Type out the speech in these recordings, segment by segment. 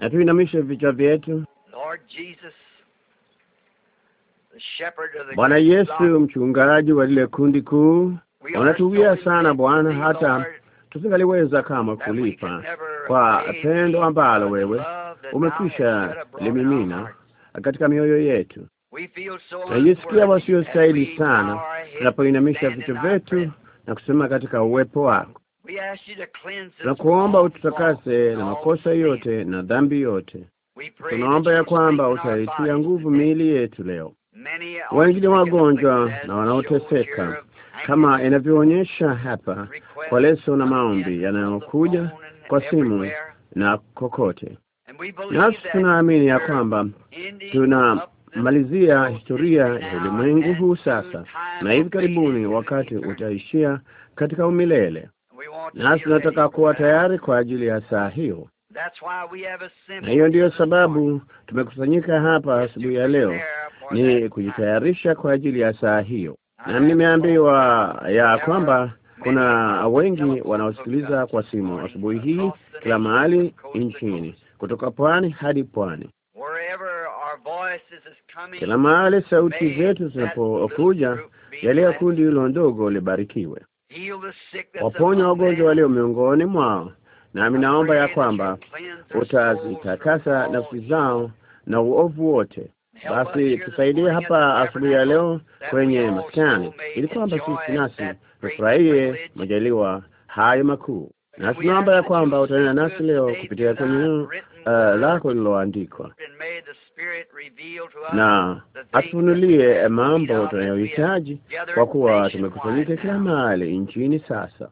na tuinamishe vichwa vyetu. Bwana Yesu, mchungaji wa lile kundi kuu, unatuwia sana Bwana, hata tusingaliweza kama kulipa kwa pendo ambalo wewe umekwisha limimina katika mioyo yetu. Najisikia wasiostahili sana tunapoinamisha vichwa vyetu na kusema katika uwepo wako na kuomba ututakase na makosa yote na dhambi yote. Tunaomba ya kwamba utaitia nguvu miili yetu leo. Wengine wagonjwa na wanaoteseka, kama inavyoonyesha hapa kwa leso na maombi yanayokuja kwa simu na kokote, nasi tunaamini ya kwamba tuna malizia historia ya ulimwengu huu sasa, na hivi karibuni wakati utaishia katika umilele nasi tunataka kuwa tayari kwa ajili ya saa hiyo, na hiyo ndiyo sababu tumekusanyika hapa asubuhi ya leo, ni kujitayarisha kwa ajili ya saa hiyo. Na nimeambiwa ya kwamba kuna wengi wanaosikiliza kwa simu asubuhi hii, kila mahali nchini, kutoka pwani hadi pwani, kila mahali sauti zetu zinapokuja. Yaliyo kundi hilo ndogo libarikiwe waponya wagonjwa walio miongoni mwao, nami naomba ya kwamba utazitakasa nafsi zao na uovu wote. Basi tusaidie hapa asubuhi ya leo kwenye maskani, ili kwamba sisi nasi tufurahie majaliwa hayo makuu, na tunaomba ya kwamba utanena nasi leo kupitia kwenye uh, lako lililoandikwa na atufunulie mambo tunayohitaji, kwa kuwa tumekusanyika kila mahali nchini sasa,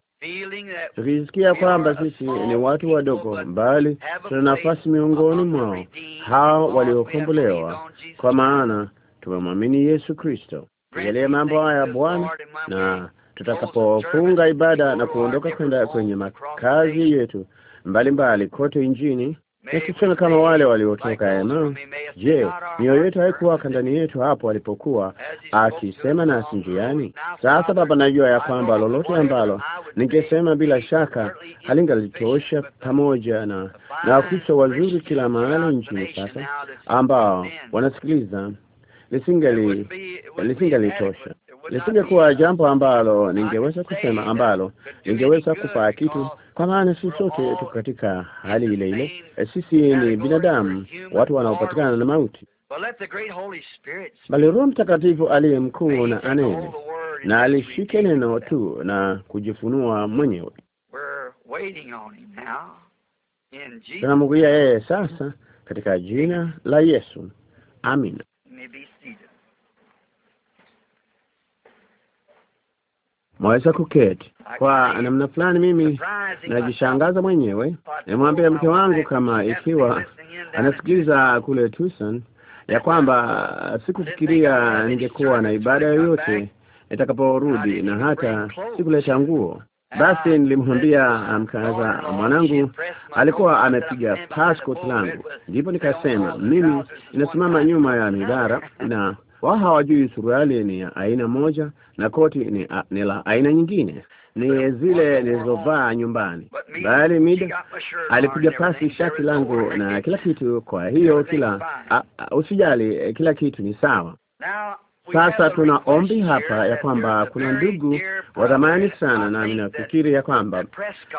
tukisikia kwamba sisi ni watu wadogo, bali tuna nafasi miongoni mwao hao waliokombolewa, kwa maana tumemwamini Yesu Kristo. Angalia mambo haya Bwana, na tutakapofunga ibada na kuondoka kwenda kwenye makazi yetu mbalimbali mbali kote nchini Msichana kama wale waliotoka eno. Eh, Je, mioyo yetu haikuwaka ndani yetu hapo alipokuwa akisema nasi uh, njiani? Sasa Baba, najua ya kwamba lolote ambalo ningesema bila shaka halingalitosha, pamoja na na Wakristo wazuri kila mahali nchini sasa ambao wanasikiliza, lisingali lisingalitosha lisingekuwa jambo ambalo ningeweza kusema ambalo ningeweza kufaa kitu, kwa maana sisi sote tuko katika hali ile ile. Eh, sisi ni binadamu, watu wanaopatikana na mauti, bali Roho Mtakatifu aliye mkuu na anene na alishike neno tu na kujifunua mwenyewe. Tunamngoja yeye sasa katika jina la Yesu, amina. mwaweza kuketi kwa namna fulani. Mimi najishangaza mwenyewe, nimwambia mke wangu kama ikiwa anasikiliza kule Tucson, ya kwamba sikufikiria ningekuwa na ibada yoyote nitakaporudi, na hata sikuleta nguo. Basi nilimwambia mkaza mwanangu alikuwa amepiga passport langu, ndipo nikasema mimi inasimama nyuma ya midara na wao hawajui suruali ni ya aina moja na koti ni, a, ni la aina nyingine, ni zile nilizovaa nyumbani, bali mida alipiga pasi shati langu na kila kitu. Kwa hiyo kila a, a, usijali, eh, kila kitu ni sawa. Sasa tuna ombi hapa ya kwamba kuna ndugu wa thamani sana, nami nafikiri ya kwamba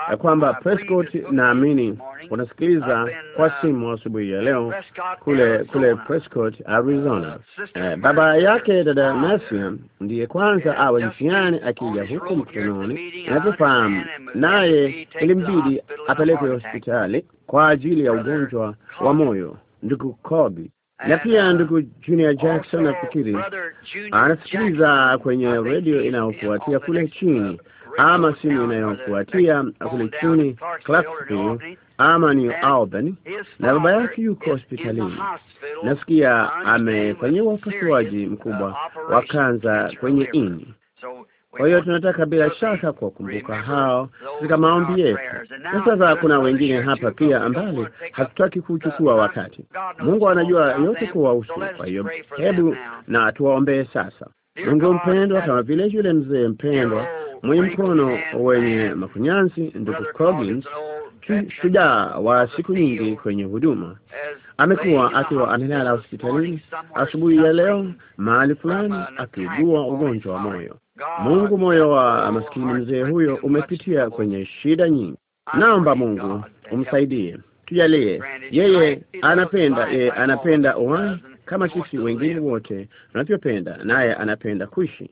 ya kwamba Prescott, naamini unasikiliza kwa simu asubuhi ya leo, kule kule Prescott, Arizona. Eh, baba yake dada Nasia ndiye kwanza awe njiani akija huku mkutanoni, inavyofahamu naye, ilimbidi apelekwe hospitali kwa ajili ya ugonjwa wa moyo. Ndugu Kobi na pia ndugu Junior Jackson nafikiri anasikiliza kwenye redio inayofuatia kule chini, ama simu inayofuatia kule chini Clarksville, ama ni Albany, na baba yake yuko hospitalini. Nasikia amefanyiwa upasuaji mkubwa wa kanza kwenye ini, kwa hiyo tunataka bila shaka kuwakumbuka hao katika maombi yetu. Na sasa kuna wengine hapa pia ambali hatutaki kuchukua wakati. Mungu anajua yote kuwahusu. Kwa hiyo hebu na tuwaombee sasa. Mungu mpendwa, kama vile yule mzee mpendwa mwenye mkono wenye makunyanzi, ndugu Collins, shujaa wa siku nyingi kwenye huduma, amekuwa akiwa amelala hospitalini asubuhi ya leo mahali fulani, akiugua ugonjwa wa moyo. Mungu, moyo wa maskini mzee huyo umepitia kwenye shida nyingi. Naomba Mungu umsaidie, tujalie. Yeye anapenda, yeye anapenda uhai kama sisi wengine wote tunavyopenda, naye anapenda kuishi.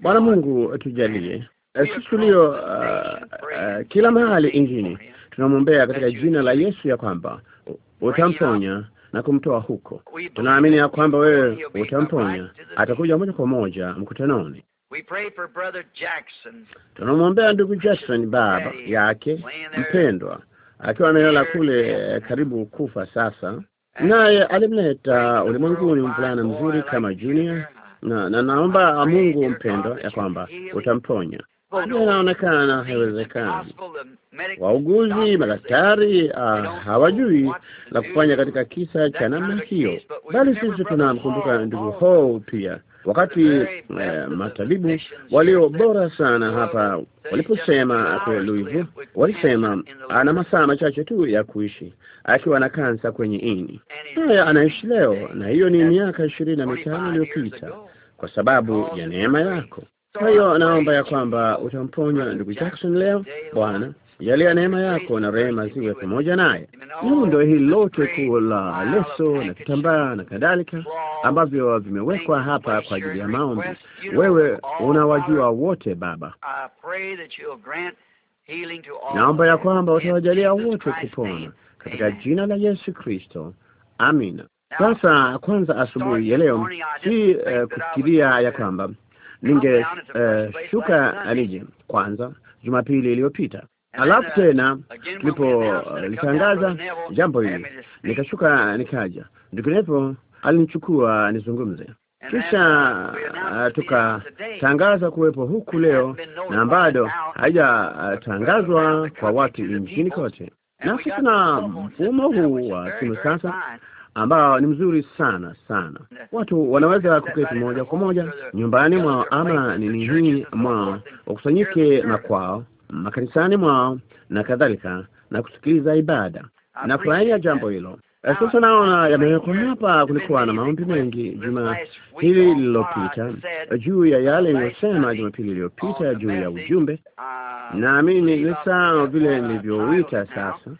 Bwana Mungu, tujalie eh, sisi tulio uh, uh, kila mahali injini tunamwombea katika jina la Yesu ya kwamba utamponya na kumtoa huko. Tunaamini ya kwamba wewe utamponya, atakuja moja kwa moja mkutanoni tunamwombea ndugu Jackson, baba yake mpendwa, akiwa amelala kule eh, karibu kufa sasa, naye alimleta ulimwenguni mvulana mzuri kama Junior na, na naomba Mungu mpendwa ya kwamba utamponya. Inaonekana haiwezekani, wauguzi madaktari ah, hawajui la kufanya katika kisa cha namna hiyo, bali sisi tunamkumbuka ndugu Hall pia wakati eh, matabibu walio bora sana hapa waliposema kwa Louisville, walisema ana masaa machache tu ya kuishi akiwa na kansa kwenye ini. Haya, anaishi leo, na hiyo ni miaka ishirini na mitano iliyopita kwa sababu ya neema yako. Kwa hiyo naomba ya kwamba utamponya ndugu Jackson leo Bwana, ya neema yako na rehema ziwe pamoja naye. Muundo hili lote kuu la leso na kitambaa na kadhalika, ambavyo vimewekwa hapa kwa ajili ya maombi. Wewe unawajua wote, Baba. Naomba ya kwamba utawajalia wote kupona katika jina la Yesu Kristo, amina. Sasa kwanza, asubuhi ya leo si uh, kufikiria ya kwamba ningeshuka eh, uh, nije kwanza Jumapili iliyopita Halafu uh, tena tulipolitangaza uh, jambo hili, nikashuka nikaja, ndugu Nepo alinichukua nizungumze, kisha uh, uh, tukatangaza kuwepo huku leo, na bado haijatangazwa kwa watu nchini kote. Nasi tuna mfumo huu wa simu sasa ambao ni mzuri sana sana. Watu wanaweza kuketi moja kwa moja nyumbani mwao ama nini hii mwao, wakusanyike makwao makanisani mwao na kadhalika, na kusikiliza ibada na kufurahia jambo hilo. Eh, sasa naona yamewekwa hapa. Kulikuwa na maombi mengi juma hili lililopita juu ya yale niliyosema jumapili iliyopita juu ya ujumbe, naamini ni sawa vile nilivyouita sasa,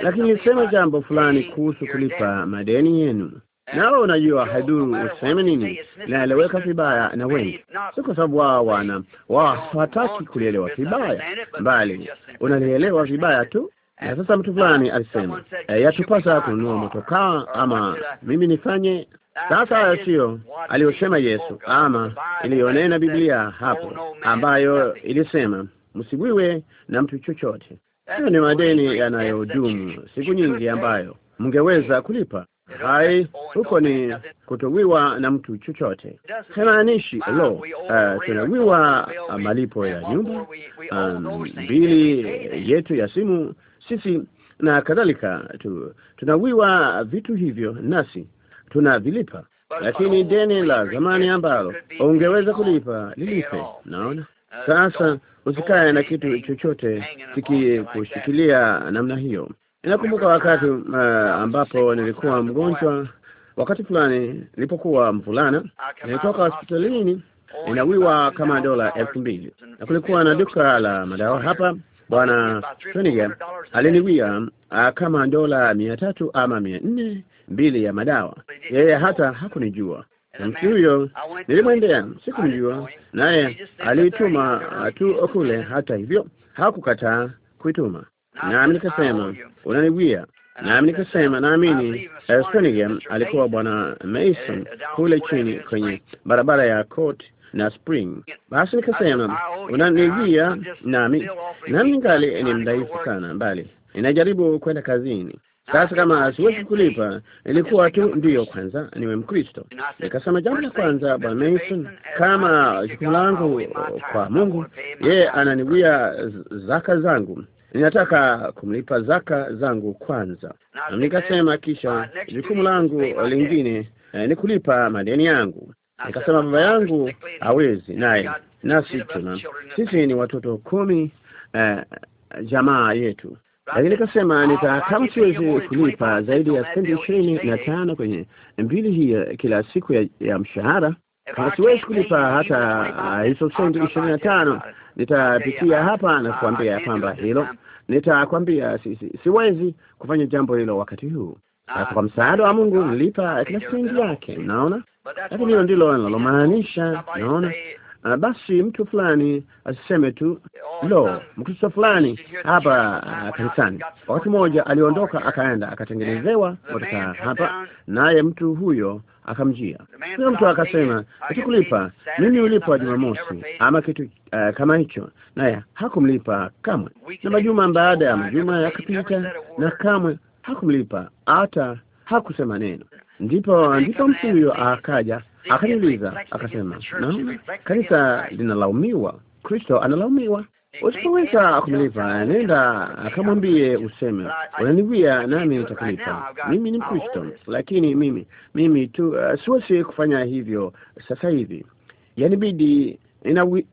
lakini nisema jambo fulani kuhusu kulipa madeni yenu nao unajua haduru useme nini, naeleweka vibaya na wengi, si kwa sababu wao wana wao hawataki kulielewa vibaya, bali unalielewa vibaya tu. Na sasa mtu fulani alisema e, yatupasa kununua motokaa ama mimi nifanye sasa. Hayo siyo aliyosema Yesu ama iliyonena Biblia hapo, ambayo ilisema msibwiwe na mtu chochote. Hiyo ni madeni yanayodumu siku nyingi ambayo mngeweza kulipa hai huko ni kutowiwa na mtu chochote, haimaanishi lo, uh, tunawiwa malipo ya nyumba mbili um, yetu ya simu sisi na kadhalika tu, tunawiwa vitu hivyo nasi tunavilipa, lakini deni la zamani ambalo ungeweza kulipa lilipe. Naona sasa usikae na kitu chochote kikikushikilia namna hiyo inakumbuka wakati uh, ambapo nilikuwa mgonjwa wakati fulani nilipokuwa mvulana, nilitoka hospitalini inawiwa kama dola elfu mbili na kulikuwa na duka la madawa hapa. Bwana Tweniga aliniwia ah, kama dola mia tatu ama mia nne mbili ya madawa. Yeye hata hakunijua. Mtu huyo nilimwendea, sikumjua, naye aliituma ah, tu kule. Hata hivyo hakukataa kuituma nami nikasema unanigwia, nami nikasema naamini uh, Springham alikuwa bwana Mason kule chini kwenye barabara ya Court na Spring. Basi nikasema unaniwia nami nami ningali ni mdhaifu sana, bali ninajaribu kwenda kazini. Sasa kama siwezi kulipa, ilikuwa tu ndiyo kwanza niwe Mkristo. Nikasema jambo la kwanza, bwana Mason, kama jukumu langu kwa Mungu, yeye ananiwia zaka zangu ninataka kumlipa zaka zangu kwanza. Nikasema kisha uh, jukumu langu lingine eh, ni kulipa madeni yangu. Nikasema baba uh, yangu hawezi, naye nasi tuna sisi ni watoto kumi eh, jamaa yetu, lakini nikasema nita kama siwezi kulipa zaidi ya senti ishirini na tano kwenye mbili hii kila siku ya, ya mshahara kama siwezi kulipa hata ah, hizo senti ishirini na tano nitapitia hapa na kuambia kwamba hilo nitakwambia siwezi kufanya jambo hilo wakati huu. Ah, kwa msaada wa Mungu nilipa kila senti yake, naona. Lakini hilo ndilo linalomaanisha, naona Uh, basi mtu fulani asiseme tu lo, Mkristo fulani hapa kanisani. Wakati mmoja aliondoka akaenda akatengenezewa kutoka hapa, naye mtu huyo akamjia huyo mtu akasema, nitakulipa mimi ulipa Jumamosi ama kitu uh, kama hicho, naye hakumlipa kamwe, na majuma baada ya majuma yakapita, na kamwe hakumlipa hata hakusema neno. Ndipo ndipo mtu huyo akaja Akaniuliza akasema, naam, kanisa linalaumiwa, Kristo analaumiwa. Usipoweza kumlipa nenda akamwambie, useme unaniwia, nami nitakulipa. Mimi ni Mkristo, lakini mimi mimi tu uh, siwezi kufanya hivyo sasa hivi, yanibidi ninawi,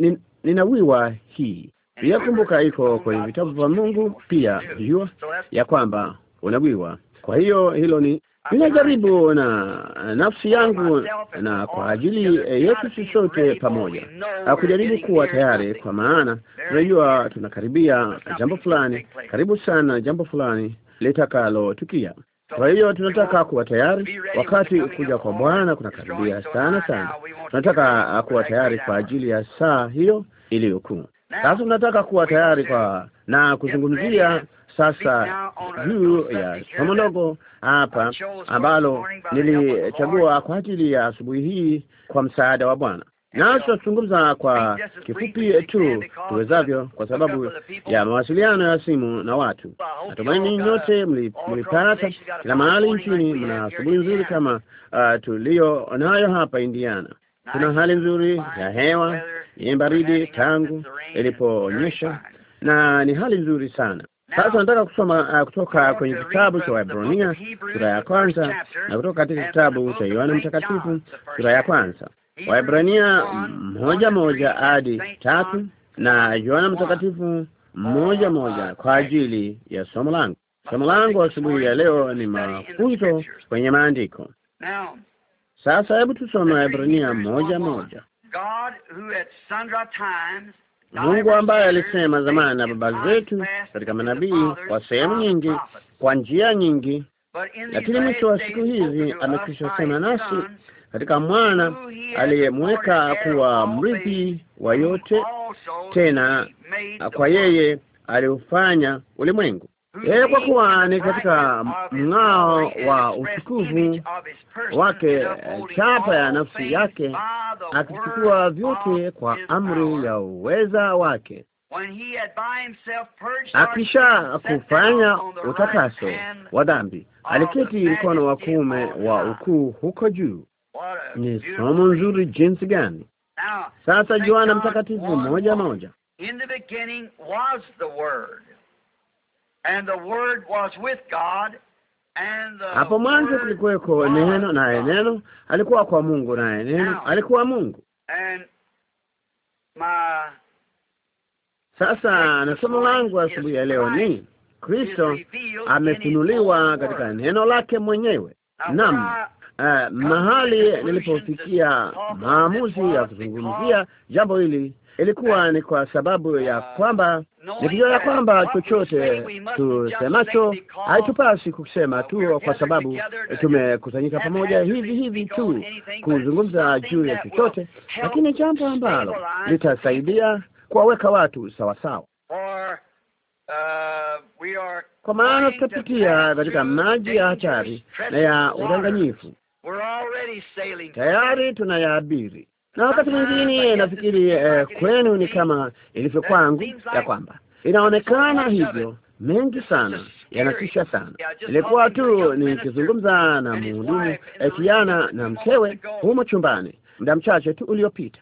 ninawiwa hii pia. Kumbuka iko kwenye vitabu vya Mungu pia, jua ya kwamba unawiwa. Kwa hiyo hilo ni ninajaribu na nafsi yangu na kwa ajili yetu sisi sote pamoja, akujaribu kuwa tayari, kwa maana tunajua tunakaribia jambo fulani, karibu sana jambo fulani litakalotukia. Kwa hiyo tunataka kuwa tayari, wakati kuja kwa Bwana kunakaribia sana sana. Tunataka kuwa tayari kwa ajili ya saa hiyo iliyokuu. Sasa tunataka kuwa tayari kwa na kuzungumzia sasa juu ya somo ndogo hapa ambalo nilichagua kwa ajili ya asubuhi hii kwa msaada wa Bwana. Na tutazungumza kwa kifupi tu tuwezavyo, kwa sababu ya mawasiliano ya simu na watu. Natumaini nyote mlipata kila mahali nchini, mna asubuhi nzuri kama uh, tulio nayo hapa Indiana. Kuna hali nzuri ya hewa ni baridi tangu ilipoonyesha, na ni hali nzuri sana. Sasa nataka kusoma uh, kutoka kwenye kitabu cha Waebrania sura ya kwanza na kutoka katika kitabu cha Yohana Mtakatifu sura ya kwanza, Waebrania moja moja hadi tatu na Yohana Mtakatifu oh, moja uh, moja kwa ajili ya somo langu. Somo langu asubuhi ya leo ni mafunzo kwenye maandiko. Sasa hebu tusome Waebrania moja moja. God, who at sundry times Mungu ambaye alisema zamani na baba zetu katika manabii kwa sehemu nyingi, kwa njia nyingi, lakini mwisho wa siku hizi amekwisha sema nasi katika mwana aliyemweka kuwa mrithi wa yote, tena kwa yeye aliufanya ulimwengu. E, kwa kuwa ni katika mng'ao wa utukufu wake, eh, chapa ya nafsi yake, akichukua vyote kwa amri ya uweza wake akisha kufanya utakaso wa dhambi, aliketi mkono wa kuume wa ukuu huko juu. Ni somo nzuri jinsi gani! Sasa Yohana Mtakatifu moja moja, hapo mwanzo kulikuweko neno, naye neno alikuwa kwa Mungu, naye neno alikuwa Mungu. Sasa na somo langu asubuhi ya leo ni Kristo amefunuliwa katika neno lake mwenyewe. Naam. Uh, mahali nilipofikia maamuzi ya kuzungumzia jambo hili ilikuwa ni kwa sababu ya kwamba nikijua ya kwamba chochote tusemacho haitupasi kusema tu kwa sababu tumekusanyika pamoja hivi hivi tu kuzungumza juu ya chochote, lakini jambo ambalo litasaidia kuwaweka watu sawasawa kwa maana tutapitia katika maji ya hatari na ya udanganyifu. Tayari tunayaabiri na wakati mwingine nafikiri eh, kwenu ni kama ilivyo kwangu ya kwamba inaonekana hivyo mengi sana yanatisha sana. ilikuwa tu nikizungumza na mhudumu Etiana eh, na mkewe humo chumbani muda mchache tu uliopita,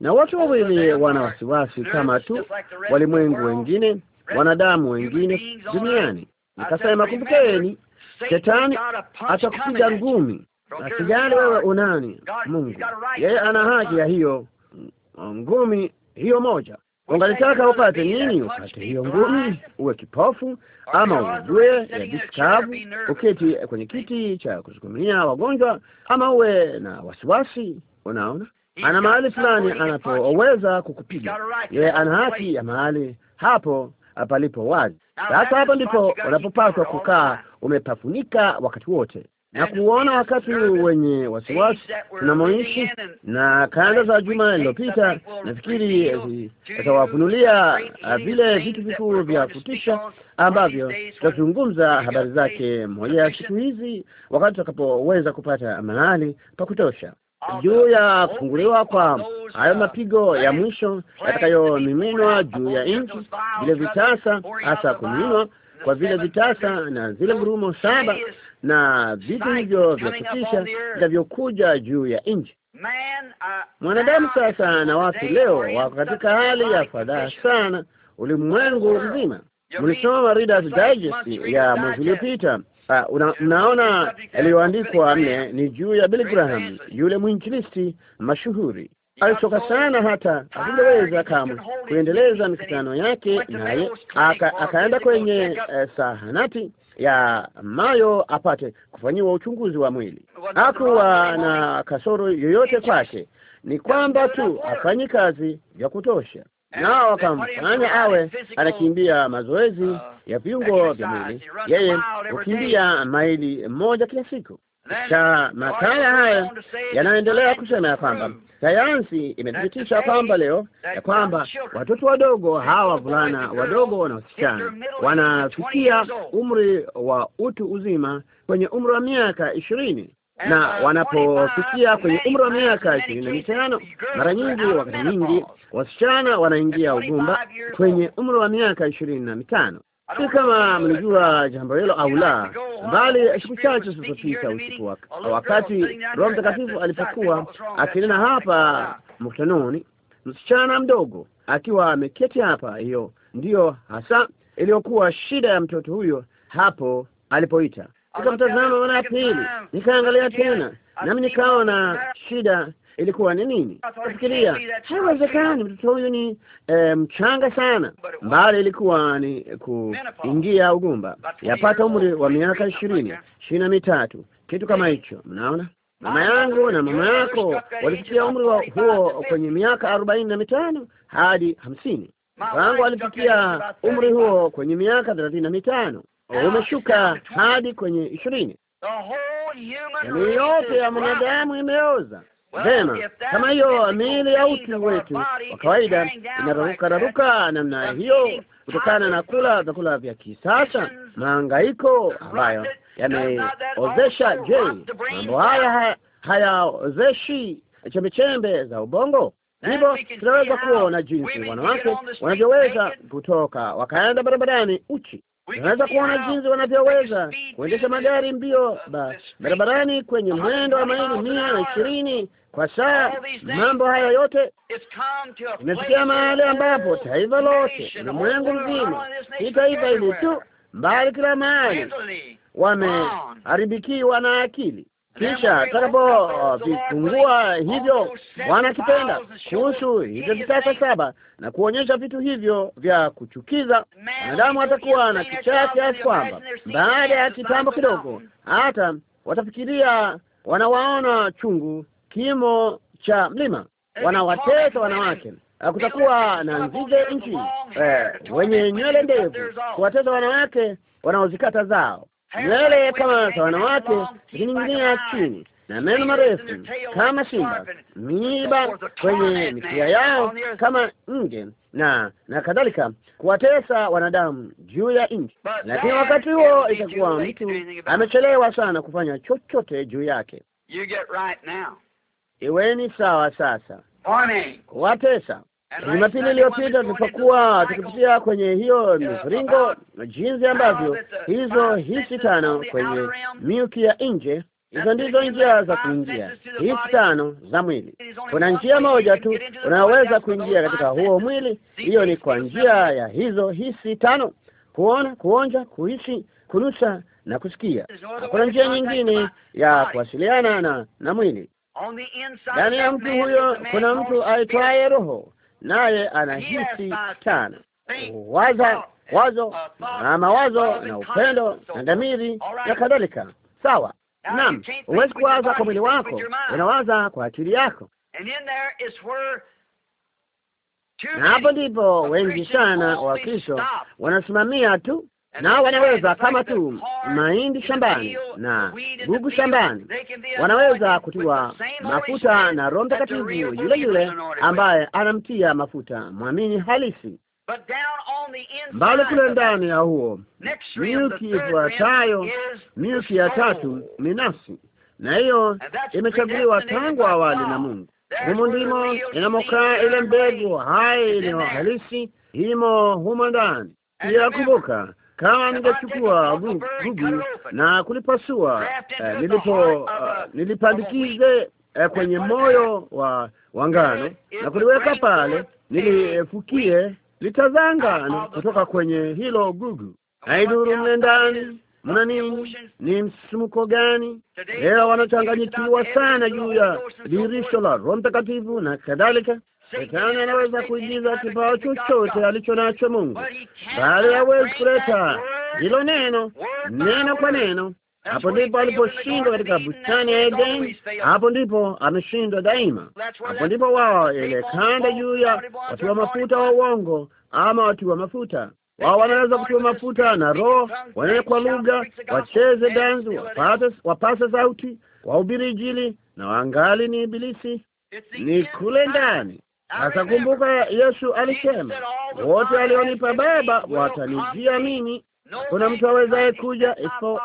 na watu wawili wana wasiwasi kama tu walimwengu wengine, wanadamu wengine duniani. Nikasema, kumbukeni, shetani atakupiga ngumi na wewe unani. Mungu yeye ana haki ya hiyo um, ngumi hiyo moja. Ungalitaka upate nini? Upate hiyo ngumi, uwe kipofu ama uwe ya disikavu, uketi kwenye kiti cha kusukumia wagonjwa, ama uwe na wasiwasi? Unaona, ana mahali fulani anapoweza kukupiga yeye, ana haki ya mahali hapo palipo wazi. Sasa hapo ndipo unapopaswa kukaa, umepafunika wakati wote na kuona wakati wenye wasiwasi tunamoishi na kanda za juma lililopita, nafikiri eh, atawafunulia eh, vile vitu vikuu vya kutisha ambavyo tutazungumza habari zake moja ya siku hizi, wakati tutakapoweza kupata mahali pa kutosha uh, juu ya kufunguliwa kwa hayo mapigo ya mwisho yatakayomiminwa juu ya nchi, vile vitasa hasa kumiminwa kwa vile vitasa na zile ngurumo saba na vitu hivyo vya kutisha vinavyokuja juu ya nchi. Uh, Mwanadamu sasa na watu leo wako katika hali ya fadhaa sana, ulimwengu mzima. Mlisoma Reader's Digest ya mwezi uliopita. Uh, mnaona yaliyoandikwa mne ni juu ya Billy Graham, yule mwinjilisti mashuhuri alichoka sana hata asingeweza kamwe kuendeleza mikutano yake, naye aka, akaenda kwenye uh, eh, sahanati ya Mayo apate kufanyiwa uchunguzi wa mwili. Hakuwa na kasoro yoyote kwake, ni kwamba tu afanyi kazi ya kutosha, nao wakamfanya awe anakimbia mazoezi ya viungo vya mwili. Yeye hukimbia maili moja kila siku, cha makala haya yanaendelea kusema ya kwamba mm, sayansi imethibitisha kwamba leo ya kwamba watoto wadogo hawa wavulana wadogo na wasichana wanafikia umri wa utu uzima kwenye umri wa miaka ishirini na wanapofikia kwenye umri wa miaka ishirini na mitano mara nyingi, wakati mwingi, wasichana wanaingia ugumba kwenye umri wa miaka ishirini na mitano si kama mlijua jambo hilo au la, bali siku chache zilizopita usiku wake, wakati Roho Mtakatifu alipokuwa akinena hapa mkutanoni, msichana mdogo akiwa ameketi hapa, hiyo ndiyo hasa iliyokuwa shida ya mtoto huyo hapo alipoita. Nikamtazama mara ya pili, nikaangalia tena, nami nikaona shida ilikuwa ni nini? Nafikiria haiwezekani, mtoto huyu ni e, mchanga sana, mbali ilikuwa ni kuingia ugumba, yapata umri wa miaka ishirini ishirini na mitatu, kitu kama hicho. Mnaona, ah, mama yangu na mama yako walifikia umri wa huo kwenye miaka arobaini na mitano hadi hamsini. Wangu alifikia umri huo kwenye miaka thelathini na mitano umeshuka hadi kwenye ishirini. Jamii yote ya mwanadamu imeoza. Vema, kama hiyo miili ya utu wetu wa kawaida inararuka raruka namna hiyo kutokana na kula vyakula vya kisasa, mahangaiko ambayo yameozesha. Je, mambo haya hayaozeshi chembechembe za ubongo? Hivyo tunaweza kuona jinsi wanawake wanavyoweza kutoka wakaenda barabarani uchi. Unaweza kuona jinsi wanavyoweza kuendesha magari mbio uh, barabarani kwenye mwendo wa maili mia na ishirini kwa saa. Mambo haya yote imefikia mahali ambapo taifa lote, ulimwengu mzima, si taifa hili tu, mbali kila mahali wameharibikiwa na akili. Kisha atakapofungua uh, hivyo Bwana akipenda kuhusu hivyo vitasa saba na kuonyesha vitu hivyo vya kuchukiza, wanadamu atakuwa na kichaa kiasi kwamba baada ya kitambo kidogo hata watafikiria wanawaona chungu kimo cha mlima, wanawatesa wanawake uh, kutakuwa na nzige nchi eh, wenye nywele ndefu kuwateza wanawake wanaozikata zao nywele kama za wanawake zikining'inia chini na meno marefu kama simba, miiba kwenye mikia yao kama nge na na kadhalika, kuwatesa wanadamu juu ya nchi. Lakini wakati huo itakuwa mtu amechelewa sana kufanya chochote juu yake. Iweni sawa sasa, kuwatesa Jumapili iliyopita tulipokuwa tukipitia kwenye hiyo miviringo na jinsi ambavyo hizo hisi tano kwenye miuki ya nje, hizo ndizo njia za kuingia hisi tano za mwili. Kuna njia moja tu unaweza kuingia katika huo mwili, hiyo ni kwa njia ya hizo hisi tano: kuona, kuonja, kuhisi, kunusa na kusikia. Kuna njia nyingine ya kuwasiliana na na mwili. Ndani ya mtu huyo kuna mtu aitwaye Roho naye anahisi sana waza wazo uh, na mawazo na upendo na dhamiri na kadhalika. Sawa, naam. Huwezi kuwaza kwa mwili wako, unawaza kwa akili yako, na hapo ndipo wengi sana wa Wakristo wanasimamia tu nao wanaweza kama tu mahindi shambani na gugu shambani, wanaweza kutiwa mafuta na Roho Mtakatifu yule yule ambaye anamtia mafuta mwamini halisi mbali kule ndani ya huo milki ifuatayo, milki ya tatu ni nafsi, na hiyo imechaguliwa tangu awali na Mungu. Humo ndimo inamokaa ile mbegu hai halisi imo humo ndani. Pia kumbuka kama ningechukua gugu na kulipasua, eh, nilipo uh, nilipandikize eh, kwenye moyo wa wangano na kuliweka pale, nilifukie litazaa ngano kutoka kwenye hilo gugu. Haiduru mle ndani mna nini, ni msumuko gani? Leo wanachanganyikiwa sana juu ya dirisho la Roho Mtakatifu na kadhalika. Shetani anaweza kuigiza kibao chochote alicho nacho Mungu, bali hawezi kuleta hilo neno neno kwa neno. Hapo ndipo aliposhindwa katika bustani ya Edeni, hapo ndipo ameshindwa daima. Hapo ndipo wao ile kanda juu ya watiwa mafuta wa uongo ama watiwa mafuta wao wanaweza kutiwa mafuta na roho, wanene kwa lugha, wacheze dansi, wapase sauti, wahubiri Injili na wangali ni ibilisi. Ni kule ndani Atakumbuka Yesu alisema, wote alionipa Baba watanijia mimi, kuna mtu awezaye kuja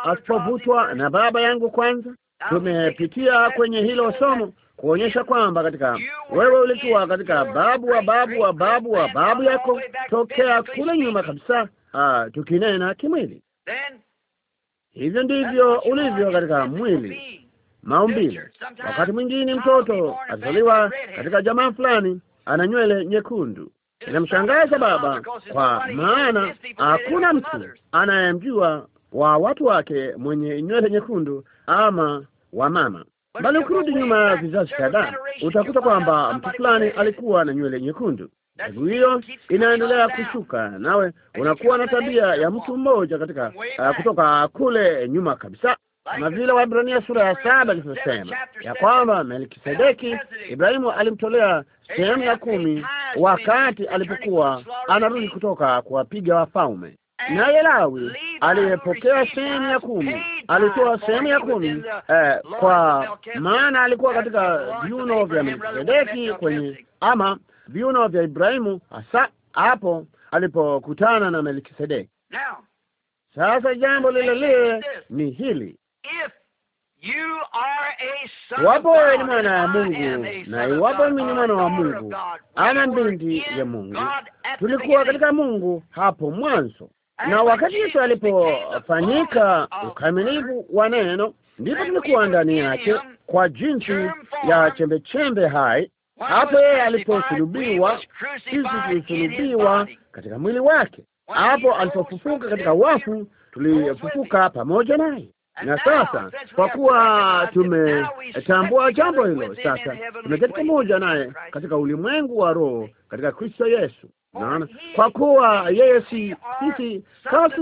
asipovutwa na Baba yangu. Kwanza tumepitia kwenye hilo somo kuonyesha kwamba katika wewe ulikuwa katika babu wa babu wa babu wa babu yako tokea kule nyuma kabisa. Ah, tukinena kimwili, hivyo ndivyo ulivyo katika mwili maumbile. Wakati mwingine mtoto atazaliwa katika jamaa fulani ana nywele nyekundu. Inamshangaza Baba, kwa maana hakuna mtu anayemjua wa watu wake mwenye nywele nyekundu ama wa mama bali ukirudi nyuma ya vizazi kadhaa utakuta kwamba mtu fulani alikuwa na nywele nyekundu. Mbegu hiyo inaendelea kushuka, nawe unakuwa na tabia ya mtu mmoja katika uh, kutoka kule nyuma kabisa, kama vile Waebrania sura ya saba ilivyosema ya kwamba Melkisedeki, Ibrahimu alimtolea sehemu ya kumi, wakati alipokuwa anarudi kutoka kuwapiga wafalme. Naye Lawi aliyepokea sehemu ya kumi, alitoa sehemu ya kumi eh, kwa maana alikuwa katika viuno vya Melkisedeki kwenye ama viuno vya Ibrahimu, hasa hapo alipokutana na Melkisedeki. Sasa jambo lile lile ni hili Iwapo ni mwana wa Mungu na iwapo mimi ni mwana wa Mungu ama binti ya Mungu, tulikuwa katika Mungu hapo mwanzo, na wakati Yesu alipofanyika ukamilifu wa neno, ndipo tulikuwa ndani yake kwa jinsi ya chembechembe hai. Hapo yeye aliposulubiwa, sisi tulisulubiwa katika mwili wake. Hapo alipofufuka katika wafu, tulifufuka pamoja naye. Na sasa kwa kuwa tumetambua jambo hilo, sasa tumeketi pamoja naye katika ulimwengu wa roho katika Kristo Yesu. Naona kwa kuwa yeye si sisi,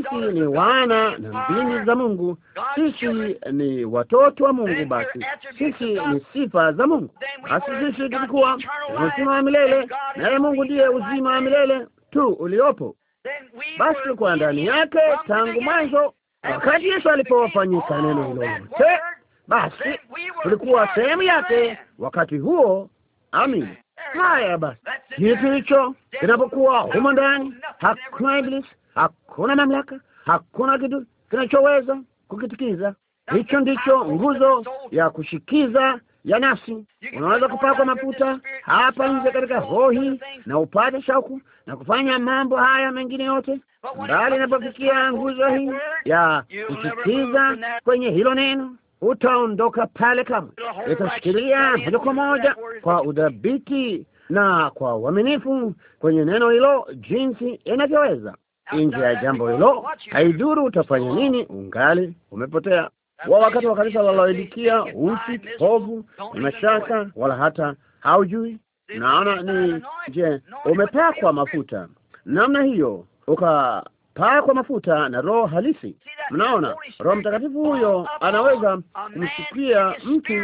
sisi ni wana na mbini za Mungu, sisi ni watoto wa Mungu, basi sisi ni sifa za Mungu. Basi sisi tulikuwa uzima wa milele, naye Mungu ndiye uzima wa milele tu uliopo, basi tulikuwa ndani yake tangu mwanzo Wakati Yesu alipowafanyika neno hilo lote, basi tulikuwa sehemu yake wakati huo. Amin. Haya basi, kitu hicho kinapokuwa humo ndani, hakuna Iblis, hakuna mamlaka, hakuna kitu kinachoweza kukitikiza. Hicho ndicho nguzo ya kushikiza ya nafsi. Unaweza kupakwa mafuta hapa nje katika roho hii na upate shauku na kufanya mambo haya mengine yote, mbali inapofikia nguzo hii ya kusikiza kwenye hilo neno, utaondoka pale kamwe. Itashikilia moja kwa moja kwa udhabiti na kwa uaminifu kwenye neno hilo jinsi inavyoweza. Nje ya jambo hilo, haidhuru utafanya nini, ungali umepotea. Wa wakati wa kanisa laloidikia usi kipovu na mashaka, wala hata haujui. Naona ni je, umepakwa mafuta namna hiyo ukapakwa mafuta na Roho halisi. Mnaona, Roho Mtakatifu huyo anaweza kumshukia mtu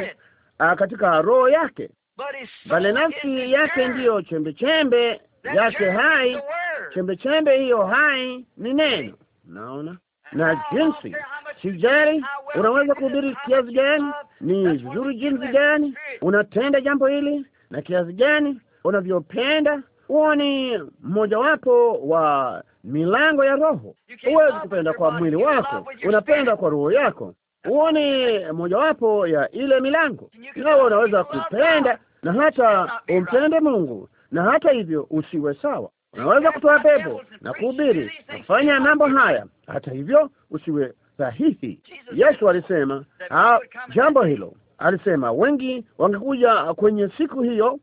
ah, katika roho yake, bali nafsi yake ndiyo chembechembe yake hai. Chembechembe hiyo hai ni neno. Naona na jinsi sijari, unaweza kuhubiri kiasi gani, ni vizuri jinsi gani unatenda jambo hili na kiasi gani unavyopenda. Huo ni mmojawapo wa milango ya roho. Huwezi kupenda kwa mwili wako, unapenda kwa roho yako. Huo ni mojawapo ya ile milango. Nawe unaweza kupenda na hata umpende Mungu, na hata hivyo usiwe sawa. Unaweza kutoa pepo na kuhubiri na kufanya mambo haya, hata hivyo usiwe sahihi. Yesu alisema ah, jambo hilo alisema, wengi wangekuja kwenye siku hiyo.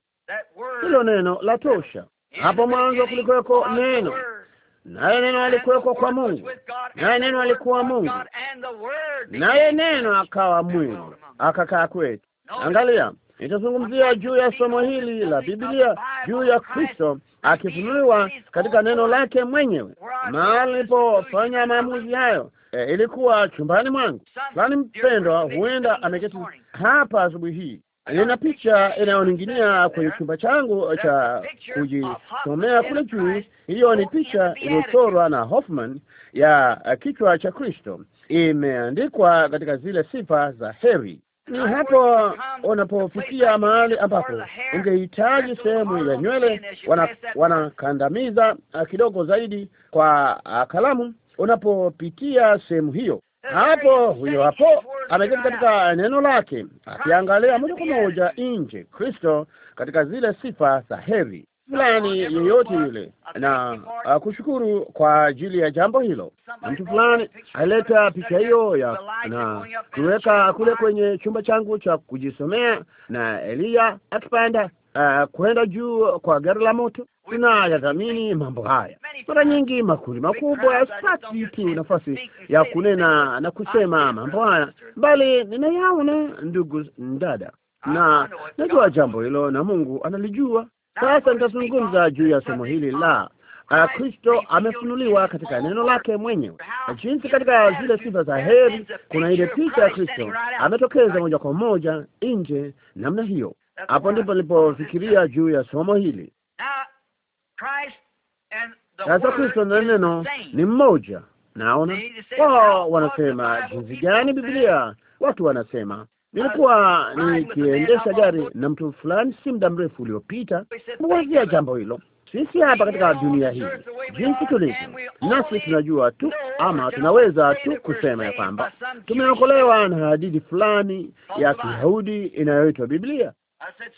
Hilo neno la tosha. Hapo mwanzo kulikuweko neno naye neno alikuwekwa kwa Mungu, naye neno alikuwa Mungu, naye neno akawa mwili akakaa kwetu. Angalia, nitazungumzia juu ya somo hili la Biblia juu ya Kristo akifunuliwa katika neno lake mwenyewe. Mahali nilipofanya maamuzi hayo e, ilikuwa chumbani mwangu. Fulani mpendwa, huenda ameketi hapa asubuhi hii Nina picha inayoning'inia kwenye chumba changu cha kujisomea kule juu. Hiyo ni picha iliyochorwa na Hoffman ya kichwa cha Kristo, imeandikwa katika zile sifa za heri. Ni hapo unapofikia mahali ambapo ungehitaji sehemu ya nywele, wanakandamiza wana kidogo zaidi kwa kalamu. Unapopitia sehemu hiyo, hapo huyo hapo ameketi katika neno lake akiangalia moja kwa moja nje, Kristo katika zile sifa za heri fulani yeyote yule, na uh, kushukuru kwa ajili ya jambo hilo. Mtu fulani alileta picha hiyo ya na kuweka kule kwenye chumba changu cha kujisomea, na Eliya akipanda uh, kwenda juu kwa gari la moto. yadhamini mambo haya. Mara nyingi makundi makubwa yapati tu nafasi ya kunena na kusema mambo haya, bali ninayaona, ndugu ndada, ah, na najua jambo hilo na Mungu analijua. Sasa nitazungumza juu ya somo hili la eh, Kristo amefunuliwa katika neno lake mwenyewe, jinsi katika zile sifa za heri kuna ile picha ya Kristo ametokeza moja kwa moja nje namna hiyo hapo ndipo nilipofikiria juu ya somo hili. Sasa Kristo na neno ni mmoja. Naona wao wanasema jinsi gani Biblia, watu wanasema uh, nilikuwa nikiendesha gari na mtu fulani si muda mrefu uliopita, mwazia jambo hilo. Sisi hapa katika dunia hii jinsi tulivyo, nasi tunajua tu ama tunaweza tu kusema ya kwamba tumeokolewa na hadithi fulani ya Kiyahudi inayoitwa Biblia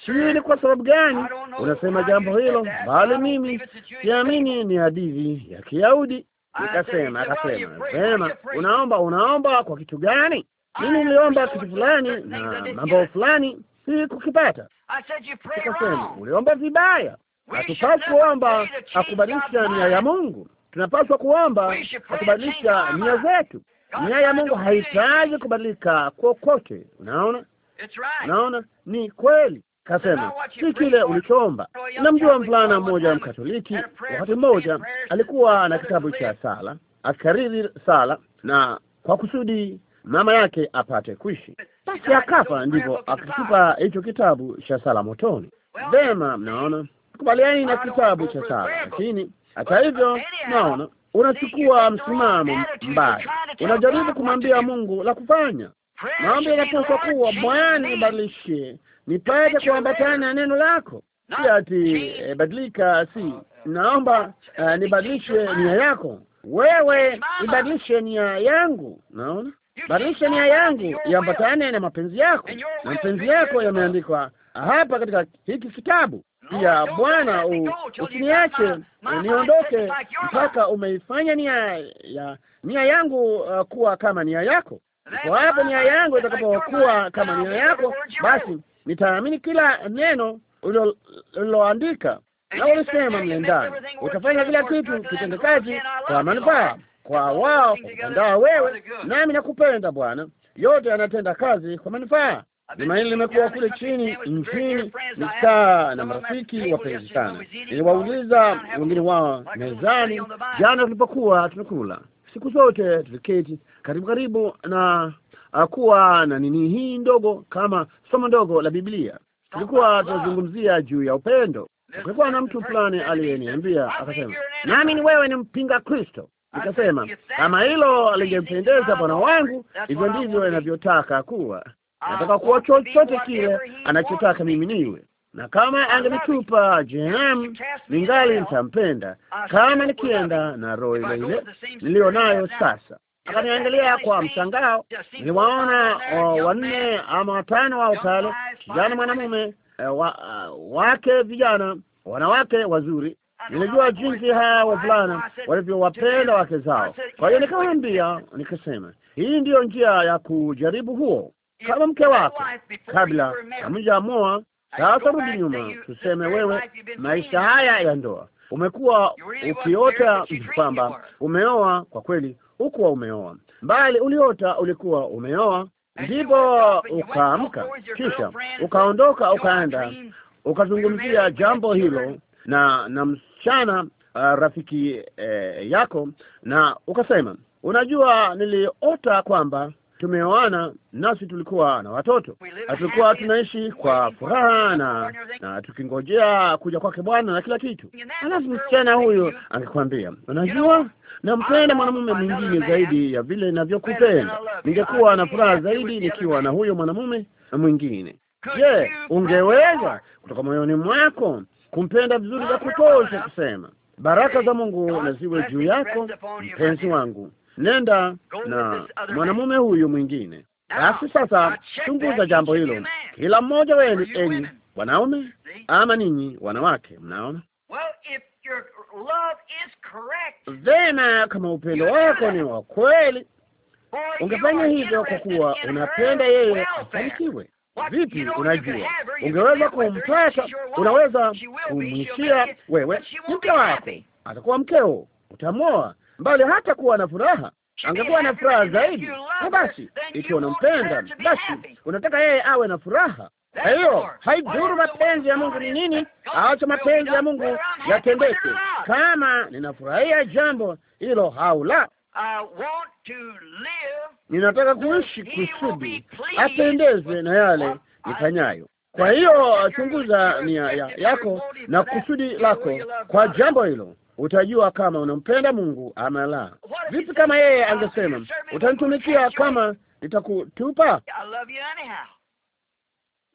sijui ni kwa sababu gani unasema jambo hilo, bali mimi siamini ni hadithi ya Kiyahudi. Nikasema, akasema sema, unaomba unaomba kwa kitu gani? Mimi niliomba kitu fulani na mambo fulani si kukipata. Nikasema, uliomba vibaya. Hatupaswi kuomba akubadilisha nia ya Mungu, tunapaswa kuomba akubadilisha nia zetu. Nia ya Mungu haitaji kubadilika kokote. Unaona, Naona ni kweli. Kasema si kile ulichoomba. Namjua mvulana mmoja Mkatoliki, wakati mmoja alikuwa na kitabu cha sala, akikariri sala na kwa kusudi mama yake apate kuishi, basi akafa, ndipo akatupa hicho kitabu cha sala motoni. Vema, mnaona kubaliani na kitabu cha sala, lakini hata hivyo, naona unachukua msimamo mbaya, unajaribu kumwambia Mungu la kufanya Maombi yetu kwa kuwa Bwana ibadilishe nipate kuambatana na neno lako, si ati eh, badilika, si oh, oh, oh. naomba uh, nibadilishe nia yako wewe, ibadilishe nia yangu. Naona badilisha nia yangu iambatane na mapenzi yako, na mapenzi yako yameandikwa hapa katika hiki kitabu. Pia Bwana, usiniache eh, niondoke mpaka umeifanya nia ya nia yangu uh, kuwa kama nia yako. Hapo nia yangu itakapokuwa kama nia yako, basi nitaamini kila neno uliloandika. Na ulisema mle ndani utafanya kila kitu kitendekaji kwa manufaa kwa wao kupendao wewe, nami nakupenda Bwana. Yote yanatenda kazi kwa manufaa. Juma hili limekuwa kule chini nchini, nikaa na marafiki wapenzi sana. Niliwauliza wengine wao mezani jana tulipokuwa tunakula, siku zote tuliketi karibu karibu na akuwa ah, na nini hii ndogo kama somo ndogo la Biblia. Tulikuwa tunazungumzia juu ya upendo. Kulikuwa na mtu fulani aliyeniambia akasema, ni wewe ni mpinga Kristo. Nikasema kama hilo alingempendeza Bwana wangu, hivyo ndivyo inavyotaka kuwa. Nataka kuwa chochote kile anachotaka mimi niwe na kama angenitupa jehanamu ningali nitampenda, kama nikienda na roho ile ile niliyo nayo sasa akaniangalia kwa mshangao. Niliwaona uh, wanne ama watano wao pale, kijana mwanamume uh, wa, uh, wake vijana wanawake wazuri. Nilijua jinsi hawa wavulana walivyowapenda wake zao. Kwa hiyo nikawaambia, nikasema hii ndiyo njia ya kujaribu huo, kama mke wako kabla moa Sasa rudi nyuma, tuseme wewe, maisha haya ya ndoa umekuwa ukiota kwamba umeoa kwa kweli hukuwa umeoa, bali uliota ulikuwa umeoa, ndipo ukaamka, kisha ukaondoka, ukaenda ukazungumzia jambo hilo na na msichana uh, rafiki eh, yako, na ukasema, unajua niliota kwamba tumeoana, nasi tulikuwa na watoto, tulikuwa tunaishi kwa furaha na, na tukingojea kuja kwake Bwana na kila kitu. alafu msichana huyo angekwambia, unajua nampenda mwanamume mwingine zaidi ya vile navyokupenda. Ningekuwa na furaha zaidi nikiwa na huyo mwanamume mwingine. Je, ungeweza kutoka moyoni mwako kumpenda vizuri vya kutosha kusema baraka za Mungu na ziwe juu yako, mpenzi wangu? nenda na mwanamume huyu mwingine. Basi sasa chunguza jambo hilo, kila mmoja wenu, enyi wanaume ama ninyi wanawake. Mnaona vema, uh, kama upendo wako ni wa kweli, ungefanya hivyo kwa kuwa unapenda yeye afanikiwe. Vipi? Unajua, ungeweza kumpata, unaweza kumwishia wewe mke wako, atakuwa mkeo, utamwoa bali hata kuwa na furaha angekuwa na furaha zaidi. basi, ikiwa unampenda, basi unataka yeye awe na furaha. Kwa hiyo haidhuru mapenzi ya Mungu ni nini, acha mapenzi ya Mungu yatendeke. Kama ninafurahia jambo hilo au la, ninataka kuishi kusudi apendezwe na yale nifanyayo. Kwa hiyo chunguza nia ya, yako na kusudi lako kwa jambo hilo utajua kama unampenda Mungu ama la. Vipi kama yeye angesema utanitumikia kama nitakutupa?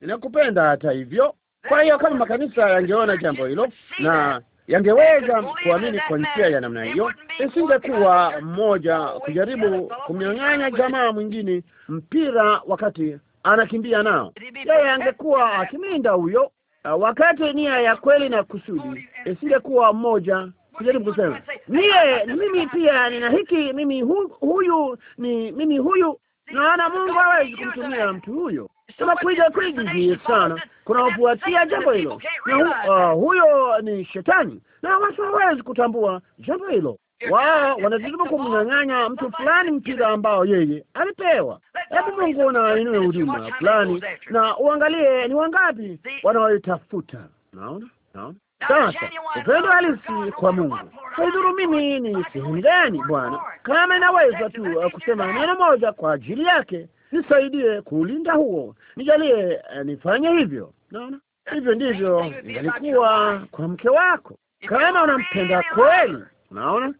Ninakupenda hata hivyo. Kwa hiyo kama makanisa yangeona jambo hilo na yangeweza kuamini kwa njia ya namna hiyo, isingekuwa mmoja kujaribu kumnyang'anya jamaa mwingine mpira wakati anakimbia nao. Yeye angekuwa akimlinda huyo, uh, wakati nia ya kweli na kusudi isingekuwa mmoja kujaribu kusema niye mimi pia nina hiki mimi hu, huyu ni mimi huyu. Naona Mungu hawezi kumtumia mtu huyo, kama kuiga kwingi sana kunaofuatia jambo hilo, na hu, uh, huyo ni shetani, na watu hawezi kutambua jambo hilo. Wao wanajaribu kumnyang'anya mtu fulani mpira ambao yeye alipewa. Hebu Mungu nainue huduma fulani na uangalie ni wangapi wanaoitafuta. Naona, naona sasa upendo halisi kwa Mungu haidhuru mimi ni sehemu gani, Bwana, kama inaweza tu kusema neno moja kwa ajili yake, nisaidie kuulinda huo, nijalie eh, nifanye hivyo. Naona hivyo ndivyo ingalikuwa kwa mke wako, kama unampenda kweli. Unaona,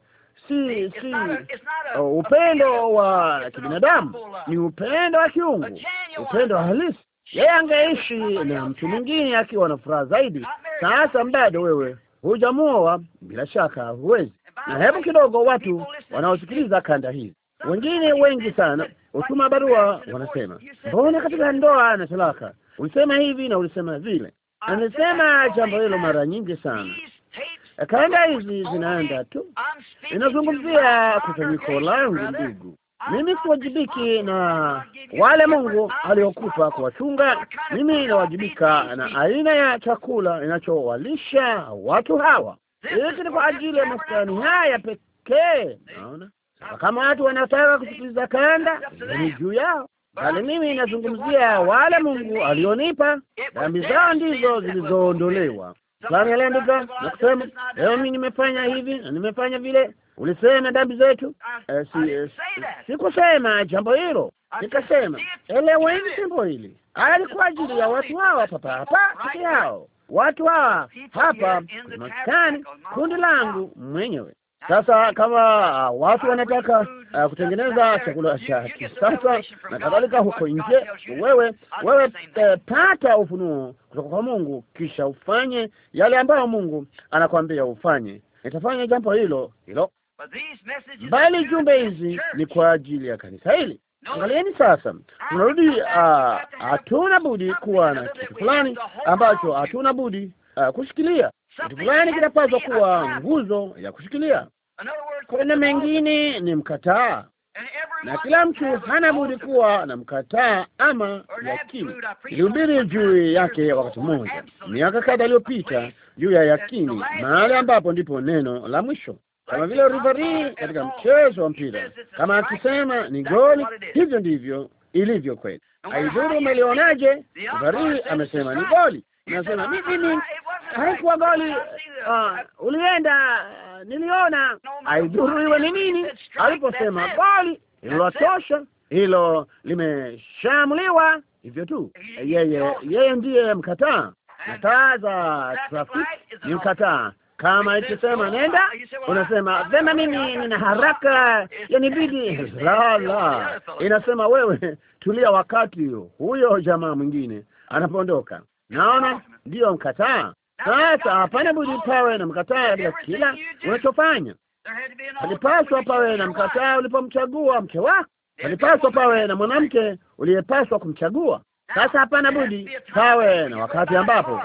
si si upendo wa kibinadamu, ni upendo wa kiungu, upendo halisi yeye angeishi na mtu mwingine akiwa na furaha zaidi. Sasa bado wewe hujamuoa, bila shaka huwezi. Na hebu kidogo, watu wanaosikiliza kanda hii, wengine wengi sana hutuma barua, wanasema mbona katika ndoa na talaka ulisema hivi na ulisema vile. Amesema jambo hilo mara nyingi sana. Kanda hizi zinaenda tu, inazungumzia kusanyiko langu, ndugu mimi siwajibiki na wale Mungu aliokupa kuwachunga. Mimi nawajibika na aina ya chakula inachowalisha watu hawa. Hiki ni kwa ajili ya maskani haya pekee. Naona kama watu wanataka kusikiliza kanda, ni juu yao, bali mimi nazungumzia wale Mungu alionipa. Dhambi zao ndizo zilizoondolewa fulani aliandika nakusema leo mimi nimefanya hivi na nimefanya vile, ulisema dhambi zetu. Ah, eh, eh, sikusema jambo hilo, nikasema eleweni jambo hili. Haya kwa ajili ya watu hawa papa hapa yao, watu hawa hapa Marekani, kundi langu mwenyewe. Sasa kama uh, watu wanataka uh, kutengeneza chakula cha kisasa na kadhalika huko nje, wewe wewe eh, pata ufunuo kutoka kwa Mungu, kisha ufanye yale ambayo Mungu anakwambia ufanye. Nitafanya jambo hilo hilo, bali jumbe hizi ni kwa ajili ya kanisa hili. Angalieni sasa, tunarudi. Uh, hatuna uh, budi kuwa na kitu fulani ambacho hatuna budi uh, kushikilia kitu gani kinapaswa kuwa nguzo ya kushikilia. Kuna mengine ni mkataa, na kila mtu hana budi kuwa na mkataa ama yakini. Nilihubiri juu yake wakati mmoja miaka kadha iliyopita juu ya yakini, mahali ambapo ndipo neno la mwisho kama vile rivari katika mchezo wa mpira, kama akisema ni goli, hivyo ndivyo ilivyo kweli. Aidhuru umelionaje, rivari amesema ni goli, nasema mimi uh-huh, haikuwa goli, uh, ulienda uh, niliona, haidhuru iwe ni nini. Aliposema goli lilotosha, hilo limeshamuliwa, hivyo tu. Yeye yeye ndiye mkataa, na taa za trafiki ni mkataa kama ikisema nenda, unasema vema, mimi nina haraka, yanibidi la la, inasema wewe tulia, wakati huyo jamaa mwingine anapoondoka. Naona ndiyo mkataa, sasa hapana budi pawe na mkataa katika kila unachofanya. Alipaswa pawe na mkataa ulipomchagua mke wako, alipaswa pawe na mwanamke uliyepaswa kumchagua. Sasa hapana budi pawe na wakati ambapo,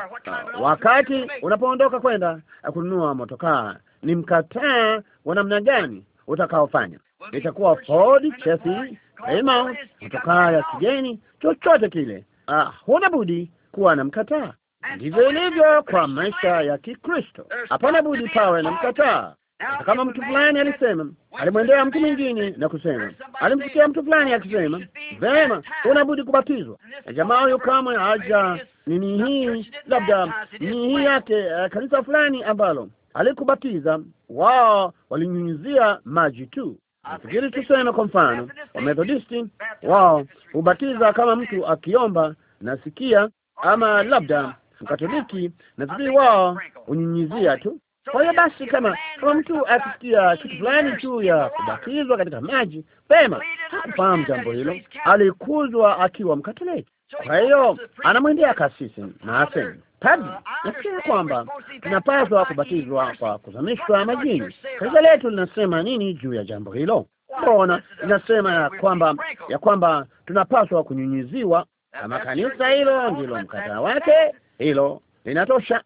wakati unapoondoka kwenda eh, kununua motokaa, ni mkataa wa namna gani utakaofanya. Itakuwa Ford, Chevy, Plymouth, motokaa ya kigeni, chochote kile, ah, huna budi kuwa na mkataa. Ndivyo ilivyo kwa maisha ya Kikristo, hapana budi pawe na mkataa. Hata kama mtu fulani alisema, alimwendea mtu mwingine na kusema, alimsikia mtu fulani akisema, vema, unabudi kubatizwa, na jamaa huyo kamwe haja nini hii, labda ni hii yake uh, kanisa fulani ambalo alikubatiza wao walinyunyizia maji tu. Nafikiri tuseme kwa mfano Wamethodisti, wao hubatiza kama mtu akiomba nasikia, ama labda katoliki na wao hunyunyizia tu. Kwa hiyo basi, kama kama mtu akisikia kitu fulani juu ya kubatizwa katika maji, pema hakufahamu jambo hilo, alikuzwa akiwa Mkatoliki. Kwa hiyo anamwendea kasisi na asema, uh, padri, nafikiri kwamba tunapaswa kubatizwa kwa kuzamishwa majini. Kanisa letu linasema nini juu ya jambo hilo? Mbona linasema ya kwamba ya kwamba tunapaswa kunyunyiziwa. Kama kanisa hilo ndilo mkataa wake, hilo linatosha.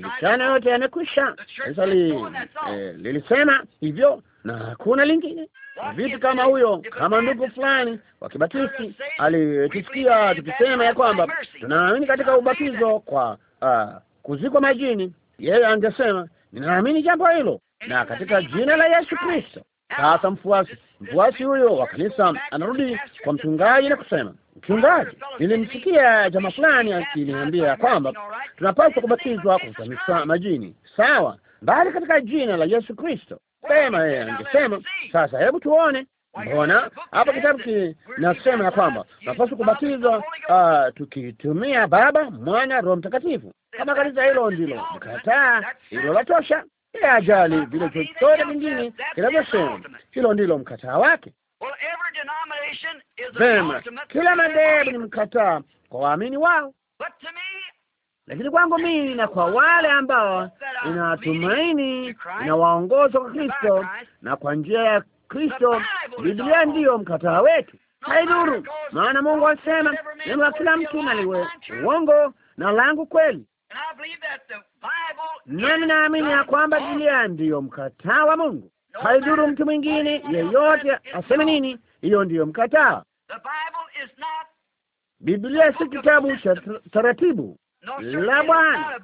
Mkutano yote yamekwisha. Sasa eh, lilisema hivyo na hakuna lingine. Vitu kama huyo, kama ndugu fulani wa Kibatisti alitusikia tukisema ya kwamba tunaamini katika ubatizo kwa uh, kuzikwa majini, yeye angesema ninaamini jambo hilo na katika jina la Yesu Kristo sasa mfuasi mfuasi huyo wa kanisa anarudi kwa mchungaji na kusema, mchungaji, nilimsikia jamaa fulani akiniambia kwamba tunapaswa kubatizwa kwa kubatizwa majini, sawa, bali katika jina la Yesu Kristo. Sema yeye angesema, sasa hebu tuone Mbona hapa kitabu kinasema ya kwamba tunapaswa kubatizwa uh, tukitumia Baba, Mwana, Roho Mtakatifu. Kama kanisa hilo ndilo mkataa, hilo la tosha bila ajali vile chochote kingine kinavyosema. Hilo ndilo mkataa wake. Vema, kila madhehebu ni mkataa kwa waamini wao, lakini kwangu mimi na kwa wale ambao inatumaini na kwa Kristo na kwa njia ya Kristo, Biblia ndiyo mkataa wetu. Haidhuru, maana Mungu alisema neno la kila mtu naliwe uongo na langu kweli nami naamini ya kwamba Biblia ndiyo mkataa wa Mungu. Haidhuru mtu mwingine yeyote aseme nini, hiyo ndiyo mkataa. Biblia si kitabu cha taratibu la Bwana,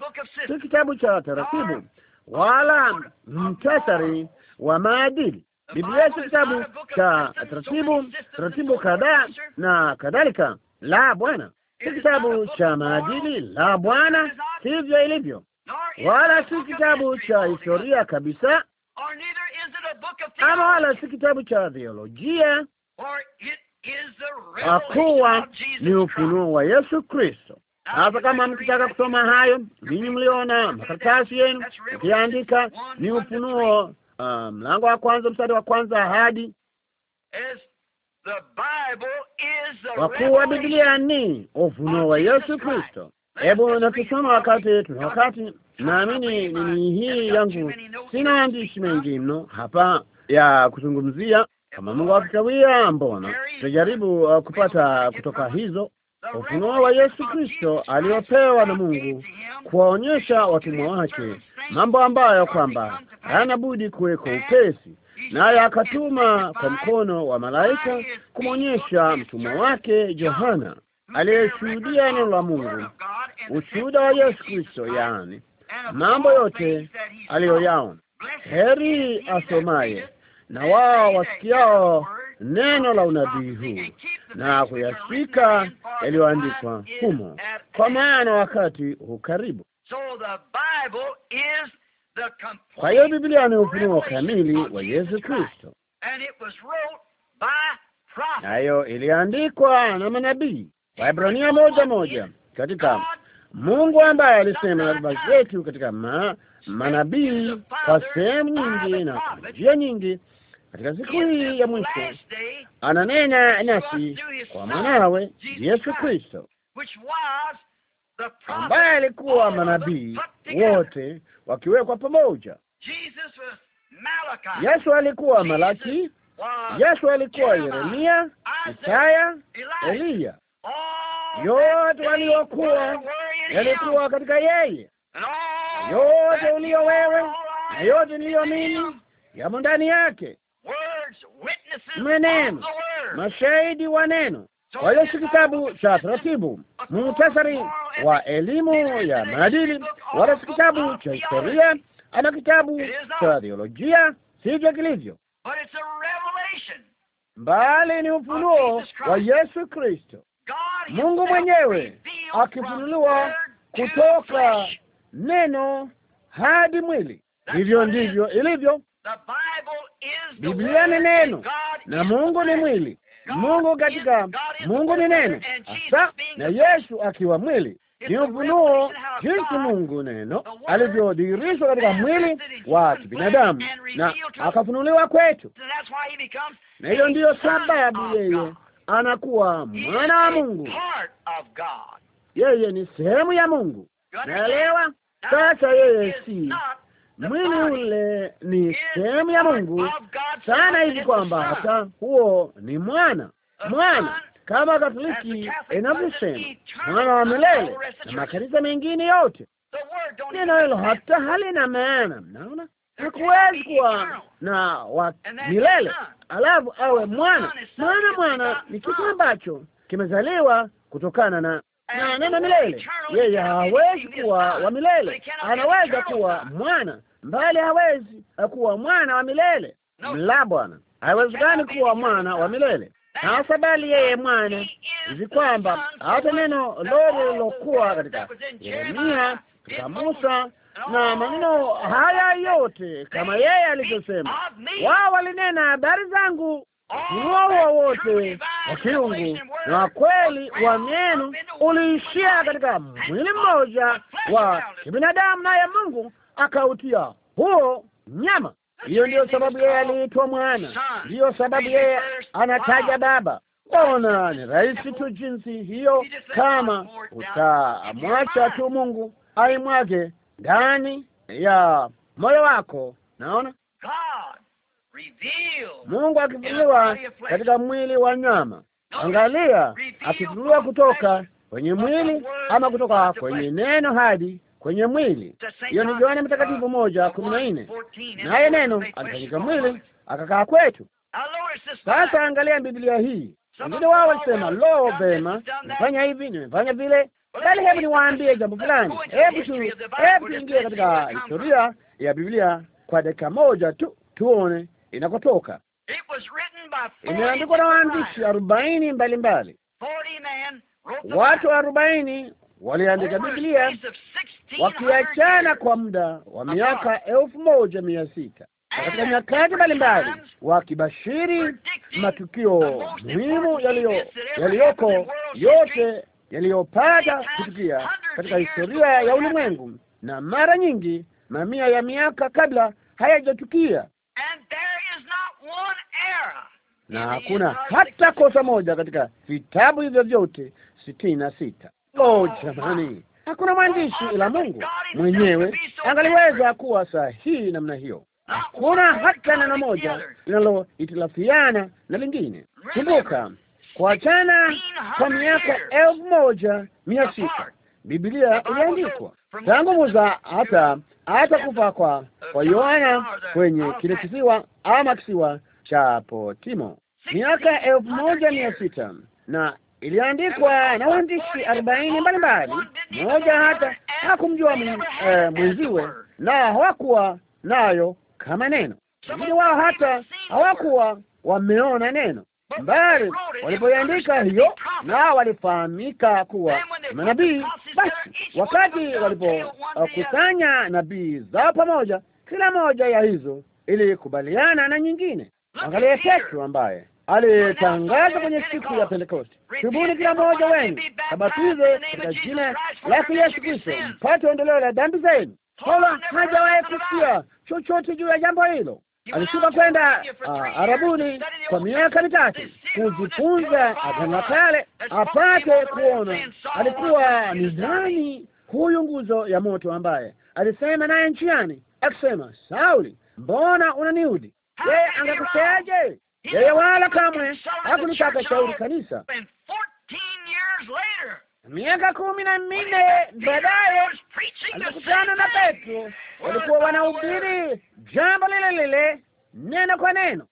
si kitabu cha taratibu wala mtasari wa maadili. Biblia si kitabu cha taratibu, taratibu kadhaa na kadhalika la Bwana, si kitabu cha maadili la Bwana, sivyo ilivyo wala si kitabu cha historia kabisa, ama wala si kitabu cha theolojia, akuwa ni ufunuo wa Yesu Kristo. Sasa kama mkitaka kusoma hayo, ninyi mliona makaratasi yenu ukiandika, ni Ufunuo uh, mlango wa kwanza mstari wa kwanza hadi kwa kuwa Biblia ni ufunuo wa Yesu Kristo. Hebu natusoma wakati tuna wakati, naamini nini hii yangu, sina andishi mengi mno hapa ya kuzungumzia. Kama Mungu akikawia, mbona tutajaribu uh, kupata kutoka hizo ufunuo wa Yesu Kristo aliyopewa na Mungu kuwaonyesha watumwa wake mambo ambayo kwamba hayana budi kuweko upesi, naye akatuma kwa mkono wa malaika kumwonyesha mtumwa wake Yohana aliyeshuhudia neno la Mungu ushuhuda wa Yesu Kristo, yaani mambo yote aliyoyaona. Heri asomaye na wao wasikiao neno la unabii huu na kuyashika yaliyoandikwa humo, kwa maana wakati hukaribu Kwa hiyo Biblia ni ufunuo kamili wa Yesu Kristo, nayo iliandikwa na manabii. Waebrania moja moja katika Mungu ambaye alisema na baba zetu katika ma, manabii kwa sehemu nyingi na kwa njia nyingi, katika siku hii ya mwisho ananena nasi kwa mwanawe Yesu Kristo ambaye alikuwa manabii wote wakiwekwa pamoja. Yesu alikuwa Malaki, Yesu alikuwa Yeremia, Isaya, Eliya yote waliokuwa yalikuwa katika yeye, yote uliyo wewe na yote niliyo mimi yamo ndani yake, meneno mashahidi wa neno. Kwa hiyo si kitabu cha taratibu, muhtasari wa elimu ya maadili, wala si kitabu cha historia ama kitabu cha theolojia, sivyo kilivyo, bali ni ufunuo wa Yesu Kristo. Mungu mwenyewe akifunuliwa kutoka neno hadi mwili. Hivyo ndivyo ilivyo. Biblia ni neno na Mungu ni mwili. Mungu katika Mungu ni neno hasa, na Yesu akiwa mwili ni ufunuo jinsi Mungu neno alivyodhihirishwa katika mwili wa kibinadamu na akafunuliwa kwetu, na hiyo ndiyo sababu yeye anakuwa mwana wa Mungu, yeye ni sehemu ya Mungu. Naelewa sasa, yeye si mwili ule, ni sehemu ya Mungu sana hivi kwamba hata huo ni mwana mwana kama Katoliki inavyosema mwana wa milele na makanisa mengine yote. Neno hilo hata halina maana, mnaona hakuwezi kuwa na wa milele, alafu awe mwana. mwana. mwana ni kitu ambacho kimezaliwa kutokana na na neno milele. Yeye hawezi kuwa wa milele, anaweza kuwa mwana mbali, hawezi kuwa mwana wa milele. La, Bwana, haiwezekani kuwa mwana wa milele. Hasa bali yeye mwana hivi kwamba hata neno lolo lilokuwa katika Yeremia, katika Musa na maneno haya yote kama yeye alivyosema, wao walinena habari zangu uowo wote wa kiungu na kweli wa neno uliishia katika mwili mmoja wa kibinadamu, naye Mungu akautia huo nyama. Hiyo ndiyo sababu yeye aliitwa mwana, ndiyo sababu yeye anataja Baba. Ona, ni rahisi tu jinsi hiyo, kama utamwacha tu Mungu aimwage ndani ya moyo wako. Naona Mungu akifunuliwa katika mwili wa nyama. Angalia, akifunuliwa kutoka kwenye mwili ama kutoka kwenye neno hadi kwenye mwili. Hiyo ni Yohana Mtakatifu uh, moja kumi na nne. Naye neno alifanyika mwili akakaa kwetu. Sasa angalia Biblia hii. Wengine wao walisema, lo, vema, nimefanya hivi, nimefanya vile Bali yaani hebu niwaambie jambo fulani, hebu tu, hebu tuingie katika historia ya Biblia kwa dakika moja tu, tuone inakotoka. Imeandikwa na waandishi arobaini mbalimbali, watu arobaini waliandika Biblia wakiachana kwa muda wa miaka elfu moja mia sita katika nyakati mbalimbali wakibashiri matukio muhimu yaliyoko yote yaliyopata kutukia katika historia ya ulimwengu, na mara nyingi mamia ya miaka kabla hayajatukia, na hakuna hata kosa moja katika vitabu hivyo vyote sitini na sita. Oh, jamani, hakuna mwandishi oh, ila Mungu mwenyewe angaliweza kuwa sahihi namna hiyo. Hakuna hata neno moja linalohitilafiana na lingine. Kumbuka kuachana kwa miaka elfu moja mia sita Biblia iliandikwa tangu Musa hata hata kufa kwa kwa Yohana kwenye kile kisiwa ama kisiwa cha Potimo, miaka elfu moja mia sita na iliandikwa na waandishi arobaini mbalimbali, mmoja hata hakumjua eh, mwenziwe, na hawakuwa nayo kama neno, wengine wao hata hawakuwa wameona neno bali walipoiandika hiyo, nao walifahamika kuwa manabii. Basi wakati walipokusanya nabii zao pamoja, kila moja ya hizo ili kubaliana na nyingine. Angalia Petro ambaye alitangaza kwenye siku ya Pentekoste, tubuni kila mmoja wenu kabatize katika jina lake Yesu Kristo mpate ondoleo la dhambi zenu. Paulo hajawahi kusikia chochote juu ya jambo hilo alishuka kwenda uh, Arabuni kwa miaka mitatu kujifunza Agano la Kale apate kuona alikuwa ni nani huyu nguzo ya moto ambaye alisema naye njiani akisema, Sauli, mbona unaniudi? Yeye angakuseaje? Yeye wala kamwe hakunitaka shauri kanisa Miaka kumi na minne baadaye alikutana na Petro, walikuwa wanahubiri jambo lile lile neno kwa neno.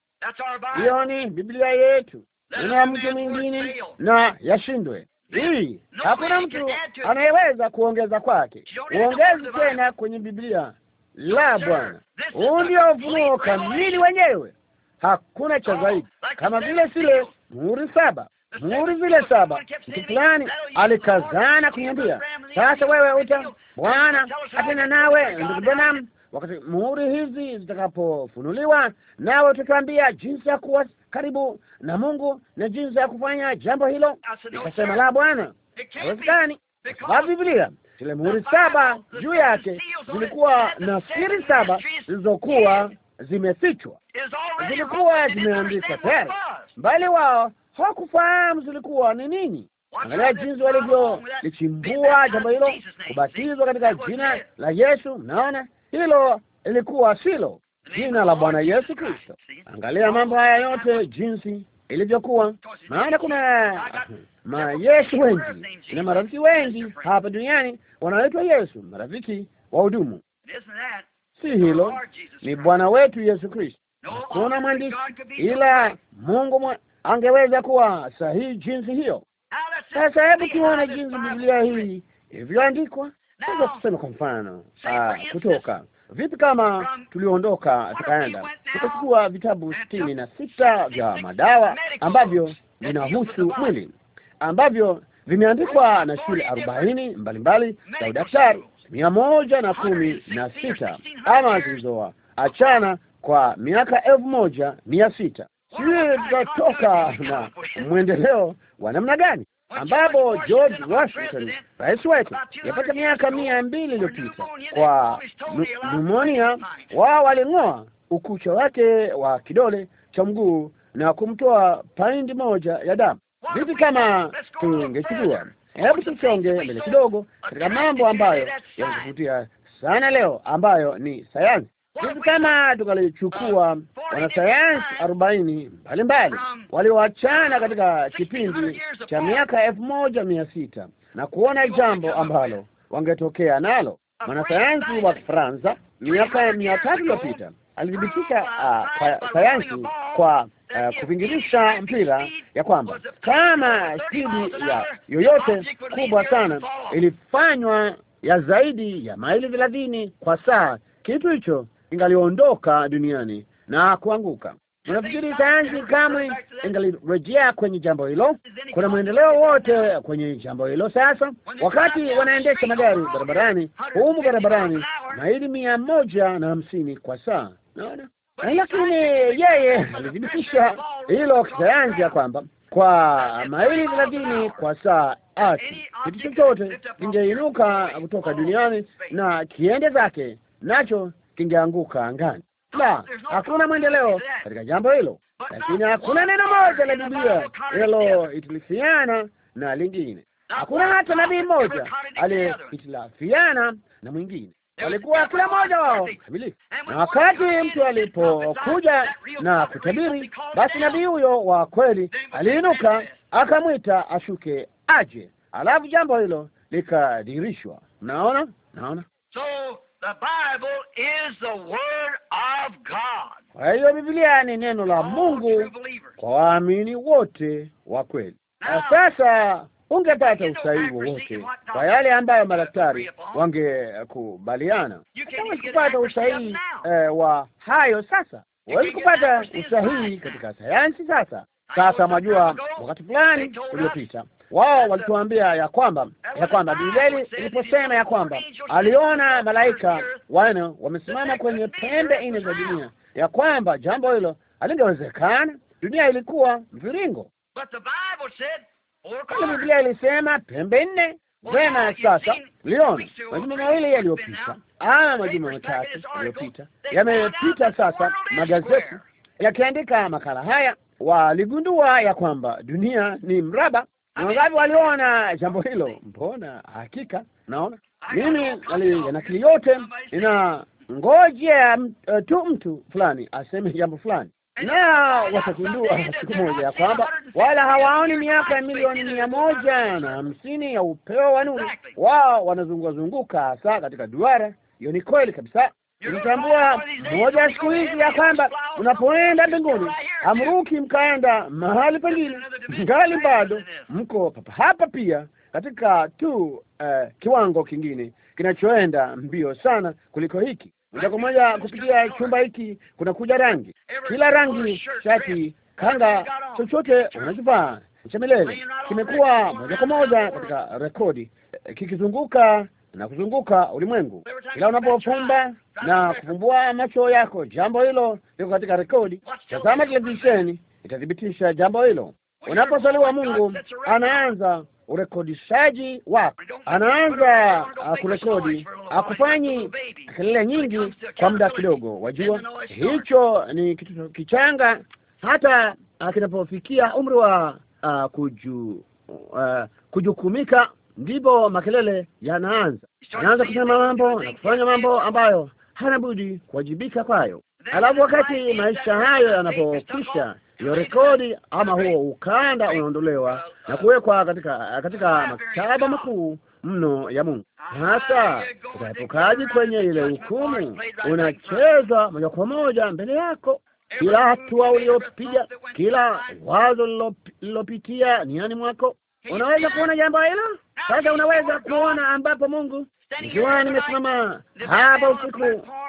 Hiyo ni Biblia yetu, neno ya mtu mwingine na yashindwe. Hii hakuna mtu anayeweza kuongeza kwake, uongezi tena kwenye Biblia la Bwana. Huu ndio ufunuo kamili wenyewe, hakuna cha zaidi, kama vile sile muhuri saba muhuri zile saba. Mtu fulani alikazana kuniambia, sasa wewe uta Bwana atena nawe ndugu Branham, wakati muhuri hizi zitakapofunuliwa, nawe utatuambia jinsi ya kuwa karibu na Mungu na jinsi ya kufanya jambo hilo. Nikasema, la Bwana, haiwezekani, kwa Biblia zile muhuri saba juu yake zilikuwa na siri saba zilizokuwa zimefichwa, zilikuwa zimeandikwa tayari, mbali wao hawakufahamu zilikuwa ni nini. Angalia jinsi walivyolichimbua jambo hilo, kubatizwa katika jina la Yesu. Mnaona hilo lilikuwa silo jina la Bwana Yesu Kristo. Angalia mambo haya yote jinsi ilivyokuwa. Maana kuna ma Yesu wengi na marafiki wengi hapa duniani wanaitwa Yesu, marafiki wa hudumu. Si hilo, ni Bwana wetu Yesu Kristo. kuna mwandishi ila Mungu mwa angeweza kuwa sahihi jinsi hiyo. Sasa hebu tuone jinsi Biblia hii ilivyoandikwa. Naweza tuseme kwa mfano ah, kutoka vipi, kama tuliondoka tukaenda tukachukua vitabu sitini na sita vya madawa ambavyo vinahusu mwili ambavyo vimeandikwa na shule arobaini mbalimbali za udaktari mia moja na kumi na sita ama zilizoa achana kwa miaka elfu moja mia sita sijui tutatoka na mwendeleo wa namna gani, ambapo George Washington, rais wetu, yapata miaka mia mbili iliyopita kwa pneumonia, wao waling'oa ukucha wake wa kidole cha mguu na kumtoa paindi moja ya damu. Vipi kama tungechukua? Hebu tusonge mbele kidogo katika mambo ambayo yanavutia sana leo, ambayo ni sayansi. Sisi kama tukalichukua wanasayansi arobaini mbalimbali walioachana katika kipindi cha miaka elfu moja mia sita na kuona jambo ambalo wangetokea nalo. Mwanasayansi wa Kifaransa miaka mia tatu iliyopita alithibitisha ah, sayansi kwa uh, eh, kupingirisha mpira ya kwamba kama spidi ya yoyote kubwa sana ilifanywa ya zaidi ya maili thelathini kwa saa, kitu hicho ingaliondoka duniani na kuanguka. Unafikiri sayansi kamwe ingalirejea kwenye jambo hilo? Kuna mwendeleo wote kwenye jambo hilo. Sasa wakati wanaendesha magari barabarani, humu barabarani, maili mia moja na hamsini kwa saa, naona lakini yeye alithibitisha hilo kisayansi ya kwamba kwa maili thelathini kwa saa ati kitu chochote kingeinuka kutoka duniani na kiende zake nacho kingeanguka angani. La, hakuna mwendeleo katika jambo hilo, lakini hakuna neno moja la Biblia linalohitilafiana na lingine. Hakuna hata nabii mmoja aliyehitilafiana na mwingine. Walikuwa kila mmoja wao kamilifu, na wakati mtu alipokuja na kutabiri, basi nabii huyo wa kweli aliinuka akamwita ashuke aje, alafu jambo hilo likadirishwa. Mnaona, naona kwa hiyo Biblia ni neno la Mungu kwa waamini wote wa kweli. Na sasa ungepata usahihi wowote kwa yale ambayo madaktari wangekubaliana. Huwezi kupata usahihi eh, wa hayo sasa. Huwezi kupata usahihi katika sayansi sasa. Sasa mwajua, wakati fulani uliopita wao walituambia ya kwamba ya kwamba Biblia iliposema ya kwamba aliona malaika wane wamesimama kwenye pembe nne za dunia, ya kwamba jambo hilo halingewezekana. Dunia ilikuwa mviringo, kama Biblia ilisema pembe nne. Vema, sasa liona majuma mawili yaliyopita, ama majuma matatu yaliyopita, yamepita. Sasa magazeti yakiandika makala haya waligundua ya kwamba dunia ni mraba Wangapi waliona jambo hilo? Mbona hakika naona mimi naliyanakili yote, ina ngojea uh, tu mtu fulani aseme jambo fulani, na watagundua siku moja ya kwamba wala hawaoni miaka milioni mia moja na hamsini ya upeo wa nuru. Wao zunguka hasa katika duara. Hiyo ni kweli kabisa. Mtambua moja ya siku hizi ya kwamba unapoenda mbinguni, amruki mkaenda mahali pengine, ngali bado mko papa hapa pia katika tu uh, kiwango kingine kinachoenda mbio sana kuliko hiki. Moja kwa moja kupitia chumba hiki kunakuja rangi, kila rangi, shati, kanga, chochote unakivaa cha milele kimekuwa moja kwa moja katika rekodi kikizunguka na kuzunguka ulimwengu. Kila unapofumba na kufumbua macho yako, jambo hilo liko katika rekodi. Tazama televisheni, itathibitisha jambo hilo. Unapozaliwa, Mungu anaanza urekodishaji wako, anaanza ah, kurekodi. Akufanyi ah, kelele nyingi kwa muda kidogo, wajua hicho ni kitu kichanga, hata ah, kinapofikia umri wa uh, kuju uh, kujukumika ndipo makelele yanaanza, yanaanza kusema mambo na kufanya mambo ambayo hana budi kuwajibika kwayo. Alafu wakati maisha hayo yanapokwisha, hiyo rekodi ama huo ukanda unaondolewa na kuwekwa katika katika maktaba makuu mno ya Mungu. hasa utaepukaji kwenye ile hukumu? Unachezwa moja kwa moja mbele yako. Kila hatua uliopiga, kila wazo lilopitia niani mwako, Unaweza kuona jambo hilo sasa. Unaweza kuona ambapo Mungu, nikiwa nimesimama hapa usiku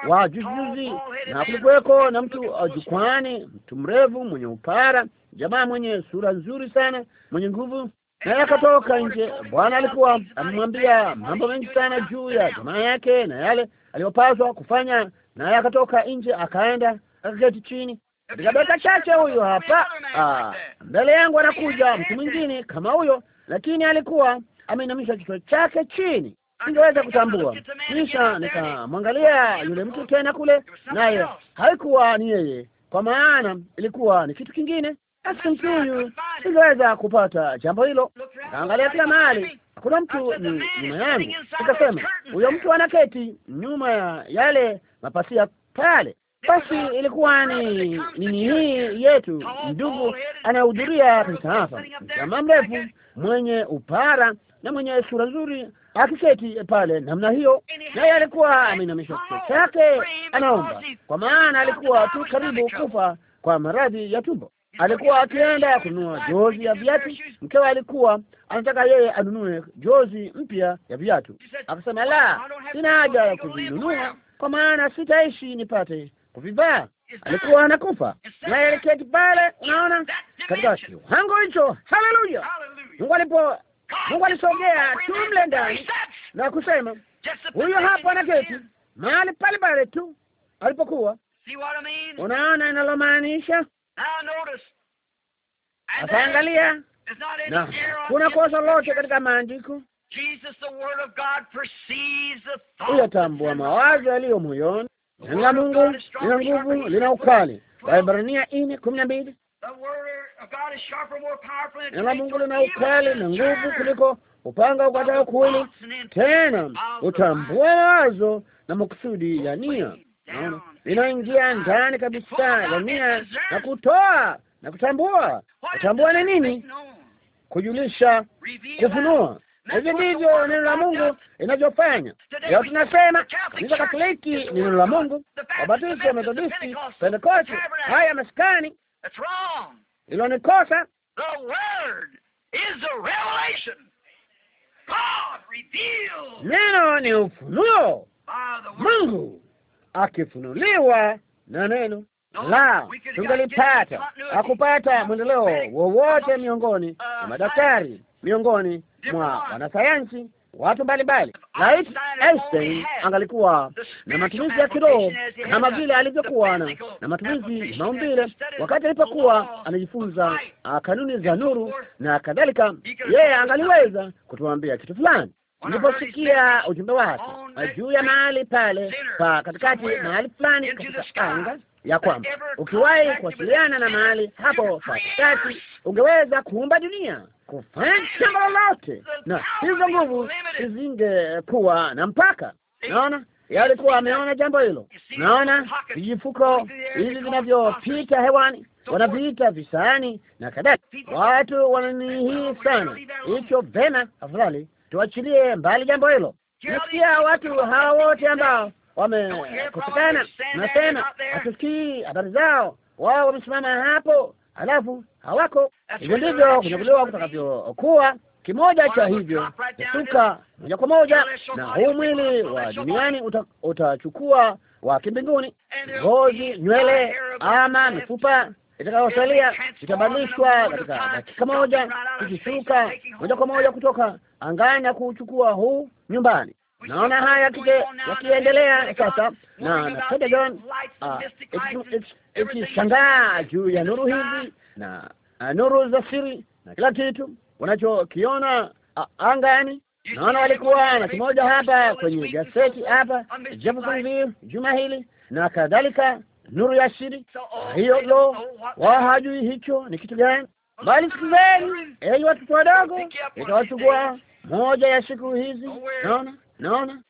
wa juzijuzi, na kulikuweko na mtu jukwani, mtu mrefu mwenye upara, jamaa mwenye sura nzuri sana, mwenye nguvu, naye akatoka nje. Bwana alikuwa amemwambia mambo mengi sana juu ya jamaa yake na yale aliyopaswa kufanya, naye akatoka nje, akaenda akaketi chini katika dakika chache, huyo hapa ah, mbele yangu anakuja mtu mwingine kama huyo, lakini alikuwa ameinamisha kichwa chake chini, singeweza kutambua. Kisha nikamwangalia yule mtu tena kule, naye haikuwa ni yeye, kwa maana ilikuwa ni kitu kingine. Basi mtu huyu singeweza kupata jambo hilo. Nikaangalia kila mahali, hakuna mtu nyuma yangu. Nikasema huyo mtu anaketi nyuma ya yale mapasia pale basi ilikuwa ni nini hii yetu, ndugu anahudhuria hapa, msama mrefu, mwenye upara na mwenye sura nzuri, akiketi pale namna hiyo, naye alikuwa ameinamisha kichwa chake anaomba, kwa maana alikuwa tu karibu kufa kwa maradhi ya tumbo. Alikuwa akienda kununua jozi ya viatu, mkewe alikuwa anataka yeye anunue jozi mpya ya viatu, akasema, la, sina haja ya kuzinunua, kwa maana sitaishi nipate kuvivaa. Alikuwa anakufa na aliketi pale, unaona, katika kiwango hicho. Haleluya! Mungu alipo, Mungu alisogea tu mle ndani na kusema, huyo hapo anaketi mahali pale pale tu alipokuwa. Unaona inalomaanisha? Akaangalia na kuna kosa lote katika maandiko. Huyatambua mawazo yaliyo moyoni Neno la Mungu lina nguvu, lina ukali. Waebrania nne kumi na mbili. Neno la Mungu lina ukali na nguvu kuliko upanga ukatao kuwili, tena utambua wazo na makusudi ya nia. Naona linaingia ndani kabisa ya nia na kutoa na kutambua. Kutambua ni nini? Kujulisha, kufunua Hivi ndivyo neno la Mungu linavyofanya leo. Tunasema kanisa Katoliki ni neno la Mungu, Wabatisti, Methodisti, Pentekosti, haya maskani, hilo ni kosa. Neno ni ufunuo, Mungu akifunuliwa na neno Oh, la tungelipata hakupata mwendeleo wowote miongoni na uh, madaktari, miongoni mwa wanasayansi, watu mbalimbali. Laiti Einstein angalikuwa na matumizi ya kiroho kama vile alivyokuwa na na matumizi ya maumbile wakati alipokuwa anajifunza kanuni za nuru na kadhalika, yeye angaliweza kutuambia kitu fulani. Niliposikia ujumbe wake juu ya mahali pale pa katikati, mahali fulani katika anga ya kwamba ukiwahi kuwasiliana na mahali hapo pakati, ungeweza kuumba dunia, kufanya jambo lolote, na hizo nguvu zisingekuwa na mpaka. Naona yalikuwa ameona jambo hilo. Naona vijifuko hivi vinavyopita hewani wanaviita visani na kadhalika. Watu wananihii sana hicho. Vema, afadhali tuachilie mbali jambo hilo. Nasikia watu hawa wote ambao wamekosekana na tena hatusikii habari zao. Wao wamesimama hapo, alafu hawako. Hivyo ndivyo kunyakuliwa kutakavyokuwa. Kimoja cha hivyo kusuka moja kwa moja, na huu mwili wa duniani utachukua wa kimbinguni. Ngozi, nywele ama mifupa itakayosalia itabadilishwa katika dakika moja, ikishuka moja kwa moja kutoka angani na kuchukua huu nyumbani. Naona haya yakiendelea sasa, na napenda John ikishangaa ah, juu ya nuru hizi na ah, nuru za siri na kila kitu wanachokiona angani. Ah, Naona walikuwa na kimoja hapa kwenye gazeti hapa Jeffersonville juma hili na kadhalika, nuru ya siri oh, hiyo. Lo, wao hajui hicho ni kitu gani, bali sikizeni, enyi watoto wadogo, itawachukua moja ya siku hizi. Naona Naona,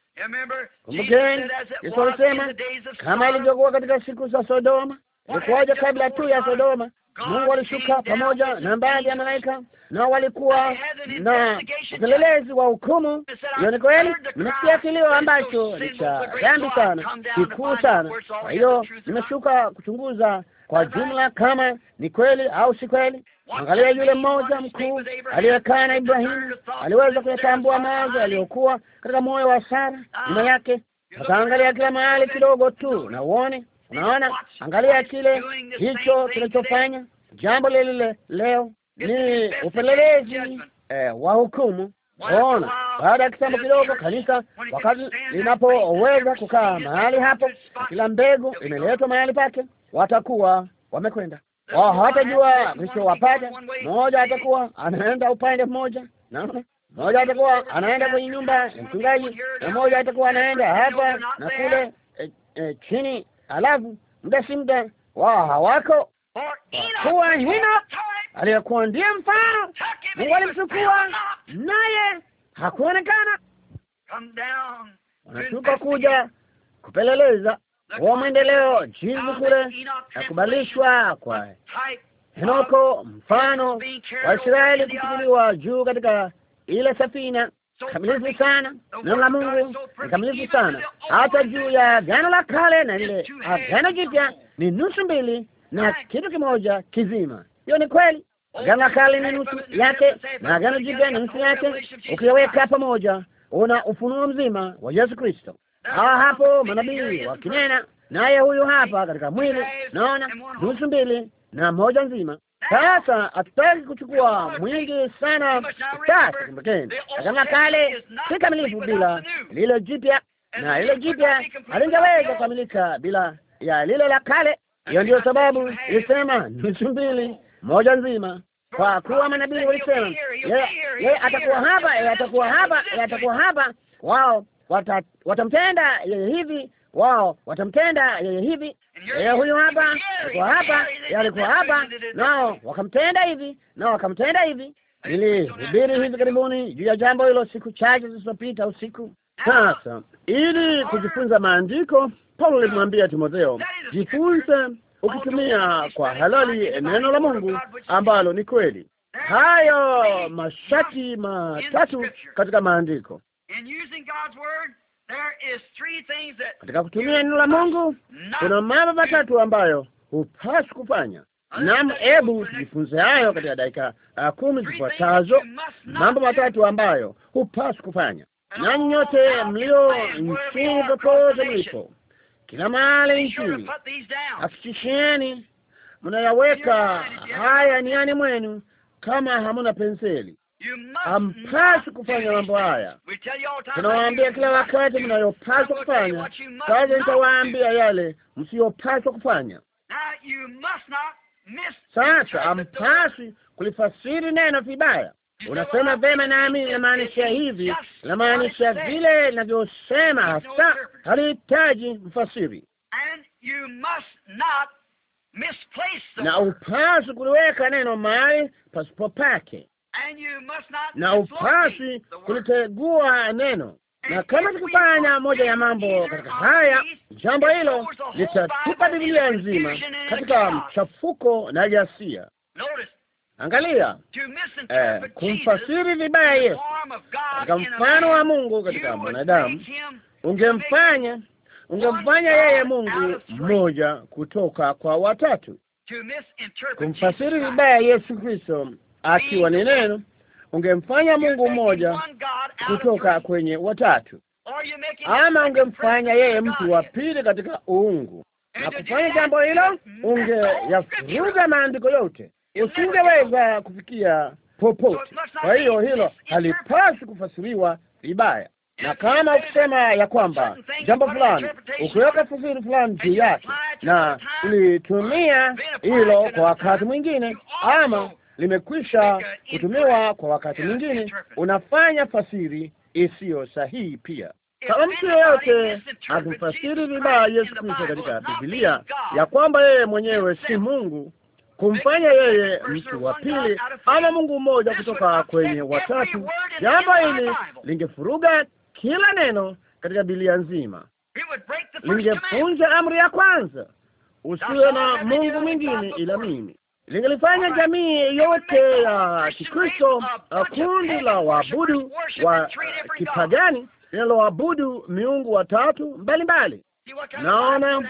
kumbukeni Yesu alisema kama alivyokuwa katika siku za Sodoma, ilikuwaje kabla tu ya Sodoma Mungu alishuka pamoja na baadhi ya malaika na walikuwa na upelelezi wa hukumu. Hiyo ni kweli, nimesikia kilio ambacho ni cha dhambi sana, kikuu sana. Kwa hiyo nimeshuka kuchunguza kwa jumla kama ni kweli au si kweli. Angalia, yule mmoja mkuu aliyekaa na Ibrahimu aliweza kuyatambua mawazo yaliyokuwa katika moyo wa Sara nyuma ah, yake. Akaangalia kila mahali kidogo tu na uone Unaona, angalia kile hicho kinachofanya jambo lile leo ni upelelezi eh, wa hukumu. Unaona, baada ya kitambo kidogo kanisa, wakati linapoweza kukaa mahali hapo, kila mbegu imeletwa mahali pake, watakuwa wamekwenda wao, hawatajua kilichowapata. Mmoja atakuwa anaenda upande mmoja, naona mmoja atakuwa anaenda kwenye nyumba ya mchungaji, na mmoja atakuwa anaenda hapa na kule, e, e, chini alafu muda si muda wao hawako Kwa hino aliyekuwa ndiye mfano Mungu alimchukua naye hakuonekana. Wanashuka kuja kupeleleza wa mwendeleo jinsi kule na kwa Henoko, mfano wa Israeli kuchukuliwa juu katika ile safina kamilifu sana, neno la Mungu ni kamilifu sana, hata juu ya gano la Kale na lile Agano Jipya ni nusu mbili na kitu kimoja kizima. Hiyo ni kweli. Oh, agano la Kale ni nusu yake na Agano Jipya ni nusu yake. Ukiweka pamoja, una ufunuo mzima wa Yesu Kristo. Hawa hapo manabii wakinena naye, huyu hapa katika mwili, naona nusu mbili na moja nzima. Sasa hatutaki kuchukua mwingi sana. Sasa kumbukeni, kama kale si kamilifu bila lile jipya, na lile jipya halingeweza kukamilika bila ya lile la kale. Hiyo ndiyo sababu ilisema nusu mbili moja nzima, kwa kuwa manabii walisema yeye atakuwa hapa, yeye atakuwa hapa, yeye atakuwa hapa. Wao watamtenda yeye hivi wao watamtenda yeye hivi. Yeye huyu hapa alikuwa hapa, yeye alikuwa hapa, nao wakamtenda hivi, nao wakamtenda hivi. Nilihubiri hivi karibuni juu ya jambo hilo siku chache zilizopita usiku. Sasa ili kujifunza maandiko, Paulo alimwambia Timotheo, jifunze ukitumia kwa halali neno la Mungu ambalo ni kweli. Hayo masharti matatu katika maandiko katika kutumia neno la Mungu kuna mambo matatu ambayo hupaswi kufanya. Naam, hebu tujifunze hayo katika dakika uh, kumi zifuatazo. Mambo matatu ambayo hupaswi kufanya. Nanyi nyote mlio nchini, popote mlipo, kila mahali nchini, hakikisheni mnayaweka haya niani mwenu, kama hamuna penseli Hampaswi kufanya mambo haya. Tunawaambia kila wakati mnayopaswa kufanya. Sasa nitawaambia yale msiyopaswa kufanya. Sasa hampaswi kulifasiri neno vibaya. Unasema vema, nami namaanisha hivi, namaanisha vile navyosema hasa. Halihitaji mfasiri na upaswi kuliweka neno mali pasipo pake na upasi kulitegua neno, na kama tukifanya moja ya mambo katika haya, jambo hilo litatupa Biblia nzima katika mchafuko na ghasia. Angalia eh, kumfasiri vibaya Yesu katika mfano wa Mungu katika mwanadamu, ungemfanya ungemfanya yeye Mungu mmoja kutoka kwa watatu. Kumfasiri vibaya Yesu Kristo akiwa ni neno, ungemfanya Mungu mmoja kutoka kwenye watatu, ama ungemfanya yeye mtu wa pili katika uungu. Na kufanya jambo hilo, ungeyafuruza maandiko yote, usingeweza kufikia popote. Kwa hiyo hilo halipasi kufasiriwa vibaya na kama ukisema ya kwamba jambo fulani ukiweka fasiri fulani juu yake, na ulitumia hilo kwa wakati mwingine, ama limekwisha kutumiwa kwa wakati mwingine, unafanya fasiri isiyo sahihi pia. Kama mtu yeyote akimfasiri vibaya Yesu Kristo katika Biblia ya kwamba yeye mwenyewe si Mungu, kumfanya yeye mtu wa pili ama mungu mmoja kutoka kwenye watatu, jambo hili lingefuruga kila neno katika Biblia nzima, lingefunja amri ya kwanza, usiwe na mungu mwingine ila mimi lingelifanya jamii yote ya Kikristo uh, kundi la waabudu wa kipagani linaloabudu miungu watatu mbalimbali. Naona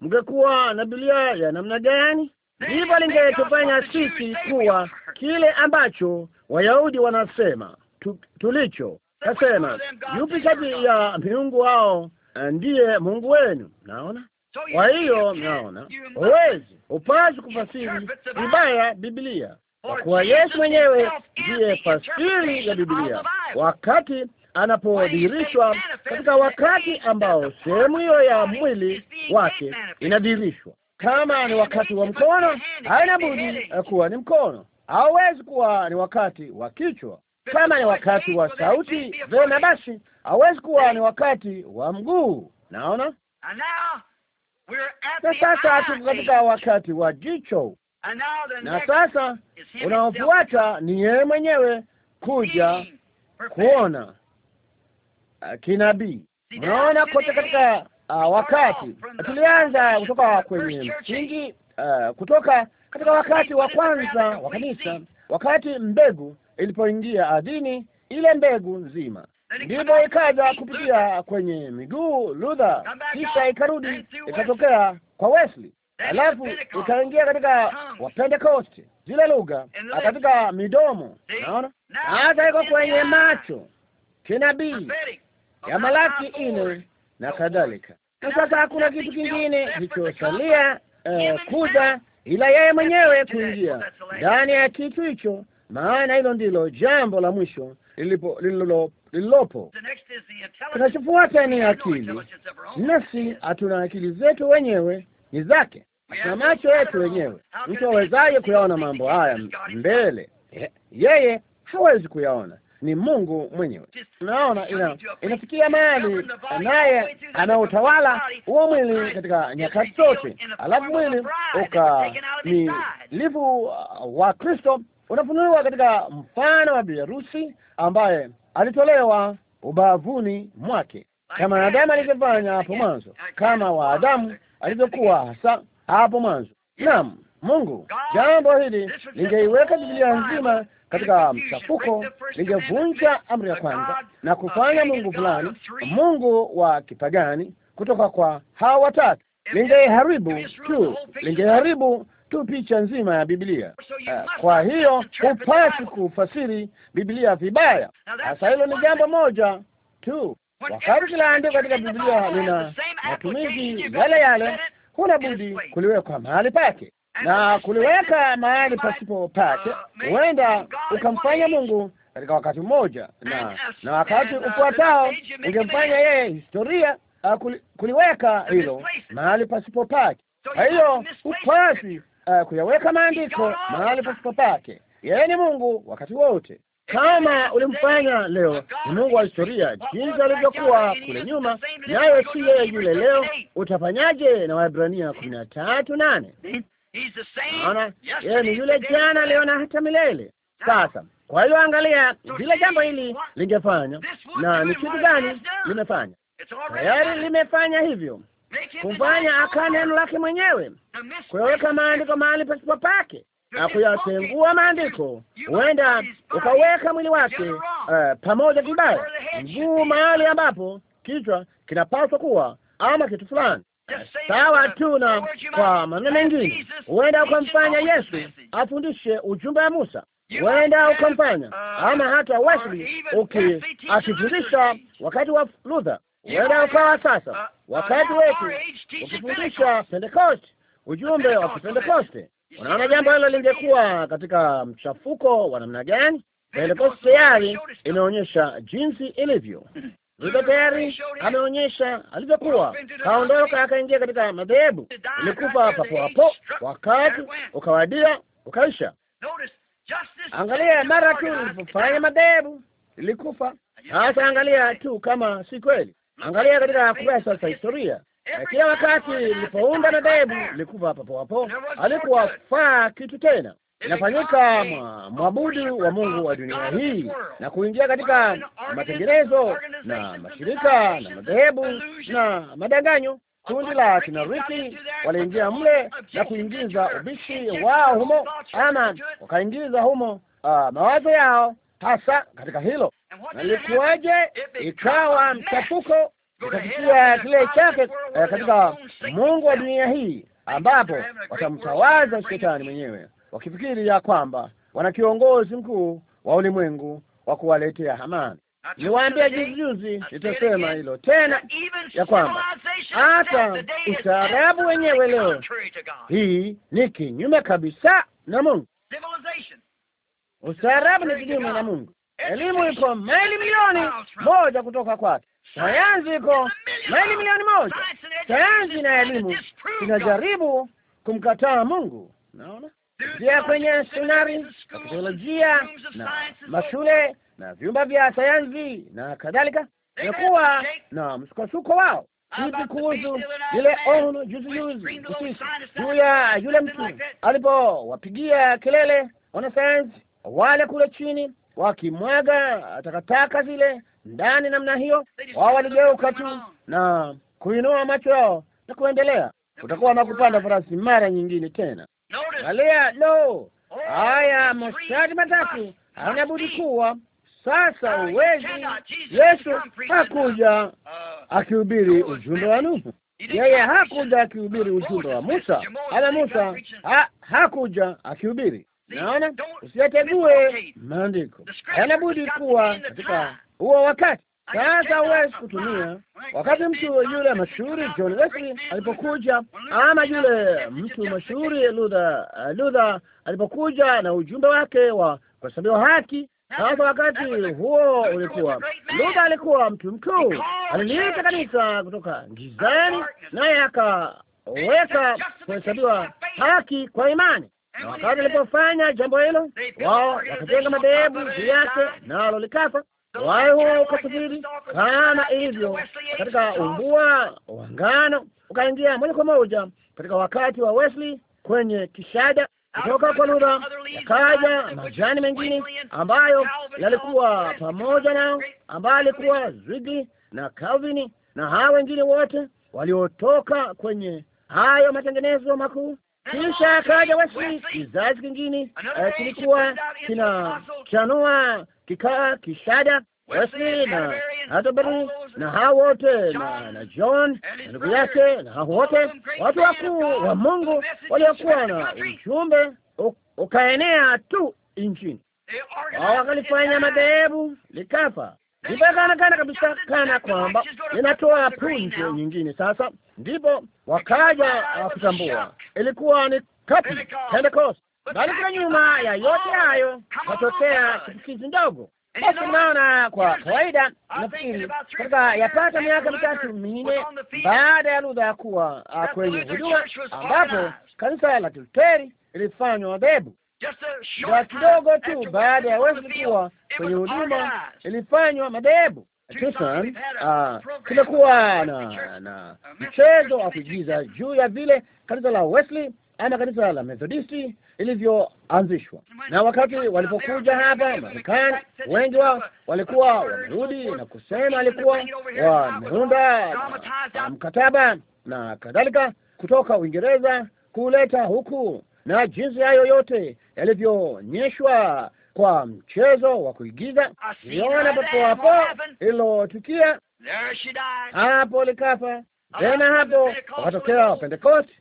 mngekuwa na Biblia ya namna gani? Hivyo lingetufanya sisi kuwa kile ambacho Wayahudi wanasema tu, tulicho nasema, yupi kati ya miungu hao uh, ndiye Mungu wenu? Naona kwa hiyo mnaona, huwezi upaswi kufasiri vibaya Biblia kwa kuwa Yesu mwenyewe ndiye fasiri ya Biblia wakati anapodhihirishwa katika wakati ambao sehemu hiyo ya mwili wake inadhihirishwa. Kama ni wakati wa mkono, haina budi eh, kuwa ni mkono. Hawezi kuwa ni wakati wa kichwa. Kama ni wakati wa sauti, vema basi hawezi kuwa ni wakati wa mguu. Naona na sasa tuko katika wakati wa jicho, na sasa unaofuata ni yeye mwenyewe kuja kuona uh, kinabii. Unaona kote katika uh, wakati tulianza kutoka kwenye msingi uh, kutoka katika wakati wa kwanza wa kanisa, wakati mbegu ilipoingia ardhini, ile mbegu nzima ndipo ikaja kupitia kwenye miguu Luther, kisha ikarudi ikatokea kwa Wesley, alafu ikaingia katika Wapentekoste, zile lugha katika midomo. Naona hata iko kwenye macho kinabii ya Malaki ine na kadhalika. Na sasa hakuna kitu kingine kilichosalia uh, kuja ila yeye mwenyewe kuingia ndani ya kitu hicho, maana hilo ndilo jambo la mwisho lilipo lililo lililopo. Kinachofuata ni akili, nasi hatuna akili zetu wenyewe, ni zake. Hatuna macho yetu wenyewe. Mtu awezaye kuyaona mambo haya mbele? Yeye hawezi kuyaona, ni Mungu mwenyewe. Unaona, ina, inafikia mahali naye anautawala huo mwili katika nyakati zote, alafu mwili uka ni livu uh, wa Kristo unafunuliwa katika mfano wa biharusi ambaye alitolewa ubavuni mwake kama Adamu alivyofanya hapo mwanzo, kama wa Adamu alivyokuwa hasa hapo mwanzo. Naam, Mungu, jambo hili lingeiweka Biblia nzima katika mchafuko, lingevunja amri ya kwanza na kufanya mungu fulani mungu wa kipagani kutoka kwa hawa watatu. Lingeharibu tu, lingeharibu tu picha nzima ya Biblia. Uh, kwa hiyo hupati kufasiri Biblia vibaya. Sasa hilo ni jambo moja tu. Wakati kila andiko katika Biblia lina matumizi yale yale, huna budi kuliweka mahali pake, na kuliweka mahali pasipo pake, uh, huenda ukamfanya Mungu katika wakati mmoja na na wakati uh, ufuatao ungemfanya yeye historia uh, kuli, kuliweka hilo mahali pasipo pake. Kwa hiyo upasi uh, kuyaweka maandiko mahali pasipo pake Yeye ni Mungu wakati wote. Kama ulimfanya leo, ni Mungu wa historia, jinsi alivyokuwa kule nyuma, nawe si yeye yule leo. Utafanyaje na Waebrania kumi na tatu nane? Naona yeye ni yule jana, leo na hata milele. Sasa kwa hiyo angalia vile jambo hili lingefanya, na ni kitu gani limefanya. Tayari limefanya hivyo kumfanya akaa neno lake mwenyewe, kuyaweka maandiko mahali pasipo pake na kuyatengua maandiko, huenda ukaweka mwili wake uh, pamoja kibaya, mguu mahali ambapo kichwa kinapaswa kuwa, ama kitu fulani sawa tu. Na kwa maneno mengine, huenda ukamfanya Yesu afundishe ujumbe wa Musa, huenda ukamfanya ama hata Wesley, akifundisha wakati wa Luther Huenda ukawa sasa uh, uh, wakati wetu wakufundisha Pentekoste, ujumbe wa Kipentekoste. Unaona, jambo hilo lingekuwa katika mchafuko wa namna gani? Pentekoste tayari imeonyesha jinsi ilivyo hivyo tayari ameonyesha alivyokuwa, kaondoka akaingia katika madhehebu, ilikufa papo hapo, wakati ukawadia ukaisha. Angalia, mara tu nilipofanya madhehebu ilikufa. Sasa angalia tu kama si kweli, Angalia katika kurasa za historia, kila wakati nilipounda mabebu nilikuwa papo hapo, alikuwa faa kitu tena inafanyika mwabudu wa Mungu wa dunia hii na kuingia katika matengenezo na mashirika na madhehebu na madanganyo. Kundi la Riki waliingia mle na kuingiza ubishi wao humo, ama wakaingiza humo uh, mawazo yao hasa katika hilo alikuwaje? Ikawa mchafuko ikafikia kile chake eh, katika mungu wa dunia hii, ambapo watamtawaza shetani mwenyewe, wakifikiri ya kwamba wana kiongozi mkuu wa ulimwengu wa kuwaletea amani. Niwaambia juzi juzi, nitasema hilo tena, ya kwamba hata ustaarabu wenyewe leo hii ni kinyume kabisa na Mungu. Ustaarabu ni kinyume na Mungu. Elimu iko maili milioni moja kutoka kwake. Sayansi iko maili milioni moja. Sayansi na elimu inajaribu kumkataa Mungu. Naona pia kwenye seminari na teolojia na mashule na vyumba vya sayansi na kadhalika, imekuwa na msukosuko wao vipi kuhusu ile ono juzi juzi juu ya yule mtu alipowapigia kelele wanasayansi wale kule chini wakimwaga takataka zile ndani namna hiyo, wao waligeuka tu na kuinua macho yao na kuendelea. Utakuwa na kupanda farasi mara nyingine tena. Angalia, no, haya mashati matatu hayana budi kuwa sasa. Uwezi, Yesu hakuja akihubiri ujumbe wa Nuhu, yeye hakuja akihubiri ujumbe wa Musa, ama Musa ha, hakuja akihubiri Naona usiyategue maandiko, hayana budi kuwa katika huo wakati. Sasa huwezi kutumia wakati mtu yule mashuhuri John Wesley alipokuja, ama yule mtu mashuhuri Luther, uh, Luther alipokuja na ujumbe wake wa kuhesabiwa haki. Sasa wakati huo ulikuwa, Luther alikuwa mtu mkuu, aliliita kanisa kutoka gizani, naye akaweka kuhesabiwa haki kwa imani na wakati alipofanya jambo hilo, wao wakajenga madhehebu juu yake, nalo likafa. Wao huo ukasubiri kama hivyo katika umbua wa ngano, ukaingia moja kwa moja katika wakati wa Wesley kwenye kishada kutoka kwa lugha yakaja majani mengine ambayo yalikuwa pamoja nao, ambayo alikuwa Zwigli na Calvin na hao wengine wote waliotoka kwenye hayo matengenezo makuu kisha akaja Wesley. Kizazi kingine eh, kilikuwa kina chanua kikaa kishada wasi na Atterbury na hao wote na, na John na ndugu yake na hao wote watu wakuu wa Mungu waliokuwa na ujumbe ukaenea tu nchini. Wao wakalifanya madhehebu likafa, ndipo Imeonekana kabisa kana kwamba ninatoa punje nyingine. Sasa ndipo wakaja uh, kutambua ilikuwa ni kapi Pentecost, bali kwa nyuma ya yote hayo katokea chipukizi ndogo. Basi naona kwa kawaida, nafikiri katika yapata miaka mitatu minne baada ya ludha ya kuwa uh, kwenye huduma, ambapo kanisa la Kiluteri ilifanywa dhehebu na kidogo tu baada ya Wesley kuwa kwenye huduma ilifanywa madhehebu hususan ah, kumekuwa na na mchezo wa kuigiza juu ya vile kanisa la Wesley ama kanisa la Methodisti ilivyoanzishwa. Na wakati walipokuja hapa Marekani, wengi wao walikuwa wamerudi na kusema alikuwa wameunda mkataba na kadhalika kutoka Uingereza kuleta huku na jinsi hayo yote yalivyoonyeshwa kwa mchezo wa kuigiza. Niona papo hapo ililotukia hapo likafa tena hapo wakatokea Wapentekoste,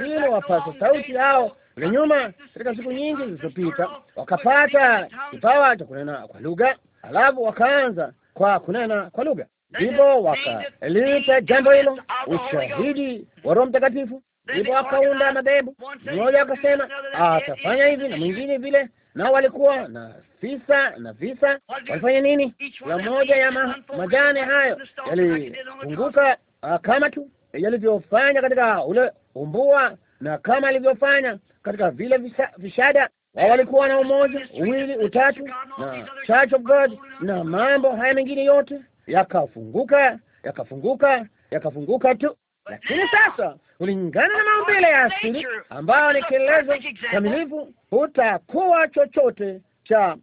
ili wapasa sauti hao kule nyuma, katika siku nyingi zilizopita, wakapata kipawa cha kunena kwa lugha, alafu wakaanza kwa kunena kwa lugha, ndipo wakaliita jambo hilo ushahidi wa Roho Mtakatifu ndipo wakaunda madhehebu, mmoja akasema ah, atafanya hivi na mwingine vile, nao walikuwa na visa na visa. Walifanya nini? Kila moja ya ma, majani hayo yalifunguka ah, kama tu yalivyofanya katika ule umbua na kama alivyofanya katika vile visa, vishada wao walikuwa na umoja, uwili, utatu na Church of God na mambo haya mengine yote yakafunguka, yakafunguka, yakafunguka tu. Lakini sasa kulingana na maumbile ya asili ambayo ni kielezo kamilifu, hutakuwa chochote cha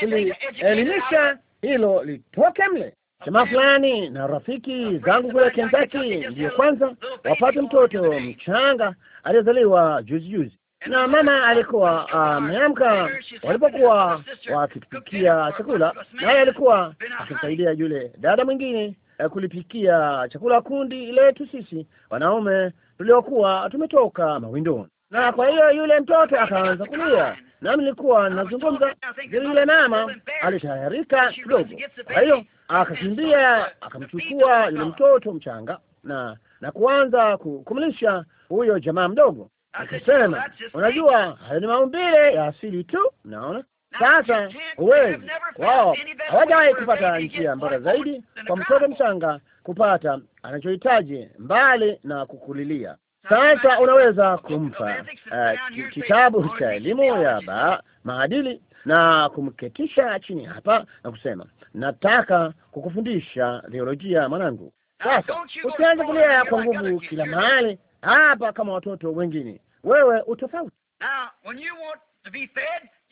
kulielimisha hilo litoke mle. Jamaa fulani na rafiki zangu kule Kentucky ndiyo kwanza wapate mtoto mchanga aliyezaliwa juzi juzi, na mama alikuwa ameamka uh, walipokuwa wakipikia chakula, naye alikuwa akimsaidia yule dada mwingine Eh, kulipikia chakula kundi letu sisi wanaume tuliokuwa tumetoka mawindoni, na kwa hiyo yule mtoto akaanza kulia, nami nilikuwa nazungumza vile. Yule mama alitayarika kidogo, kwa hiyo akakimbia akamchukua yule mtoto mchanga na na kuanza kumlisha huyo jamaa mdogo, akisema, unajua hayo ni maumbile ya asili tu, naona sasa huwezi, wao hawajawahi kupata njia mbora zaidi kwa mtoto mchanga kupata anachohitaji mbali na kukulilia. Sasa unaweza kumpa uh, kitabu cha elimu ya ba maadili na kumketisha chini hapa na kusema, nataka kukufundisha theolojia mwanangu. Sasa usianze kulia kwa nguvu kila mahali hapa kama watoto wengine, wewe utofauti.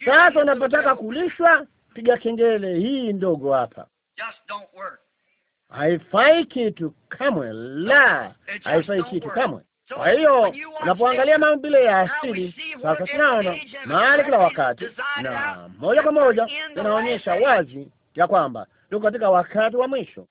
Sasa unapotaka kulishwa, piga kengele hii ndogo hapa. Haifai kitu kamwe, la, haifai kitu kamwe. Kwa hiyo unapoangalia maumbile ya asili sasa, tunaona mahali kila wakati na moja kwa moja inaonyesha wazi ya kwamba tuko katika wakati wa mwisho.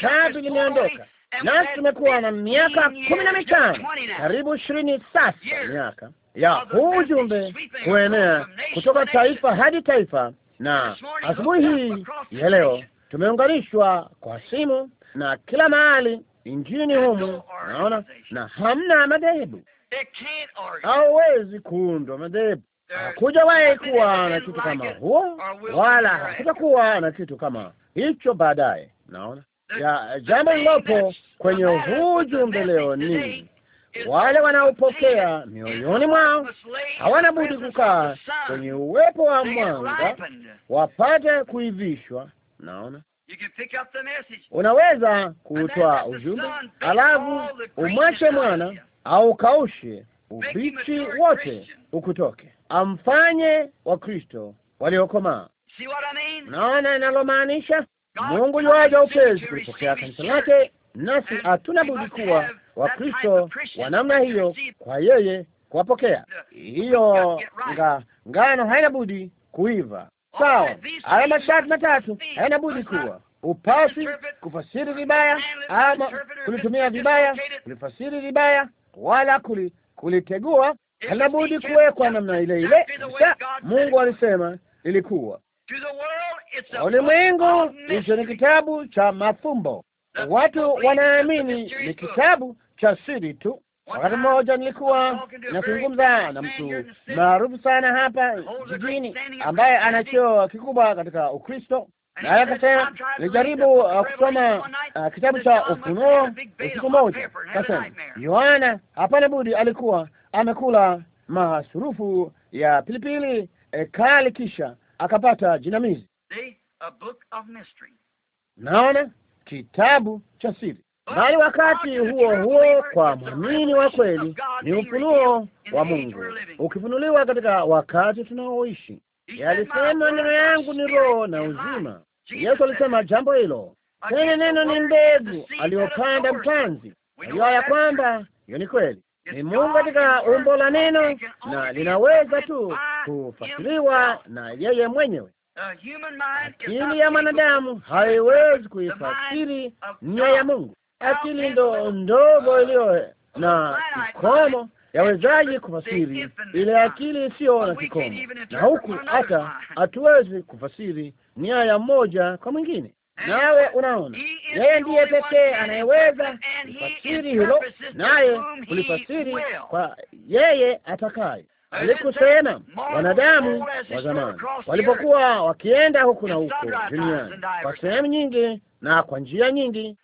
Tatu limeondoka nasi tumekuwa na miaka kumi na mitano karibu ishirini sasa miaka ya huu ujumbe kuenea kutoka taifa hadi taifa, na asubuhi hii ya leo tumeunganishwa kwa simu na kila mahali nchini humu, naona na hamna madhehebu, hauwezi kuundwa madhehebu. Hakujawahi kuwa na kitu kama huo, wala hakutakuwa na kitu kama hicho baadaye. Naona ya jambo lilopo kwenye huu ujumbe leo ni wale wanaopokea mioyoni mwao hawana budi kukaa kwenye uwepo wa mwanga, wapate kuivishwa. Naona unaweza kutoa ujumbe, alafu umwache mwana au kaushe ubichi wote ukutoke, amfanye Kristo waliokomaa. Naona inalomaanisha Mungu yuaja upesi kulipokea kanisa lake, nasi hatuna budi kuwa Wakristo wa namna hiyo, kwa yeye kuwapokea hiyo nga, ngano haina budi kuiva. Sawa, haya masharti matatu haina budi kuwa upasi kufasiri vibaya ama kulitumia vibaya, kulifasiri vibaya wala kuli, kulitegua halina budi kuwekwa namna ile ile Mungu alisema ilikuwa ulimwengu hicho ni kitabu cha mafumbo Watu wanaamini ni kitabu cha siri tu. Wakati mmoja nilikuwa nazungumza na mtu maarufu sana hapa jijini ambaye ana cheo kikubwa katika Ukristo, naye akasema, nilijaribu uh, kusoma uh, kitabu cha Ufunuo usiku moja. Kasema Yohana, hapana budi, alikuwa amekula masurufu ya pilipili kali, kisha akapata jinamizi. Naona kitabu cha siri, bali wakati huo huo kwa mwamini wa kweli ni ufunuo wa Mungu ukifunuliwa katika wakati tunaoishi. Yalisema, neno yangu ni roho na uzima. Yesu alisema jambo hilo tena. Neno ni mbegu aliyopanda mpanzi, najua ya kwamba hiyo ni kweli. Ni Mungu katika umbo la neno, na linaweza tu kufasiriwa na yeye mwenyewe. Akili ya mwanadamu haiwezi kuifasiri nia ya Mungu. Akili ndo ndogo uh, iliyo na kikomo yawezaji kufasiri ile akili isiyo na kikomo, na huku hata hatuwezi kufasiri nia ya mmoja kwa mwingine. Nawe unaona, yeye ndiye pekee anayeweza kufasiri hilo, naye kulifasiri kwa yeye atakaye alikusema wanadamu wa zamani walipokuwa wakienda huku na huko duniani kwa sehemu nyingi na kwa njia nyingi.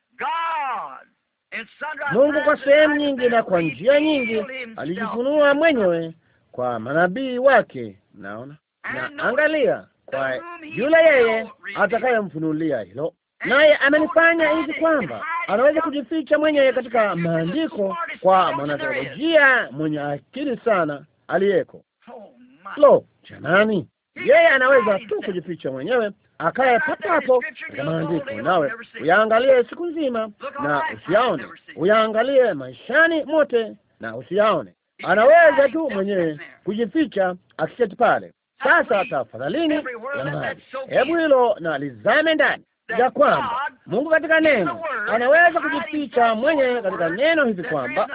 Mungu kwa sehemu nyingi na kwa njia nyingi alijifunua mwenyewe kwa manabii wake, naona na angalia, kwa yule yeye atakayemfunulia hilo, naye amenifanya hivi kwamba anaweza kujificha mwenyewe katika maandiko, kwa oh, mwanatheolojia mwenye akili sana aliyeko. Lo, jamani, yeye anaweza tu kujificha mwenyewe akaye papo hapo katika maandiko, nawe uyaangalie siku nzima na usiaone, uyaangalie maishani mote na usiaone. Anaweza tu mwenyewe kujificha akiketi pale. Sasa tafadhalini, jamani, hebu hilo na lizame ndani ya kwamba Mungu katika neno anaweza kujificha mwenyewe katika neno hivi kwamba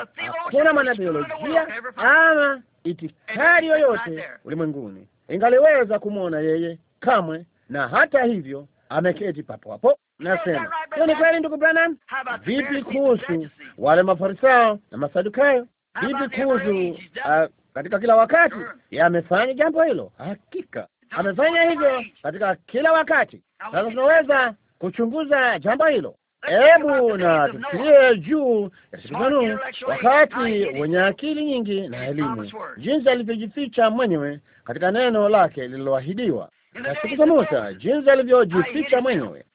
hakuna mwanabiolojia ama itikadi yoyote ulimwenguni ingaliweza kumwona yeye kamwe, na hata hivyo ameketi papo hapo. Nasema hiyo ni kweli, ndugu Branham. Vipi kuhusu wale mafarisayo na masadukayo? Vipi kuhusu ah, katika kila wakati yamefanya jambo hilo? Hakika amefanya hivyo katika kila wakati. Sasa tunaweza kuchunguza jambo hilo. Hebu na tufikirie juu ya Stefano wakati wenye akili nyingi na elimu, jinsi alivyojificha mwenyewe katika neno lake lililoahidiwa, na siku za Musa jinsi alivyojificha mwenyewe,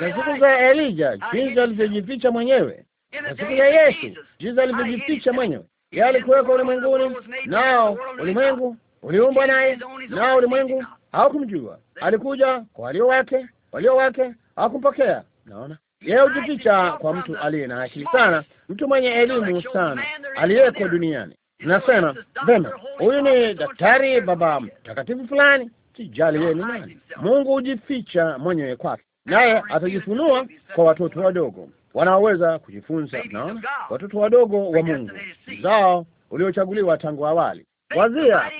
na siku za Elija jinsi alivyojificha mwenyewe, na siku za Yesu jinsi alivyojificha mwenyewe. Yeye alikuwekwa ulimwenguni, nao ulimwengu uliumbwa naye, nao ulimwengu hawakumjua. Alikuja kwa walio wake, walio wake hawakumpokea. Naona Leo hujificha kwa mtu aliye na akili sana, mtu mwenye elimu sana aliyeko duniani, nasema vema, huyu ni daktari, baba mtakatifu fulani, sijali yeye ni nani. Mungu hujificha mwenyewe kwake, naye atajifunua kwa watoto wadogo wanaoweza kujifunza. Naona watoto wadogo wa Mungu, zao uliochaguliwa tangu awali, Wazia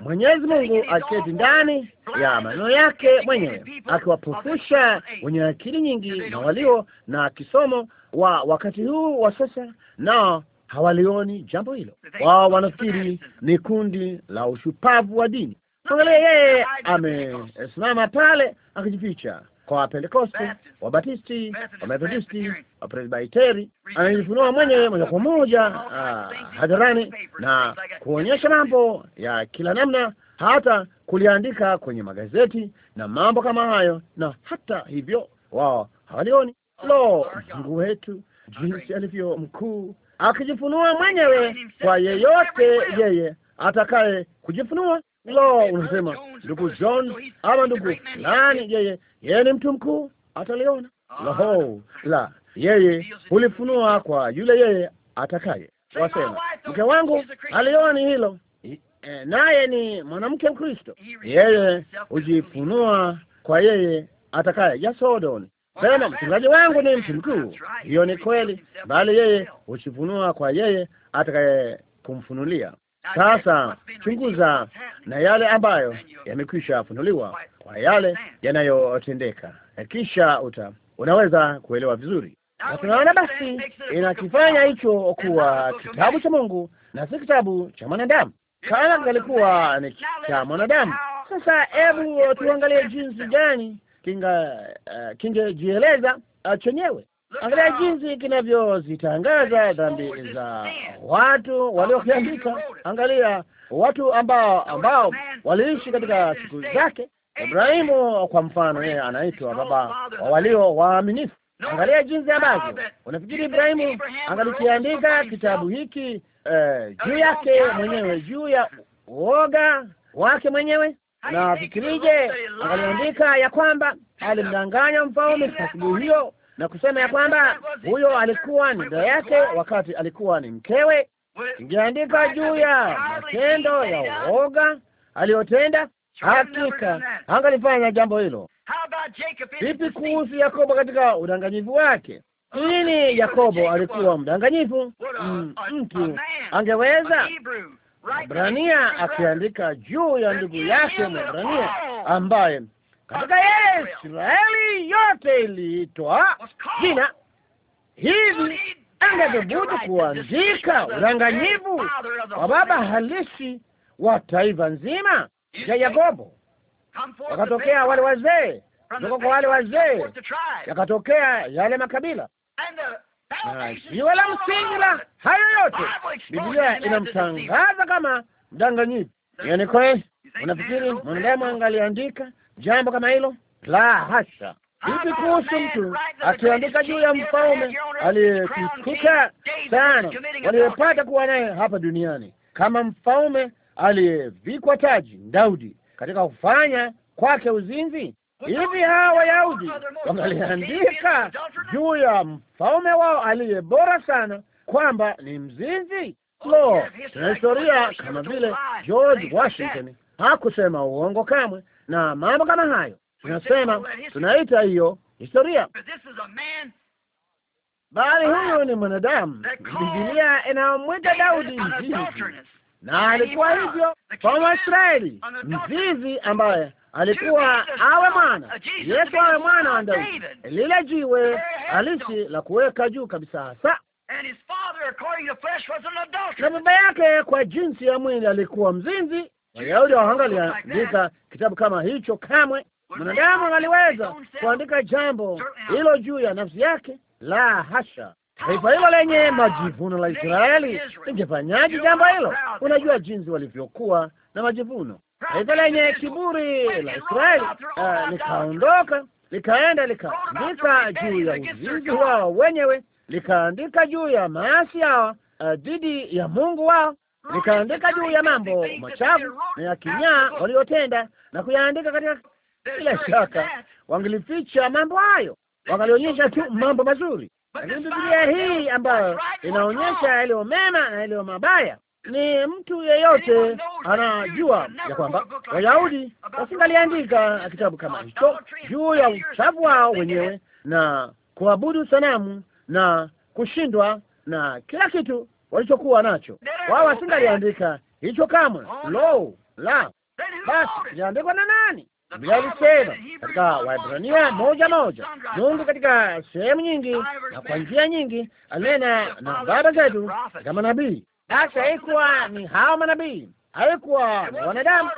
Mwenyezi Mungu aketi ndani ya maneno yake mwenyewe, akiwapofusha wenye akili nyingi na walio na kisomo wa wakati huu wa sasa, nao hawalioni jambo hilo. Wao wanafikiri ni kundi la ushupavu wa dini. Angalia, yeye amesimama pale akijificha kwa Wapentekoste, Wabatisti, Wamethodisti, Wapresbiteri. Anajifunua mwenyewe moja kwa moja ah, hadharani na kuonyesha mambo ya kila namna, hata kuliandika kwenye magazeti na mambo kama hayo, na hata hivyo wao hawalioni. Lo, Mungu wetu jinsi alivyo mkuu, akijifunua mwenyewe kwa yeyote yeye atakaye kujifunua. Lo, unasema ndugu John ama ndugu nani? Yeye yeye ni mtu mkuu, ataliona laho la yeye hulifunua kwa yule yeye atakaye. Wasema mke wangu alioni hilo, e, naye ni mwanamke Mkristo, yeye hujifunua kwa yeye atakaye. Jasodoni sema mchungaji wangu ni mtu mkuu, hiyo ni kweli, bali yeye hujifunua kwa yeye atakaye kumfunulia sasa chunguza na yale ambayo yamekwisha funuliwa kwa yale yanayotendeka, kisha uta unaweza kuelewa vizuri. Na tunaona basi inakifanya hicho kuwa kitabu cha Mungu na si kitabu cha mwanadamu. Kana kilikuwa ni cha mwanadamu, sasa hebu tuangalie jinsi gani kinga uh, kingejieleza uh, chenyewe Angalia jinsi kinavyozitangaza dhambi za watu waliokiandika. Angalia watu ambao ambao waliishi katika siku zake. Ibrahimu kwa mfano, yeye anaitwa baba wa walio waaminifu. Angalia jinsi ambavyo unafikiri Ibrahimu angalikiandika kitabu hiki eh, juu yake mwenyewe, juu ya uoga wake mwenyewe na fikirije angaliandika ya kwamba alimdanganya mfalme kwa sababu hiyo na kusema ya kwamba huyo alikuwa ni ndoa yake wakati alikuwa ni mkewe. Ingeandika juu ya matendo ya uoga aliyotenda, hakika angalifanya jambo hilo. Vipi kuhusu Yakobo katika udanganyifu wake? Nini Yakobo alikuwa mdanganyifu? Mm, mtu angeweza Brania akiandika juu ya ndugu yake Mwebrania ambaye katika Israeli yote iliitwa jina hivi, angethubutu kuandika udanganyivu wa baba halisi wa taifa nzima ya Yakobo. Wakatokea wale wazee kutoka kwa wale wazee, yakatokea yale makabila na jiwe la msingi la hayo yote. Biblia inamtangaza kama mdanganyifu. Yaani kweli, unafikiri mwanadamu angaliandika jambo kama hilo? La hasha. Vipi kuhusu mtu akiandika juu ya mfalme aliyekuka sana waliyepata kuwa naye hapa duniani, kama mfalme aliyevikwa taji Daudi, katika kufanya kwake uzinzi? Hivi hawa Wayahudi wangaliandika juu ya mfalme wao aliye bora sana kwamba ni mzinzi? Oh, Lo, tuna historia kama vile George Washington hakusema uongo kamwe na mambo kama hayo. Tunasema tunaita hiyo historia, bali huyu ni mwanadamu. Biblia inamwita Daudi mzizi, na alikuwa hivyo kwa Waisraeli, mzizi ambaye alikuwa awe mwana Yesu, awe mwana wa Daudi, lile jiwe halisi la kuweka juu kabisa hasa na baba yake kwa jinsi ya mwili alikuwa mzinzi, Wayahudi hawangeandika kitabu kama hicho kamwe. Mwanadamu angaliweza kuandika jambo hilo juu ya nafsi yake? La hasha! Taifa hilo lenye majivuno la Israeli lingefanyaje jambo hilo? Unajua jinsi walivyokuwa na majivuno. Taifa lenye kiburi la Israeli uh, likaondoka likaenda likaandika juu ya uzinzi wao wenyewe, likaandika juu ya maasi yao uh, dhidi ya Mungu wao nikaandika juu ya mambo machafu na ya kinyaa waliotenda na kuyaandika katika. Bila shaka wangelificha mambo hayo, wangalionyesha tu mambo mazuri, lakini Biblia hii ambayo inaonyesha yaliyo mema na yaliyo mabaya ni mtu yeyote anajua ya kwamba Wayahudi wasingaliandika kitabu kama hicho juu ya uchafu wao wenyewe na kuabudu sanamu na kushindwa na kila kitu walichokuwa nacho wao. Wasingaliandika hicho kamwe, lo la, basi iliandikwa na nani? Biblia ilisema katika Waebrania moja moja, Mungu katika sehemu nyingi na kwa njia nyingi alinena na baba zetu katika manabii. Basi haikuwa ni hao manabii, haikuwa wanadamu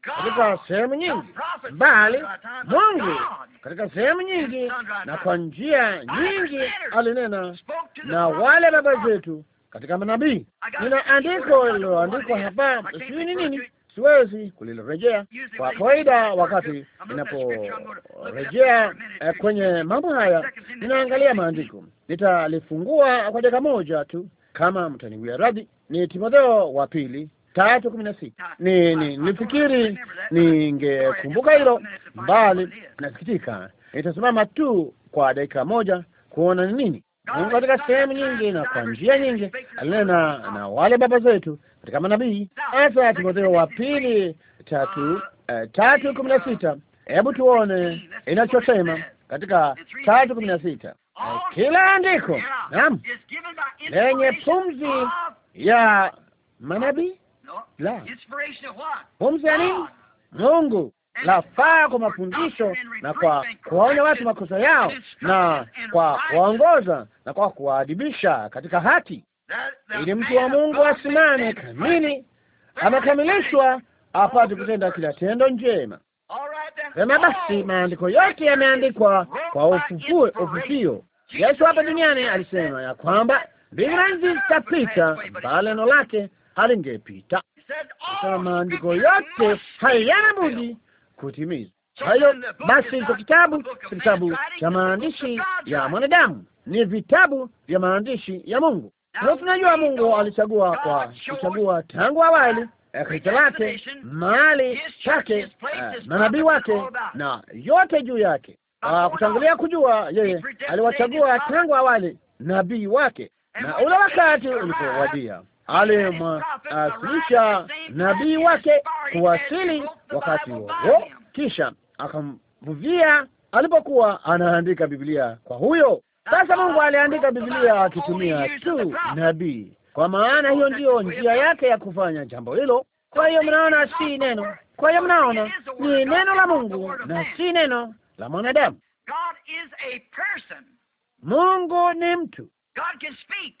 katika sehemu nyingi, bali Mungu katika sehemu nyingi na kwa njia nyingi alinena na wale baba zetu katika manabii. Nina andiko lililoandikwa hapa, sijui ni nini, siwezi kulirejea kwa kawaida. Wakati ninaporejea eh, kwenye mambo haya, ninaangalia maandiko. Nitalifungua kwa dakika moja tu kama mtaniwia radhi. Ni Timotheo wa pili tatu kumi na sita. Ni nifikiri ningekumbuka hilo mbali, nasikitika. Nitasimama tu kwa dakika moja kuona ni nini Mungu katika sehemu nyingi na kwa njia nyingi alinena na wale baba zetu katika manabii, hata Timotheo wa pili tatu uh, tatu kumi na sita. Hebu tuone inachosema katika tatu kumi na sita. Kila andiko naam lenye pumzi ya manabii la pumzi ya nini? Mungu lafaa kwa mafundisho na kwa kuwaonya watu makosa yao na kwa kuwaongoza na kwa kuwaadibisha katika haki, ili mtu wa Mungu asimame kamili, amekamilishwa, apate kutenda kila tendo njema. Sema basi, maandiko yote yameandikwa kwa ufufuo ufufio. Yesu hapa duniani alisema ya kwamba mbingu na nchi zitapita, bali neno lake halingepita. Sema maandiko yote hayana budi kutimiza hayo. Basi hizo kitabu kitabu cha maandishi ya mwanadamu, ni vitabu vya maandishi ya Mungu. Na tunajua Mungu alichagua kwa kuchagua tangu awali eh, kanisa lake, mahali chake, eh, manabii wake na yote juu yake. Ah, kutangulia kujua yeye aliwachagua tangu awali nabii wake, na ule wakati ulipowadia alimwasilisha ah, nabii wake kuwasili wakati huo, kisha akamvuvia alipokuwa anaandika Biblia kwa huyo. Sasa Mungu aliandika Biblia akitumia tu nabii, kwa maana hiyo ndiyo njia yake ya kufanya jambo hilo. Kwa hiyo mnaona, si neno. Kwa hiyo mnaona ni neno la Mungu na si neno la mwanadamu. Mungu ni mtu. God can speak.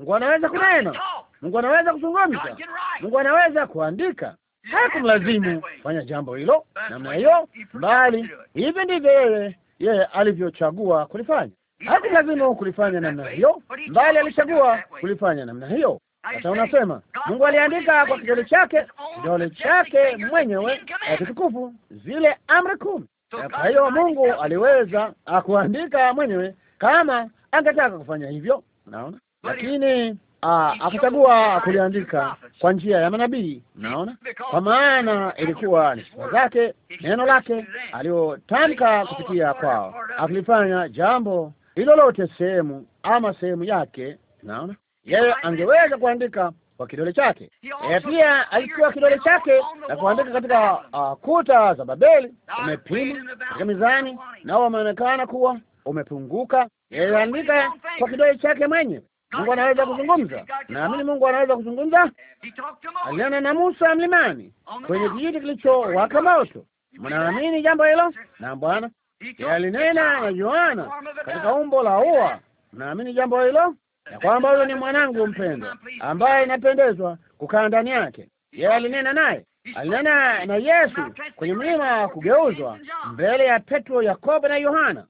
Mungu anaweza kunena, Mungu anaweza kuzungumza, Mungu anaweza kuandika. Hakumlazimu fanya jambo hilo namna hiyo, bali hivi ndivyo yeye yeye alivyochagua kulifanya. Hakumlazimu kulifanya namna hiyo, bali alichagua kulifanya namna hiyo. Hata unasema Mungu aliandika kwa kidole chake, kidole chake mwenyewe kitukufu, zile amri kumi. Kwa hiyo Mungu aliweza akuandika mwenyewe kama angetaka kufanya hivyo. Unaona? lakini akachagua ah, ah, kuliandika kwa njia ya manabii. Naona, kwa maana ilikuwa ni sifa zake, neno lake aliyotamka kupitia kwao, akilifanya jambo hilo lote sehemu ama sehemu yake. Naona yeye angeweza kuandika kwa kidole chake. E, pia alikuwa kidole chake na kuandika katika uh, kuta za Babeli, umepima katika mizani, nao wameonekana kuwa umepunguka. Yeye aliandika kwa kidole chake mwenye Mungu anaweza kuzungumza. Naamini Mungu anaweza kuzungumza. Aliona na Musa mlimani kwenye kijiti kilichowaka moto. Mnaamini jambo hilo? Na Bwana alinena na Yohana katika umbo la ua. Mnaamini jambo hilo, ya kwamba huyo ni mwanangu mpendwa ambaye inapendezwa kukaa ndani yake? Yeye alinena naye, alinena na Yesu kwenye mlima wa kugeuzwa, mbele ya Petro, Yakobo na Yohana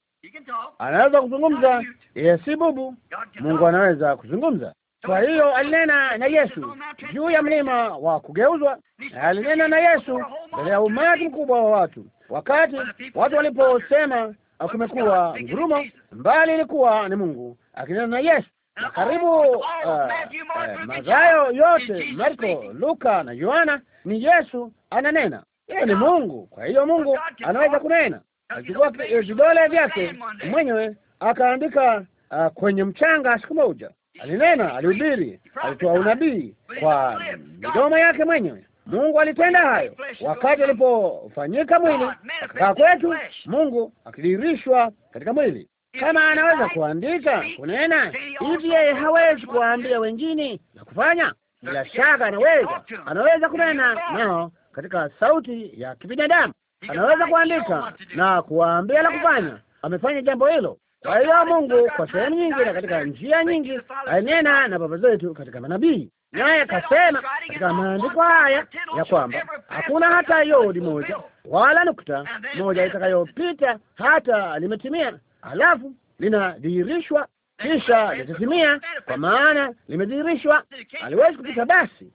anaweza kuzungumza. Yes, si bubu, Mungu anaweza kuzungumza. Kwa hiyo alinena na Yesu juu ya mlima wa kugeuzwa, alinena na Yesu mbele ya umati mkubwa wa watu. Wakati watu waliposema kumekuwa ngurumo, mbali ilikuwa ni Mungu akinena na Yesu karibu uh, uh, Mathayo yote, Marko, Luka na Yohana, ni Yesu ananena. Yeye ni Mungu, kwa hiyo Mungu anaweza kunena alichukua eh, vidole vyake mwenyewe akaandika uh, kwenye mchanga. Siku moja alinena, alihubiri, alitoa unabii kwa midomo yake mwenyewe. Mungu alitenda hayo wakati alipofanyika mwili akakaa kwetu, Mungu akidirishwa katika mwili. Kama anaweza kuandika kunena hivi, yeye hawezi kuwaambia wengine na kufanya? Bila shaka anaweza, anaweza kunena nao katika sauti ya kibinadamu anaweza kuandika na kuwaambia la kufanya. Amefanya jambo hilo. Kwa hiyo Mungu kwa sehemu nyingi na katika njia nyingi alinena na baba zetu katika manabii, naye akasema katika maandiko haya ya kwamba hakuna hata yodi moja wala nukta moja itakayopita hata limetimia, alafu linadhihirishwa kisha litatimia, kwa maana limedhihirishwa. Aliwezi kupita basi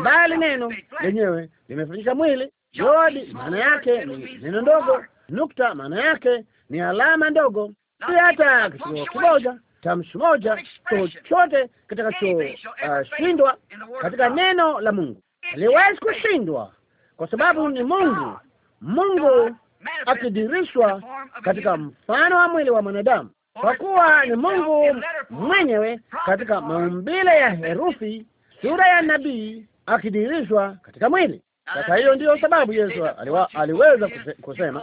mbali, neno lenyewe limefanyika mwili Jodi maana yake ni neno ndogo, nukta maana yake ni alama ndogo, si hata kituo kimoja, tamshi moja, chochote kitakachoshindwa uh, katika neno la Mungu aliwezi kushindwa kwa sababu ni Mungu. Mungu akidirishwa katika mfano wa mwili wa mwanadamu, kwa kuwa ni Mungu mwenyewe katika maumbile ya herufi, sura ya nabii akidirishwa katika mwili. Sasa hiyo ndiyo sababu Yesu aliwa, aliweza kusema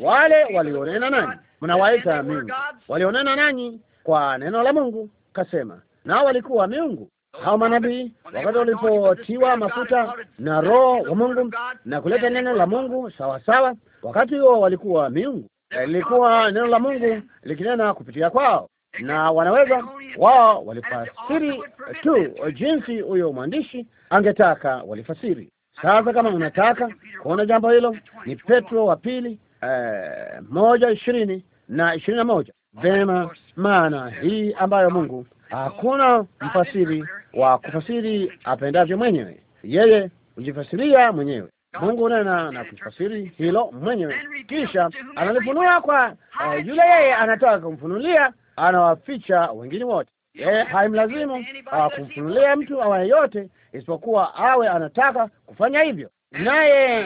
wale walionena nanyi mnawaita miungu, walionena nanyi kwa neno la Mungu, kasema nao walikuwa miungu hao manabii wakati walipotiwa mafuta na Roho wa Mungu na kuleta neno la Mungu sawa sawa, wakati huo walikuwa miungu. Lilikuwa neno la Mungu likinena kupitia kwao, na wanaweza wao walifasiri tu jinsi huyo mwandishi angetaka walifasiri. Sasa kama mnataka kuona jambo hilo, ni Petro wa pili eh, moja ishirini na ishirini na moja. Vema, maana hii ambayo Mungu hakuna mfasiri wa kufasiri apendavyo mwenyewe, yeye hujifasiria mwenyewe. Mungu nena na kufasiri hilo mwenyewe, kisha analifunua kwa eh, yule yeye anataka kumfunulia, anawaficha wengine wote. Yeye haimlazimu uh, kumfunulia mtu awayeyote isipokuwa awe anataka kufanya hivyo, naye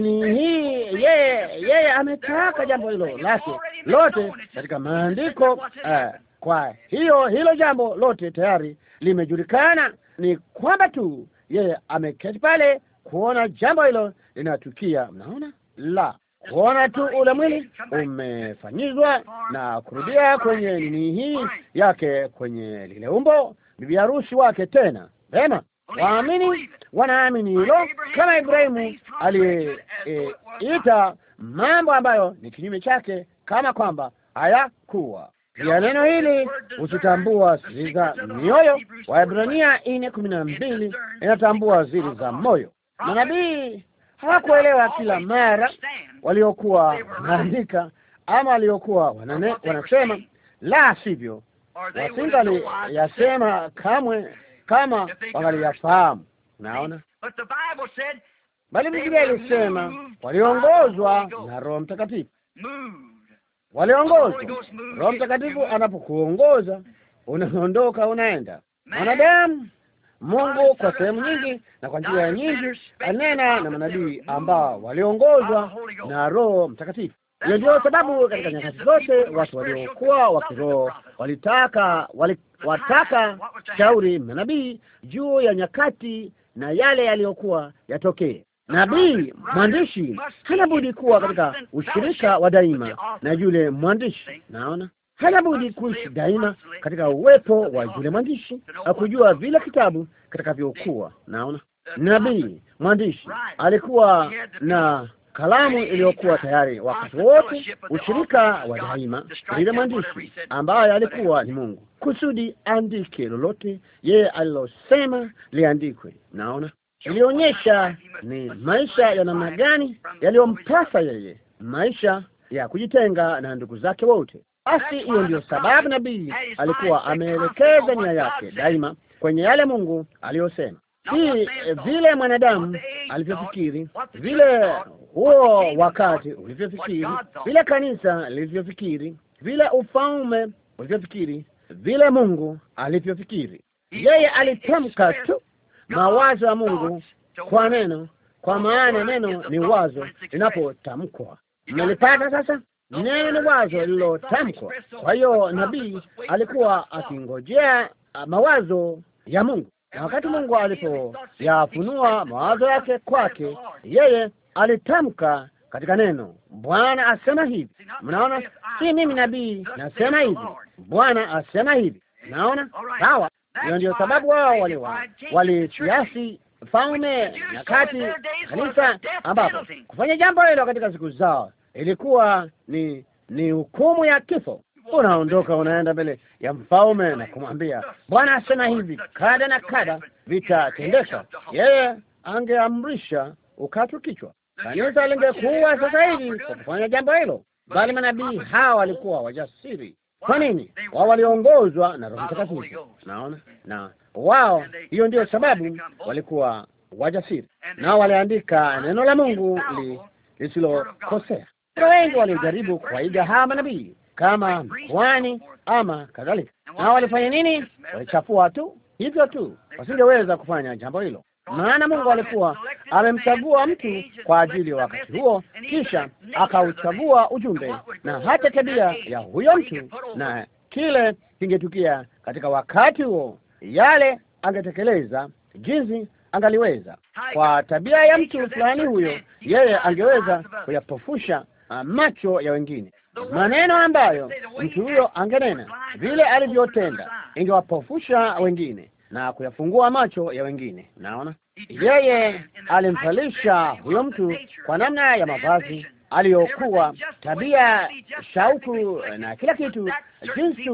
hii yeye, yeye ametaka jambo hilo lake lote katika maandiko uh, kwa hiyo hilo jambo lote tayari limejulikana. Ni kwamba tu yeye ameketi pale kuona jambo hilo linatukia. Mnaona la kuona tu ule mwili umefanyizwa na kurudia kwenye nini hii yake kwenye lile umbo bibi harusi wake tena. Vema, Waamini wanaamini hilo, kama Ibrahimu aliyeita mambo ambayo ni kinyume chake kama kwamba hayakuwa ya neno hili huzitambua siri za mioyo. Waebrania nne kumi na mbili inatambua siri za moyo. Manabii hawakuelewa kila mara waliokuwa wanaandika ama waliokuwa wanane, wanasema la sivyo, wasingali yasema kamwe kama wangaliyafahamu. Unaona, bali Biblia ilisema waliongozwa na Roho Mtakatifu, waliongozwa. Roho Mtakatifu anapokuongoza unaondoka, unaenda. Mwanadamu, Mungu kwa sehemu nyingi na kwa njia nyingi anena na manabii ambao waliongozwa na Roho Mtakatifu na ndio sababu katika nyakati zote watu waliokuwa wa kiroho walitaka wali, wataka shauri manabii juu ya nyakati na yale yaliyokuwa yatokee. Nabii mwandishi hana budi kuwa katika ushirika wa daima na yule mwandishi, naona hana budi kuishi daima katika uwepo wa yule mwandishi, akujua vile kitabu kitakavyokuwa. Naona nabii mwandishi alikuwa na kalamu iliyokuwa tayari wakati wote, ushirika wa daima, bila mwandishi ambaye alikuwa ni Mungu, kusudi andike lolote yeye alilosema liandikwe. Naona ilionyesha ni maisha ya namna gani yaliyompasa yeye, maisha ya kujitenga na ndugu zake wote. Basi hiyo ndiyo sababu nabii alikuwa ameelekeza nia yake daima kwenye yale Mungu aliyosema si eh, vile mwanadamu alivyofikiri, vile huo wakati ulivyofikiri, vile kanisa lilivyofikiri, vile ufalme ulivyofikiri, vile Mungu alivyofikiri. Yeye alitamka tu ah, mawazo ya Mungu kwa neno, kwa maana neno ni wazo linapotamkwa. Mnalipata sasa? Neno ni wazo lililotamkwa. Kwa hiyo nabii alikuwa akingojea mawazo ya Mungu na wakati Mungu alipoyafunua mawazo yake kwake, yeye alitamka katika neno, Bwana asema hivi. Mnaona, si mimi nabii nasema hivi, Bwana asema hivi. Mnaona, sawa? Hiyo ndio sababu wao walisiasi falme nyakati kanisa, ambapo kufanya jambo hilo katika siku zao ilikuwa ni ni hukumu ya kifo unaondoka unaenda mbele ya mfalme na kumwambia, Bwana asema hivi, kada na kada vitatendeka. Yeye angeamrisha ukatu kichwa, kanisa lingekuwa sasa hivi kwa kufanya jambo hilo, bali manabii hawa walikuwa wajasiri. Kwa nini? Wao waliongozwa na Roho Mtakatifu, naona na wao, hiyo ndio sababu walikuwa wajasiri, nao waliandika neno la Mungu lisilokosea. Wengi walijaribu kuwaiga hawa manabii kama kwani ama kadhalika. Na walifanya nini? Walichafua tu hivyo tu, wasingeweza kufanya jambo hilo, maana Mungu alikuwa amemchagua mtu kwa ajili ya wakati huo, kisha akauchagua ujumbe na hata tabia ya huyo mtu na kile kingetukia katika wakati huo, yale angetekeleza jinsi angaliweza kwa tabia ya mtu fulani huyo, yeye angeweza kuyapofusha uh, macho ya wengine maneno ambayo mtu huyo angenena vile alivyotenda ingewapofusha wengine na kuyafungua macho ya wengine. Naona yeye alimvalisha huyo mtu kwa namna ya mavazi aliyokuwa, tabia, shauku na kila kitu, jinsi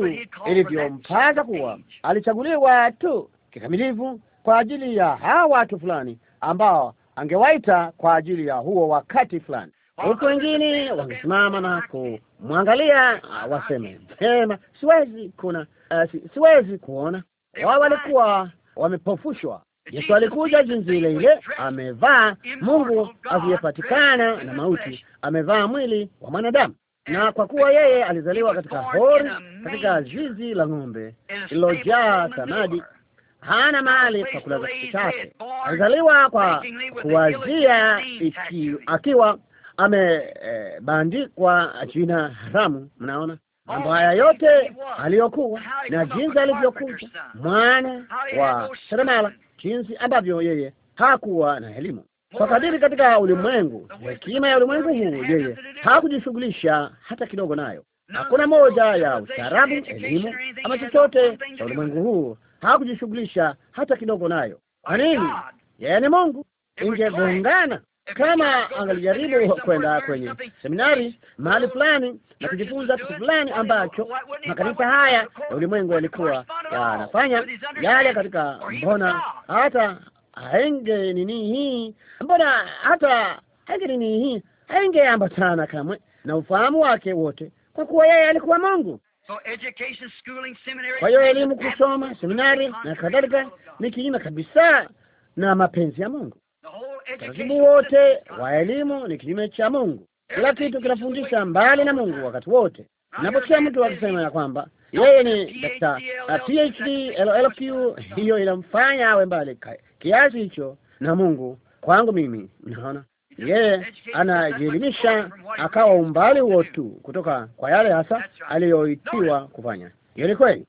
ilivyompaza kuwa alichaguliwa tu kikamilifu kwa ajili ya hawa watu fulani ambao angewaita kwa ajili ya huo wakati fulani huku wengine wamesimama na kumwangalia, waseme sema, siwezi kuna uh, si, siwezi kuona. Wao walikuwa wamepofushwa. Yesu alikuja jinsi ile ile, amevaa Mungu asiyepatikana na mauti, amevaa mwili wa mwanadamu, na kwa kuwa yeye alizaliwa katika hori, katika zizi la ng'ombe lililojaa samadi hana mahali pa kulaza kichwa chake. Alizaliwa kwa kuwazia akiwa amebandikwa eh, jina haramu. Mnaona mambo haya yote aliyokuwa na jinsi alivyokuja mwana wa seremala, jinsi ambavyo yeye hakuwa na elimu kwa kadiri katika ulimwengu, hekima ya ulimwengu huu, yeye hakujishughulisha hata kidogo nayo. Hakuna moja ya ustaarabu, elimu ama chochote cha ulimwengu huu hakujishughulisha hata kidogo nayo. Kwa nini? Yeye ni Mungu. Ingegongana kama angalijaribu kwenda kwenye seminari mahali fulani na kujifunza kitu fulani ambacho makanisa haya ya ulimwengu yalikuwa yanafanya yale katika, mbona hata hainge nini hii, mbona hata hainge nini hii, ambatana kamwe na ufahamu wake wote, kwa kuwa yeye alikuwa Mungu. Kwa hiyo elimu, kusoma, seminari na kadhalika ni kinyume kabisa na mapenzi ya Mungu. Utaratibu wote wa elimu ni kinyume cha Mungu. Kila kitu kinafundisha mbali na Mungu. Wakati wote naposikia mtu akisema ya kwamba yeye ni daktari PhD LLQ, hiyo inamfanya awe mbali kiasi hicho na Mungu. Kwangu mimi, naona yeye anajielimisha akawa umbali huo tu kutoka kwa yale hasa aliyoitiwa kufanya. Hiyo ni kweli.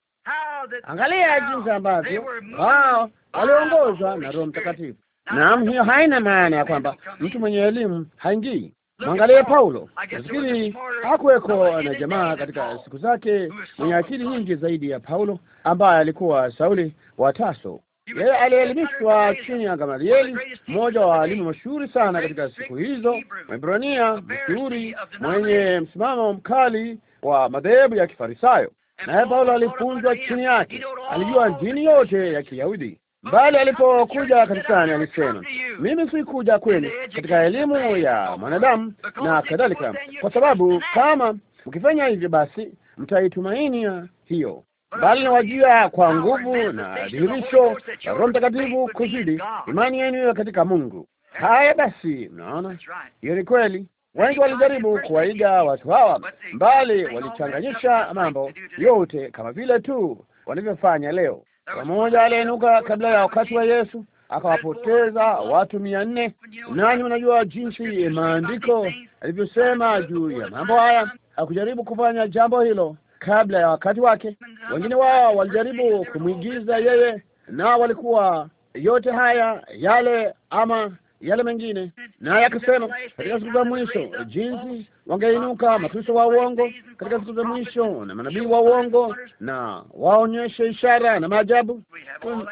Angalia jinsi ambavyo wao waliongozwa na Roho Mtakatifu. Naam, hiyo haina maana ya kwamba mtu mwenye elimu haingii. Mwangalie Paulo, nafikiri hakuweko na jamaa katika siku zake mwenye akili nyingi zaidi ya Paulo ambaye alikuwa Sauli wa taso Yeye alielimishwa chini ya Gamalieli, mmoja wa walimu mashuhuri sana katika siku hizo, Mwebrania mashuhuri mwenye msimamo mkali wa madhehebu ya Kifarisayo. Naye Paulo alifunzwa chini yake, alijua dini yote ya Kiyahudi Bali alipokuja kanisani alisema, mimi sikuja kwenu katika elimu ya mwanadamu na kadhalika, kwa sababu kama mkifanya hivyo, basi mtaitumainia hiyo, bali nawajia kwa nguvu na dhihirisho ya Roho Mtakatifu kuzidi imani yenu katika Mungu. Haya basi, mnaona hiyo ni kweli. Wengi walijaribu kuwaiga watu hawa, bali walichanganyisha mambo yote kama vile tu wanavyofanya leo. Mmoja aliyenuka kabla ya wakati wa Yesu akawapoteza watu mia nne. nani mnajua jinsi maandiko alivyosema juu ya mambo haya. Hakujaribu kufanya jambo hilo kabla ya wakati wake. Wengine wao walijaribu kumwigiza yeye, na walikuwa yote haya yale ama yale mengine. Naye akasema katika siku za mwisho, jinsi wangeinuka makristo wa uongo katika siku za mwisho na manabii wa uongo, na waonyeshe ishara na maajabu.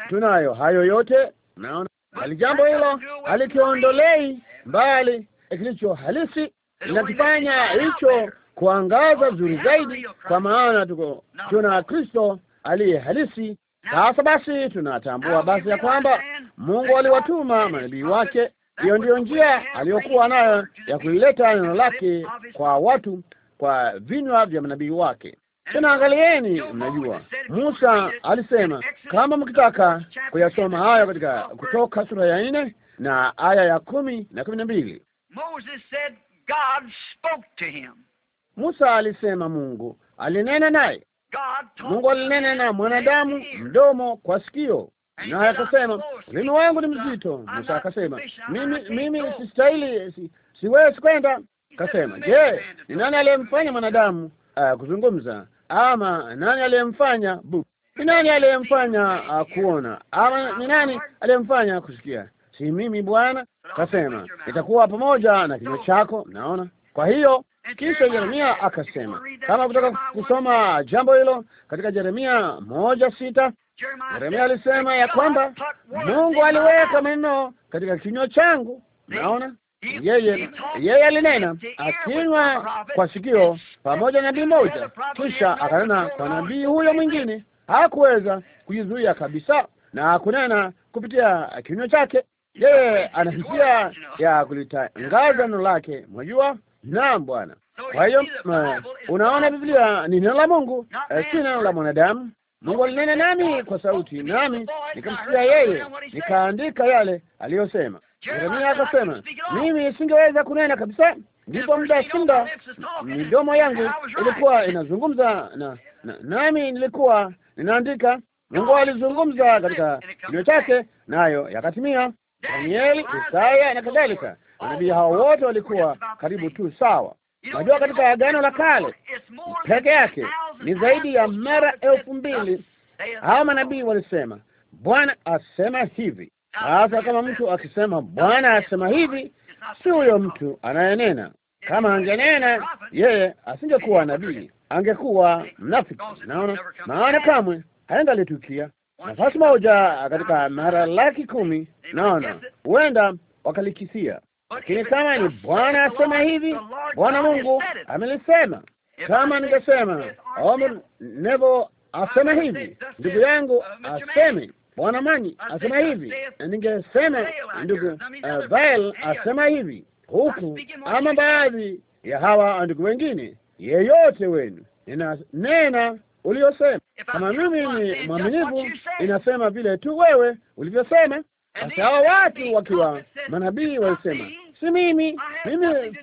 Tunayo hayo yote, naona bali jambo hilo halikiondolei mbali kilicho halisi, linakifanya hicho kuangaza vizuri zaidi, kwa maana tuko tuna Kristo aliye halisi. Sasa basi tunatambua basi ya kwamba Mungu aliwatuma manabii wake hiyo ndiyo njia aliyokuwa nayo ya kulileta neno lake kwa watu kwa vinywa vya manabii wake. Tena angalieni, mnajua Musa alisema, kama mkitaka kuyasoma haya katika Kutoka sura ya nne na aya ya kumi na kumi na mbili. Musa alisema Mungu alinena naye. Mungu alinena na mwanadamu mdomo kwa sikio naye akasema mimi wangu ni mzito. Musa akasema mimi mimi sistahili, si, siwezi kwenda. Akasema je, ni nani aliyemfanya mwanadamu uh, kuzungumza ama nani aliyemfanya bu ni nani aliyemfanya uh, kuona ama ni nani aliyemfanya kusikia? Si mimi Bwana. Akasema nitakuwa pamoja na kinywa chako. naona Kwa hiyo kisha Yeremia akasema, kama kutaka kusoma jambo hilo katika Yeremia moja sita Yeremia alisema ya kwamba Mungu aliweka maneno katika kinywa changu. Naona yeye yeye alinena akinywa kwa sikio pamoja na nabii moja, kisha akanena kwa nabii huyo mwingine. Hakuweza kujizuia kabisa na kunena kupitia kinywa chake. Yeye ana njia ya kulitangaza neno lake, mwajua. Naam, Bwana. Kwa hiyo eh, unaona, Biblia ni neno la Mungu, eh, si neno la mwanadamu. Mungu alinena nami kwa sauti, nami nikamsikia yeye, nikaandika yale aliyosema. Yeremia akasema, mimi singeweza kunena kabisa. Ndipo muda simba midomo yangu ilikuwa inazungumza na, na nami nilikuwa ninaandika. Mungu alizungumza katika kinywa chake, nayo yakatimia. Danieli, Isaya na kadhalika, manabii hao wote walikuwa karibu tu sawa najua katika Agano la Kale peke yake ni zaidi ya mara elfu mbili hawa manabii walisema Bwana asema hivi. Sasa kama mtu akisema Bwana asema hivi, si huyo mtu anayenena. Kama angenena yeye, asingekuwa nabii, angekuwa mnafiki. Naona maana kamwe haingalitukia nafasi moja katika mara laki kumi. Naona huenda wakalikisia lakini kama ni Bwana asema hivi, Bwana Mungu amelisema. Kama ningesema Omar Nevo asema hivi, ndugu yangu aseme Bwana Manyi asema hivi, ningesema ndugu Vail uh, asema hivi huku, ama baadhi ya hawa ndugu wengine, yeyote wenu, ninanena uliosema. Kama mimi ni mwaminifu, inasema vile tu wewe ulivyosema. basi hawa watu wakiwa manabii walisema si mimi, mimi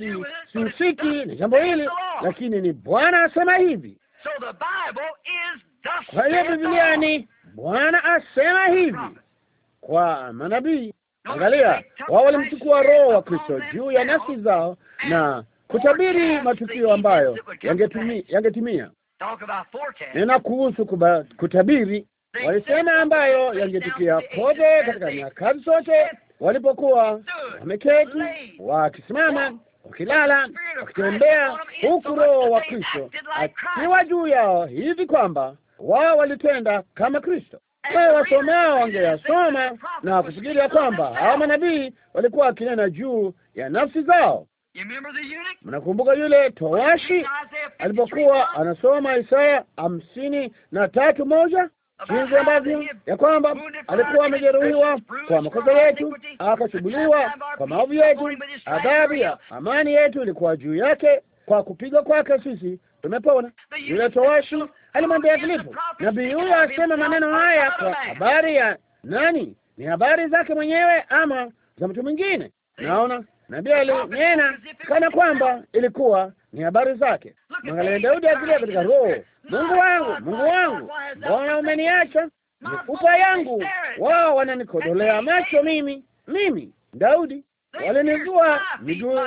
sihusiki na jambo hili, lakini ni Bwana asema hivi. Kwa hiyo Biblia ni Bwana asema hivi kwa manabii. Angalia, wao walimchukua Roho wa Kristo juu ya nafsi zao na kutabiri matukio ambayo yangetimia, yangetimia. Nena kuhusu kutabiri, walisema ambayo yangetukia kote katika nyakati zote walipokuwa wameketi, wakisimama, wakilala, wakitembea, huku Roho wa Kristo akiwa juu yao, hivi kwamba wao walitenda kama Kristo. Wao wasomao wangeyasoma na kufikiria kwamba hawa manabii walikuwa wakinena juu ya nafsi zao. Mnakumbuka yule towashi alipokuwa anasoma Isaya hamsini na tatu moja jinsi ambavyo ya kwamba alikuwa amejeruhiwa kwa makosa yetu, akachubuliwa kwa maovu yetu, adhabu ya amani yetu ilikuwa juu yake, kwa kupigwa kwake sisi tumepona. Yule towashi alimwambia Filipo, nabii huyo asema maneno haya kwa habari ya nani? Ni habari zake mwenyewe ama za mtu mwingine? Naona nabii alinena kana kwamba ilikuwa ni habari zake. Mwangalia Daudi akilia katika roho, Mungu wangu, Mungu wangu, mbona umeniacha? Mifupa yangu, wao wananikodolea macho mimi, mimi Daudi, walinizua miguu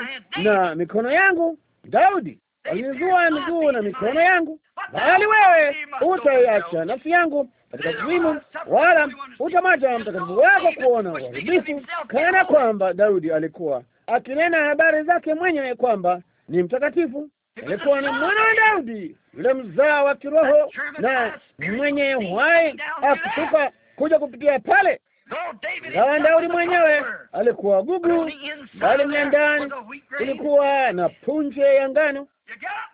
na mikono yangu, Daudi, walinizua miguu na mikono yangu, bali wewe utaiacha nafsi yangu katika kuzimu, wala utamwacha mtakatifu wako kuona uharibifu, kana kwamba Daudi alikuwa akinena habari zake mwenyewe kwamba ni mtakatifu, alikuwa ni mwana wa Daudi, yule mzaa wa kiroho na mwenye uhai, akishuka kuja kupitia pale Ingawa Daudi mwenyewe alikuwa gugu, bali mle ndani ilikuwa na punje ya ngano.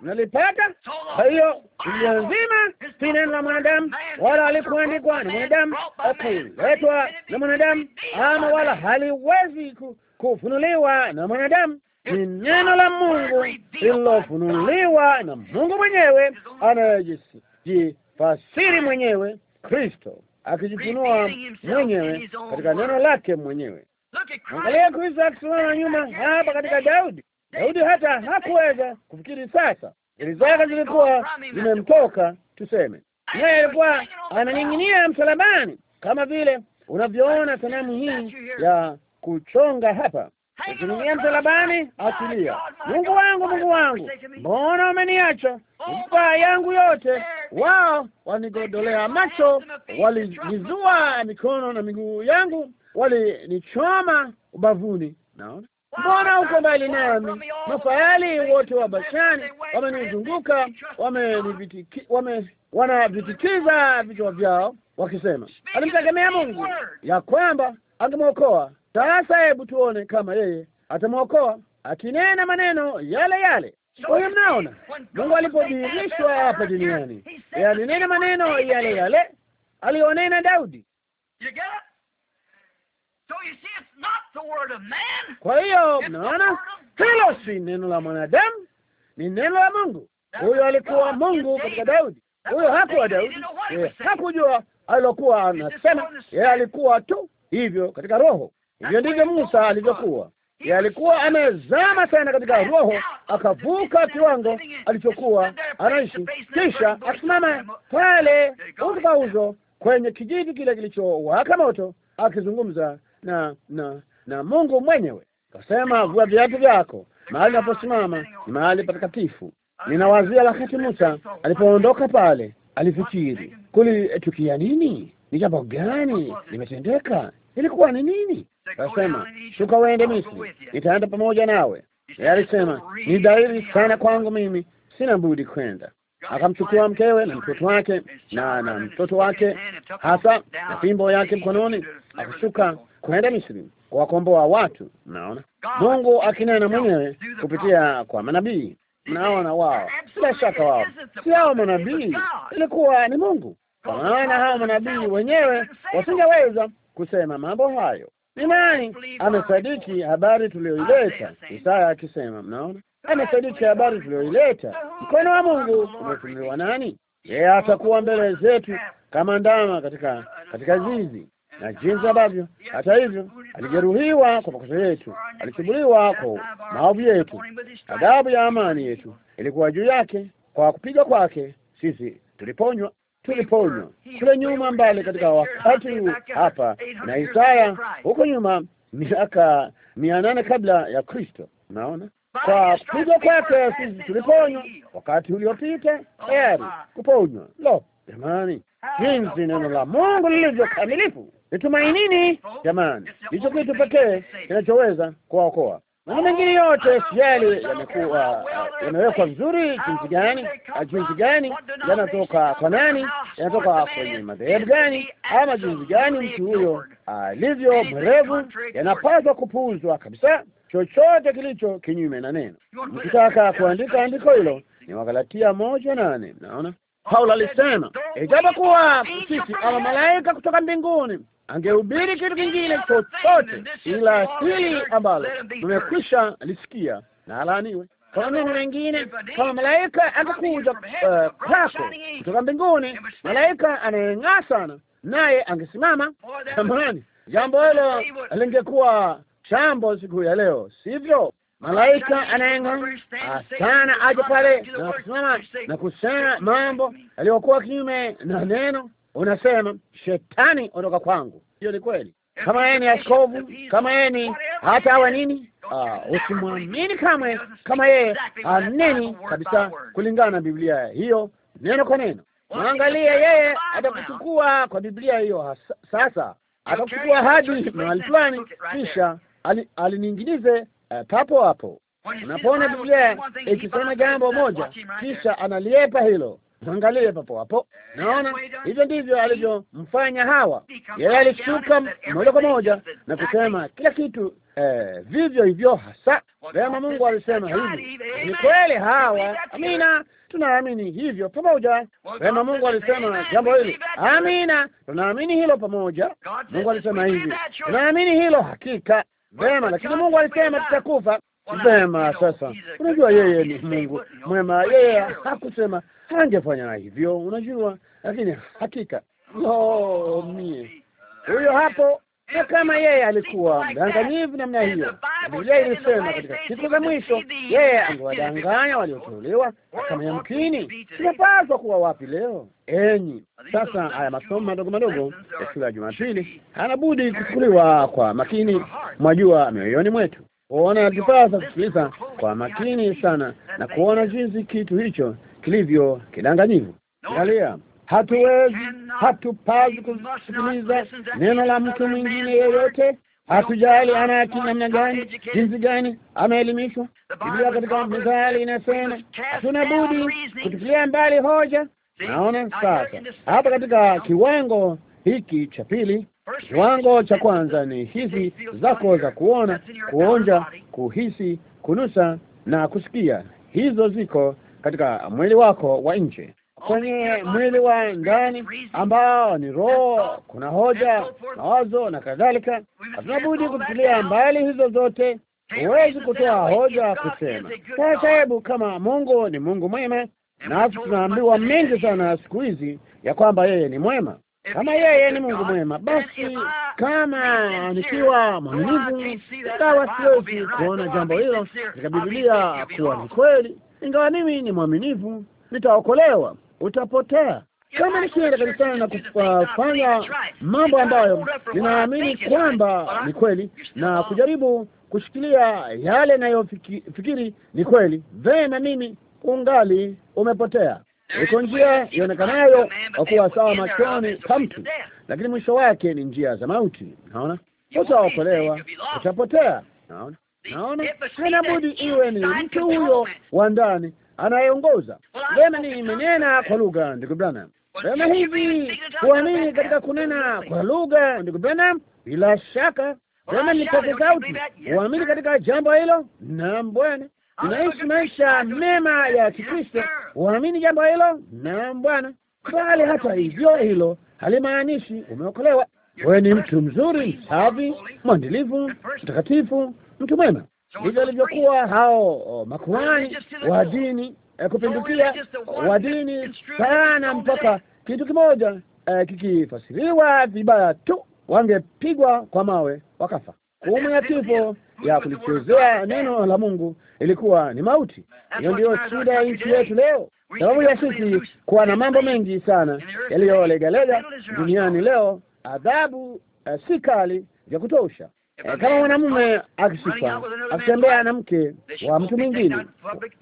Nalipata kwa hiyo iliyo nzima, si neno la mwanadamu, wala alikuandikwa ni mwanadamu, akuletwa na mwanadamu, ama wala haliwezi kufunuliwa na mwanadamu ni neno la Mungu lililofunuliwa na Mungu mwenyewe anayejifasiri mwenyewe, Kristo akijifunua mwenyewe katika neno lake mwenyewe. Angalia Kristo akisimama nyuma hapa katika Daudi. Daudi hata hakuweza kufikiri, sasa ili zake zilikuwa zimemtoka, tuseme naye alikuwa ananing'inia msalabani, kama vile unavyoona sanamu hii ya kuchonga hapa Akimlia msalabani, akilia, Mungu wangu, Mungu wangu, mbona umeniacha? Mipaa yangu yote. Wao wanigodolea macho, walinizua mikono na miguu yangu, walinichoma ubavuni. Naona mbona uko mbali nami. Mafayali wote wa Bashani wamenizunguka, wame wanavitikiza vichwa vyao, wakisema alimtegemea Mungu ya kwamba angemwokoa sasa hebu tuone kama yeye atamwokoa, akinena maneno yale yale. Kwa hiyo mnaona, Mungu alipodhihirishwa hapa duniani, alinena yaani, maneno yale yale alionena Daudi. Kwa hiyo mnaona, hilo si neno la mwanadamu, ni neno la Mungu. Huyo alikuwa Mungu katika Daudi. Huyo hakuwa Daudi, eh, hakujua alilokuwa anasema, yeye alikuwa tu hivyo katika roho. Hivyo ndivyo Musa alivyokuwa. alikuwa amezama sana katika roho, akavuka kiwango alichokuwa anaishi, kisha akisimama pale uso kwa uso kwenye kijiji kile kilichowaka moto, akizungumza na na na Mungu mwenyewe. Kasema, vua viatu vyako, mahali naposimama ni mahali patakatifu. Ninawazia wakati Musa alipoondoka pale, alifikiri, kulitukia nini? Ni jambo gani limetendeka? Ilikuwa ni nini? Akasema, shuka uende Misri, nitaenda pamoja nawe. Yeye alisema, ni dhahiri sana kwangu mimi, sina budi kwenda. Akamchukua mkewe na mtoto wake na na mtoto wake hasa na fimbo yake mkononi, akashuka kwenda Misri kuwakomboa watu. Mnaona Mungu akinena mwenyewe kupitia kwa manabii. Mnaona wao, bila shaka wao si hao manabii, ilikuwa ni Mungu, kwa maana hao manabii wenyewe wasingeweza kusema mambo hayo. Ni nani amesadiki habari tuliyoileta? Isaya akisema, mnaona, amesadiki habari tuliyoileta. Mkono wa Mungu umefunuliwa nani? Yeye atakuwa mbele zetu kama ndama katika katika zizi, na jinsi ambavyo hata hivyo alijeruhiwa kwa makosa yetu, alichubuliwa kwa maovu yetu, adhabu ya amani yetu ilikuwa juu yake, kwa kupiga kwake sisi tuliponywa tuliponywa kule nyuma mbali, katika wakati hapa na Isaya huko nyuma, miaka mia nane kabla ya Kristo. Unaona, kwa kupigwa kwake sisi tuliponywa wakati uliopita, tayari kuponywa. Lo jamani, jinsi neno la Mungu lilivyo kamilifu! Nitumainini jamani, hicho kitu pekee kinachoweza kuwaokoa. Mambo mengine yote sijali yamekuwa yamewekwa vizuri jinsi gani, jinsi gani yanatoka kwa nani, yanatoka kwenye madhehebu gani, ama jinsi gani mtu huyo ah, alivyo mwerevu, yanapaswa kupuuzwa kabisa. Chochote kilicho kinyume na neno. Mkitaka kuandika andiko hilo, ni Wagalatia moja nane. Naona Paulo alisema ijapokuwa sisi ama malaika kutoka mbinguni angehubiri kitu kingine chochote ila hili ambalo tumekwisha lisikia, na alaaniwe. Kwa neno lingine, kama malaika angekuja eh, kwako kutoka mbinguni, malaika anayeng'aa sana, naye angesimama jamani, jambo hilo lingekuwa chambo siku ya leo, sivyo? Malaika anayeng'aa sana aje pale na na kusema mambo aliyokuwa kinyume na neno unasema shetani ondoka kwangu. Hiyo ni kweli. Kama yeye ni askofu, kama yeye ni hata awe nini, ah, usimwamini kamwe, kama yeye aneni kabisa, kulingana na Biblia hiyo neno kwa neno. Mwangalie yeye atakuchukua kwa Biblia hiyo, sasa atakuchukua hadi mahali fulani, kisha aliniinginize eh, papo hapo. Unapoona Biblia ikisema jambo moja, kisha analiepa hilo Angalie papo hapo, naona hivyo ndivyo alivyomfanya Hawa. Yeye alishuka moja kwa moja na kusema kila kitu eh, vivyo hivyo hasa vema. Mungu alisema hivi, ni kweli Hawa. Amina, tunaamini hivyo pamoja. Vema, Mungu alisema jambo hili. Amina, tunaamini hilo pamoja. Mungu alisema hivi, tunaamini hilo hakika. Vema, lakini Mungu alisema tutakufa. Vema, sasa unajua, yeye ni Mungu mwema, yeye hakusema hangefanya hivyo, unajua, lakini hakika no, mie huyo hapo na kama yeye alikuwa mdanganyivu namna hiyo, Biblia ilisema katika siku za mwisho yeye angewadanganya waliotolewa. Kama yamkini, tunapaswa kuwa wapi leo enyi? Sasa haya masomo madogo madogo ya shule ya Jumapili hana budi kuchukuliwa kwa makini, mwajua, mioyoni mwetu. Waona akipasa kusikiliza kwa makini sana na kuona jinsi kitu hicho kilivyo kidanganyivu. Angalia, hatuwezi hatupazi kusikiliza neno la mtu mwingine yeyote, hatujali ana akili namna gani, jinsi gani ameelimishwa. Biblia katika Mithali inasema hatuna budi kutupilia mbali hoja. Naona sasa hapa katika kiwango hiki cha pili. Kiwango cha kwanza ni hizi zako za kuona, kuonja, kuhisi, kunusa na kusikia. Hizo ziko katika mwili wako wa nje. Kwenye mwili wa ndani ambao ni roho, kuna hoja, mawazo na kadhalika. Hatunabudi kutilia mbali hizo zote. Huwezi kutoa hoja kusema sasa, hebu kama Mungu ni Mungu mwema, nasi tunaambiwa mengi sana siku hizi ya kwamba yeye ni mwema kama yeye ni Mungu mwema, basi kama nikiwa mwaminivu, ingawa siwezi kuona jambo hilo katika Biblia kuwa ni kweli, ingawa mimi ni mwaminivu, nitaokolewa. Utapotea kama nikienda kanisani na kufanya uh, mambo ambayo ninaamini kwamba ni kweli na kujaribu kushikilia yale nayofikiri ni kweli, vema, mimi ungali umepotea iko njia ionekanayo wakuwa sawa machoni pa mtu, lakini mwisho wake ni njia za mauti. Naona utaokolewa, utapotea. Naona naona haina budi iwe ni mtu huyo wa ndani anayeongoza. Vema, nimenena kwa lugha, ndugu Branham. Vema, hivi kuamini katika kunena kwa lugha, ndugu Branham? Bila shaka. Vema, ni sauti. Uamini katika jambo hilo? Naam, Bwana. Unaishi maisha mema ya Kikristo, unaamini jambo hilo? Naam Bwana. Bali hata hivyo, hilo halimaanishi umeokolewa. Wewe ni mtu mzuri, safi, mwandilivu, mtakatifu, mtu mwema. Hivyo alivyokuwa hao makuhani wa dini e, kupindukia, wa dini sana, mpaka kitu kimoja e, kikifasiriwa vibaya tu wangepigwa kwa mawe wakafa. Hukumu ya kifo ya kulichezea neno la Mungu ilikuwa ni mauti. Hiyo ndiyo shida ya nchi yetu leo, sababu ya sisi kuwa na mambo mengi sana yaliyolegalega duniani leo. Adhabu eh, si kali vya kutosha. Eh, kama mwanamume akishifa akitembea na mke wa mtu mwingine,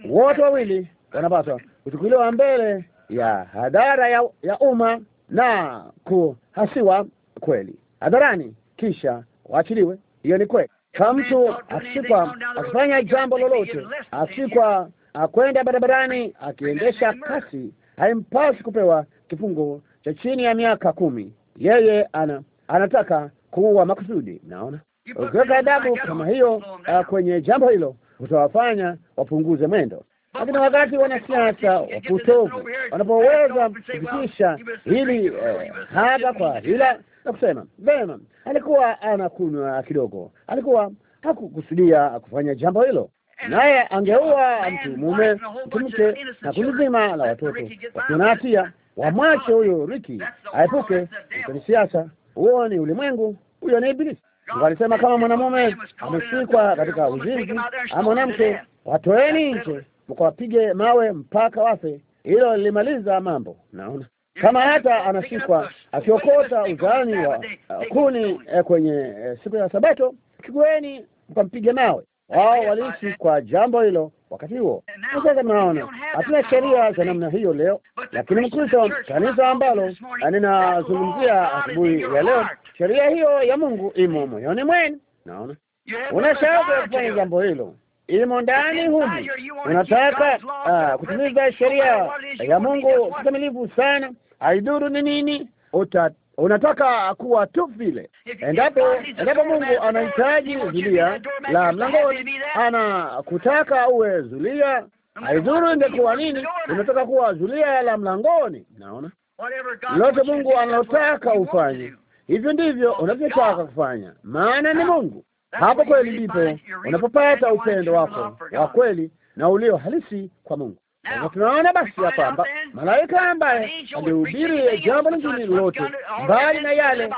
wote wawili wanapaswa kuchukuliwa mbele ya hadhara ya, ya umma na kuhasiwa kweli hadharani, kisha waachiliwe. Hiyo ni kweli. Kama mtu akishikwa akifanya jambo lolote, asikwa akwenda barabarani akiendesha kasi, haimpasi kupewa kifungo cha chini ya miaka kumi. Yeye ana anataka kuua makusudi. naona ukiweka adabu kama hiyo ah, kwenye jambo hilo utawafanya wapunguze mwendo. Lakini wakati wanasiasa wapotovu wanapoweza kupitisha hili eh, hapa kwa hila na kusema vema, alikuwa anakunywa kidogo, alikuwa hakukusudia kufanya jambo hilo, naye angeua mtu mume, mtu mke na kundi zima la watoto wasio na hatia. Wamwache huyo Riki aepuke kwenye siasa. Huo ni ulimwengu, huyo ni Ibilisi. Alisema kama mwanamume ameshikwa katika uzinzi ama mwanamke, watoeni nje mkawapige mawe mpaka wafe. Hilo lilimaliza mambo. Naona kama hata anashikwa akiokota uzani wa uh, kuni uh, kwenye uh, siku ya Sabato, chukueni mkampige mawe. Wao waliishi kwa jambo hilo wakati huo. Sasa mnaona, hatuna sheria za namna hiyo leo, lakini Mkristo, kanisa ambalo ninazungumzia asubuhi ya leo, sheria hiyo ya Mungu imo moyoni mwenu. Naona una shauku ya kufanya jambo hilo imo ndani humu, unataka uh, kutimiza sheria ya Mungu kikamilifu sana haidhuru ni nini uta unataka kuwa tu vile. Endapo endapo Mungu anahitaji zulia la mlangoni, anakutaka uwe zulia, haidhuru ingekuwa nini, unataka kuwa zulia la mlangoni. Naona lote Mungu analotaka ufanye, hivyo ndivyo unavyotaka kufanya, maana ni Mungu. Hapo kweli ndipo unapopata upendo wako wa kweli na ulio halisi kwa Mungu. Sasa tunaona basi ya kwamba malaika ambaye alihubiri jambo lingine lote mbali na yale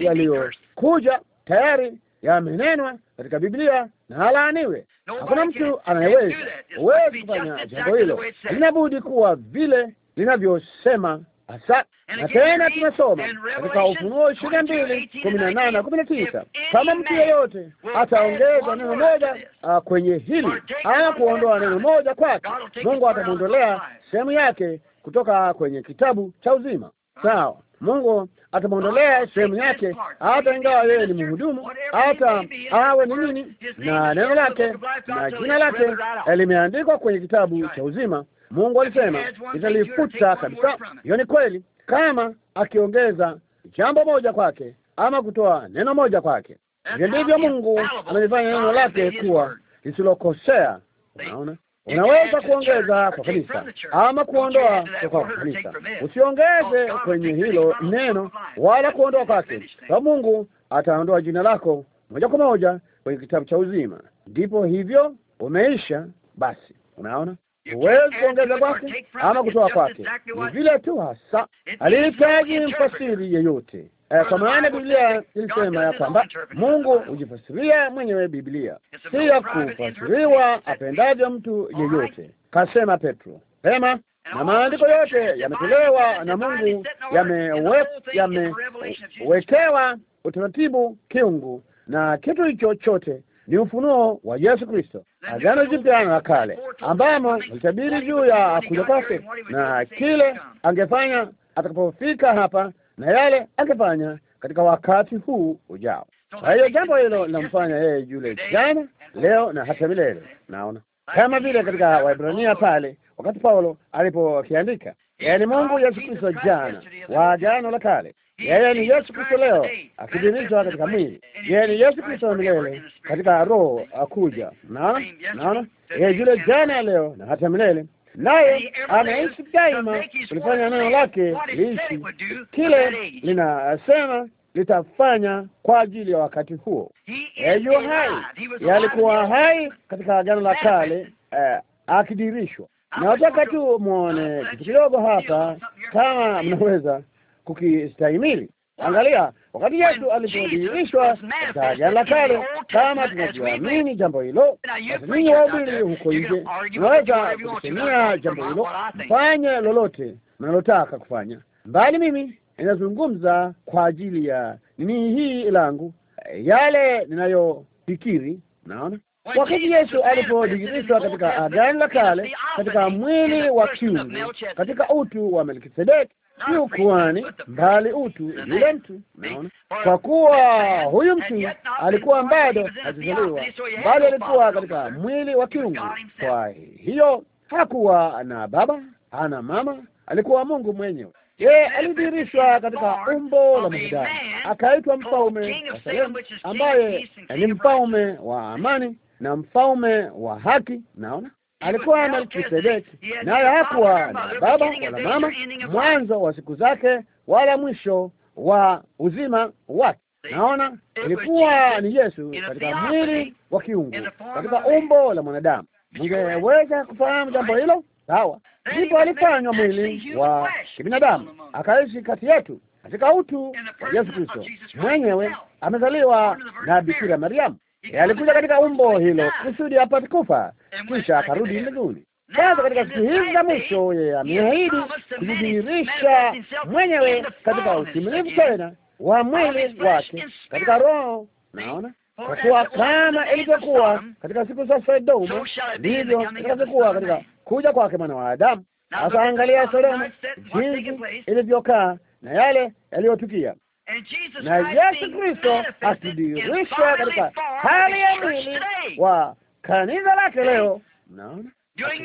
yaliyokuja tayari yamenenwa katika Biblia na alaaniwe. Hakuna mtu anayeweza, uwezi kufanya jambo hilo, linabudi kuwa vile linavyosema Asa, na tena tunasoma katika Ufunuo ishirini na mbili kumi na nane na kumi na tisa kama mtu yeyote ataongeza neno moja ah, kwenye hili au kuondoa neno moja kwake, Mungu atamwondolea sehemu yake kutoka kwenye kitabu cha uzima. Sawa, Mungu atamwondolea sehemu yake, hata ingawa yeye ni mhudumu, hata awe ni nini, na neno lake na jina lake limeandikwa kwenye kitabu cha uzima. Mungu alisema nitalifuta kabisa. Hiyo ni kweli, kama akiongeza jambo moja kwake ama kutoa neno moja kwake. Hivyo ndivyo Mungu amelifanya neno lake kuwa lisilokosea. Unaona, unaweza kuongeza kwa kanisa ama kuondoa kwa kanisa. Usiongeze kwenye hilo neno wala kuondoa kwake, kwa Mungu ataondoa jina lako moja kwa moja kwenye kitabu cha uzima. Ndipo hivyo umeisha. Basi unaona huwezi kuongeza kwake ama kutoa kwake, ni vile tu hasa. Alihitaji mfasiri yeyote, eh, kwa maana Biblia ilisema ya kwamba Mungu hujifasiria mwenyewe. Biblia si ya kufasiriwa apendavyo mtu yeyote, kasema Petro. Pema na maandiko yote yametolewa na Mungu, yamewekewa utaratibu kiungu na kitu hicho chote ni ufunuo wa Yesu Kristo, Agano Jipya na Kale, ambamo alitabiri juu ya kuja kwake na kile angefanya atakapofika hapa na yale angefanya katika wakati huu ujao. Kwa hiyo jambo hilo linamfanya yeye yule jana, leo na hata milele. Naona kama vile katika Waebrania pale, wakati Paulo alipokiandika, yaani Mungu Yesu Kristo, jana wa Agano la Kale yeye ni Yesu Kristo leo akidhihirishwa katika mwili. Yeye ni Yesu Kristo milele katika roho akuja. Naona, naona yeye yule jana, leo na hata milele, naye anaishi daima kulifanya neno lake liishi, kile linasema litafanya kwa ajili ya wakati huo. Yeye yu hai, yalikuwa hai katika agano la kale eh, akidirishwa. Nawataka tu mwone kitu kidogo hapa, kama mnaweza kukistahimili. Angalia, wakati Yesu alipodhihirishwa katika Agano la Kale, kama tunavyoamini jambo hilo, basi ninyi wahubiri huko nje mnaweza kusemea jambo hilo, mfanye lolote mnalotaka kufanya, mbali mimi ninazungumza kwa ajili ya nini hii langu, yale ninayofikiri. Naona wakati Yesu alipodhihirishwa katika Agano la Kale, katika mwili wa kiungu, katika utu wa Melkisedeki si ukuani, bali utu yule mtu. Naona kwa kuwa huyu mtu alikuwa bado hajazaliwa, bali alikuwa katika mwili wa kiungu. Kwa hiyo hakuwa na baba, ana mama, alikuwa Mungu mwenyewe. Ye alidhihirishwa katika umbo la mwanadamu, akaitwa mfalme wa Salemu, ambaye ni mfalme wa amani na mfalme wa haki. Naona alikuwa melkisedeki naye hakuwa na baba wala mama, mwanzo wa siku zake wala mwisho wa uzima wake. Naona ilikuwa ni Yesu katika mwili wa kiungu, katika umbo la mwanadamu. mungeweza kufahamu jambo hilo? Sawa. Ndipo alifanywa mwili wa kibinadamu akaishi kati yetu katika utu wa Yesu Kristo mwenyewe. Amezaliwa na Bikira Mariamu, Eh, alikuja katika umbo hilo kusudi apate kufa, eh, kisha akarudi mbinguni. Sasa katika siku hizi za mwisho, yeye ameahidi kujidhihirisha mwenyewe katika utimilifu tena wa mwili wake katika roho. Naona kwa kuwa kama ilivyokuwa katika siku za Sodoma, ndivyo itakavyokuwa katika kuja kwake mwana wa Adamu. Sasa angalia Sodoma jinsi ilivyokaa na yale yaliyotukia na Yesu Kristo akidirishwa katika hali ya mwili wa kanisa lake leo,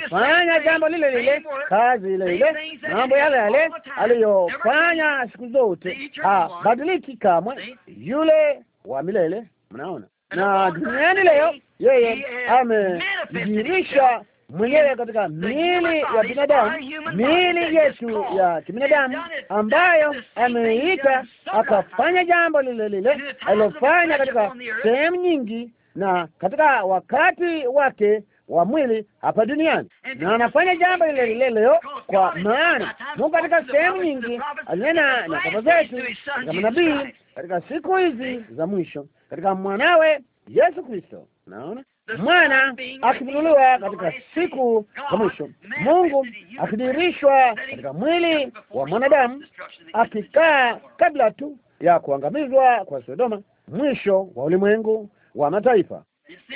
fanya jambo lile lile, kazi ile ile, mambo yale yale aliyofanya siku zote, habadiliki kamwe, yule wa milele. Mnaona na duniani leo yeye amedirisha mwenyewe katika miili ya binadamu, miili yetu ya kibinadamu, ambayo ameita akafanya jambo lile lile alilofanya katika sehemu nyingi na katika wakati wake wa mwili hapa duniani, na anafanya jambo lile lile leo, kwa maana Mungu katika sehemu nyingi alinena na baba zetu katika manabii katika siku hizi za mwisho katika mwanawe Yesu Kristo. Naona mwana akifunuliwa katika siku za mwisho, Mungu akidirishwa katika mwili wa mwanadamu, akikaa kabla tu ya kuangamizwa kwa Sodoma, mwisho wa ulimwengu wa mataifa.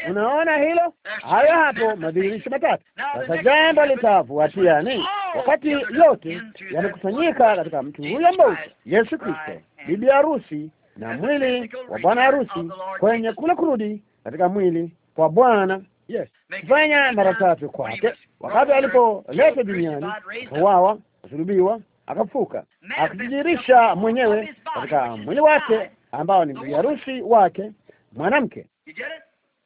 Unaona hilo? Hayo hapo madhihirisho matatu. Sasa jambo litafuatia ni wakati yote yamekusanyika katika mtu huyo mmoja, Yesu Kristo, bibi harusi na mwili wa bwana harusi, kwenye kule kurudi katika mwili kwa Bwana yes, fanya mara tatu kwake, wakati alipoletwa duniani, akawawa, akasulubiwa, akafuka, akajidirisha mwenyewe katika mwili wake ambao ni biharusi wake mwanamke.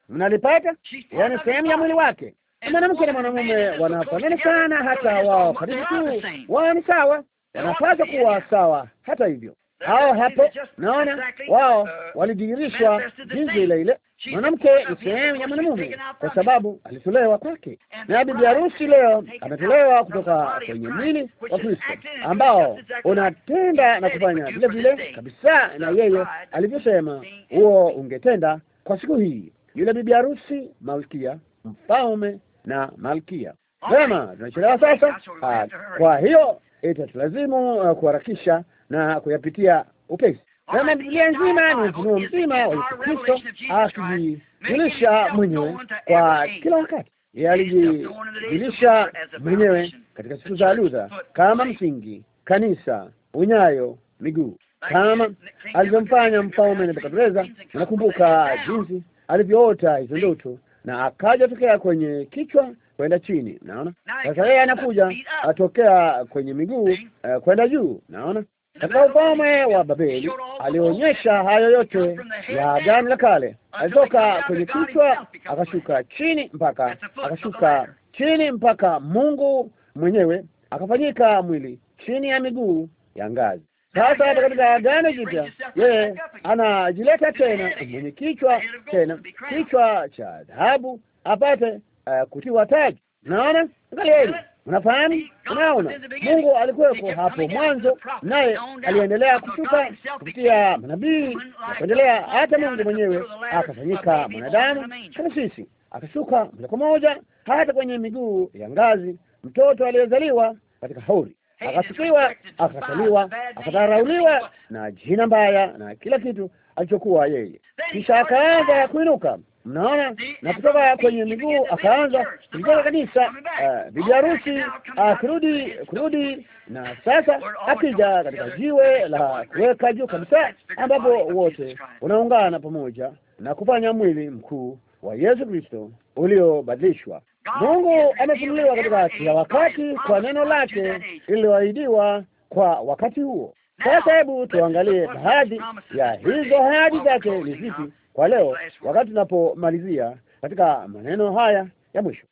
Mnalipata? Yaani sehemu ya mwili wake. Mwanamke na mwanamume wanafanana sana, hata wao karibu tu wao ni sawa, wanapaswa kuwa sawa. Hata hivyo hao hapo, naona wao uh, walidhihirishwa jinsi ile ile Mwanamke ni sehemu ya mwanamume kwa sababu alitolewa kwake, na bibi harusi leo ametolewa kutoka kwenye mwili wa Kristo ambao unatenda na kufanya vile vile kabisa na yeye alivyosema huo ungetenda kwa siku hii. Yule bibi harusi, malkia, mfalme na malkia. Sema tunachelewa sasa. Ah, kwa hiyo itatulazimu uh, kuharakisha na kuyapitia upesi. Naona Biblia nzima ni ufunuo mzima wa Yesu Kristo akijijulisha mwenyewe kwa kila wakati. Yeye alijijulisha mwenyewe katika siku za Luther kama msingi, kanisa, unyayo, miguu, kama alivyomfanya mfalme Nebukadreza. Nakumbuka jinsi alivyoota hizo ndoto na akaja tokea kwenye kichwa kwenda chini. Naona sasa yeye anakuja atokea kwenye miguu uh, kwenda juu. Naona katika ufalme wa Babeli. Alionyesha hayo yote ya Agano la Kale, alitoka kwenye kichwa akashuka chini mpaka akashuka chini mpaka Mungu mwenyewe akafanyika mwili chini ya miguu ya ngazi. Sasa hapa katika Agano Jipya yeye anajileta tena mwenye kichwa tena, kichwa cha dhahabu apate uh, kutiwa taji. Naona hili Unafahamu, unaona, Mungu alikuwepo hapo mwanzo, naye aliendelea kushuka kupitia manabii na kuendelea, hata Mungu mwenyewe akafanyika mwanadamu kama sisi, akashuka moja kwa moja hata kwenye miguu ya ngazi, mtoto aliyezaliwa katika hauri akasikiwa, akataliwa, akadharauliwa na jina mbaya na kila kitu alichokuwa yeye, kisha akaanza kuinuka Mnaona, na kutoka kwenye miguu akaanza kulitoka kanisa eh, bibi harusi akirudi kurudi, na sasa akija katika jiwe la kuweka juu uh, kabisa, ambapo wote unaungana pamoja na kufanya mwili mkuu wa Yesu Kristo uliobadilishwa. Mungu amefunuliwa katika kila wakati kwa neno lake lililoahidiwa kwa wakati huo. Sasa hebu tuangalie baadhi ya hizo ahadi zake ni zipi kwa leo, wakati tunapomalizia katika maneno haya ya mwisho.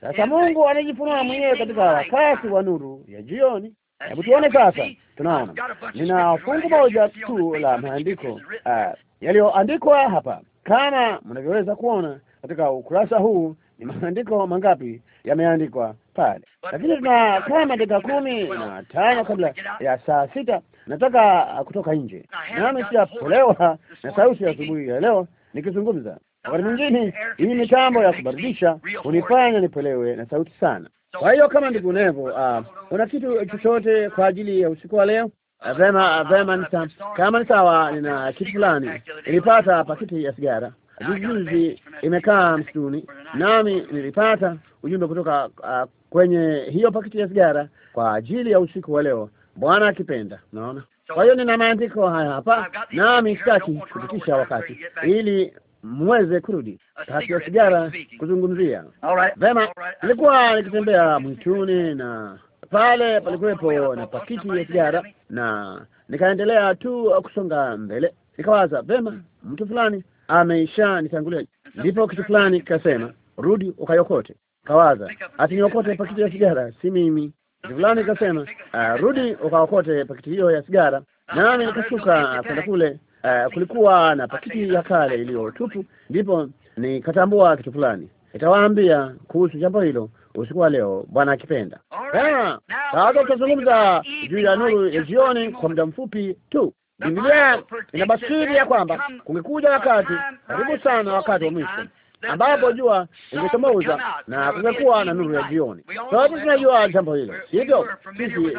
Sasa Mungu anajifunua mwenyewe katika wakati wa nuru ya jioni. Hebu tuone sasa, tunaona nina fungu moja tu la maandiko uh, yaliyoandikwa hapa. Kama mnavyoweza kuona katika ukurasa huu, ni maandiko mangapi yameandikwa pale, lakini tuna kama dakika kumi na tano kabla ya saa sita nataka kutoka nje, nami siyapolewa na sauti ya asubuhi ya leo nikizungumza. Wakati mwingine hii mitambo ya kubadilisha hunifanya nipolewe na sauti sana. Kwa hiyo kama ndugu Nevo, ah, una kitu chochote kwa ajili ya usiku wa leo? Ah, uh, vema, ah, vema, uh, nita kama ni sawa, nina kitu fulani. Nilipata pakiti ya sigara juzijuzi, imekaa msituni, nami nilipata ujumbe kutoka uh, kwenye hiyo pakiti ya sigara kwa ajili ya usiku wa leo. Bwana akipenda. Naona, kwa hiyo nina maandiko haya hapa, nami sitaki kupitisha wakati ili mweze kurudi kati ya sigara kuzungumzia. Vema, nilikuwa nikitembea mwituni na pale palikuwepo na pakiti ya sigara, na nikaendelea tu kusonga mbele. Nikawaza, vema, mtu fulani ameisha nitangulia. Ndipo kitu fulani kikasema, rudi ukayokote. Kawaza, atiniokote pakiti ya sigara, si mimi fulani ikasema, uh, rudi ukaokote pakiti hiyo ya sigara, nami nikashuka ah, kwenda kule. Uh, kulikuwa na pakiti ya kale iliyo tupu, ndipo nikatambua kitu fulani. Nitawaambia kuhusu jambo hilo usiku wa leo, Bwana akipenda. Sasa ah, tutazungumza juu ya nuru ya jioni kwa muda mfupi tu. Biblia inabashiri ya kwamba kungekuja wakati karibu sana, wakati wa mwisho ambapo jua lingechomoza na kungekuwa na nuru ya jioni. Sote tunajua jambo hilo, sivyo? Sisi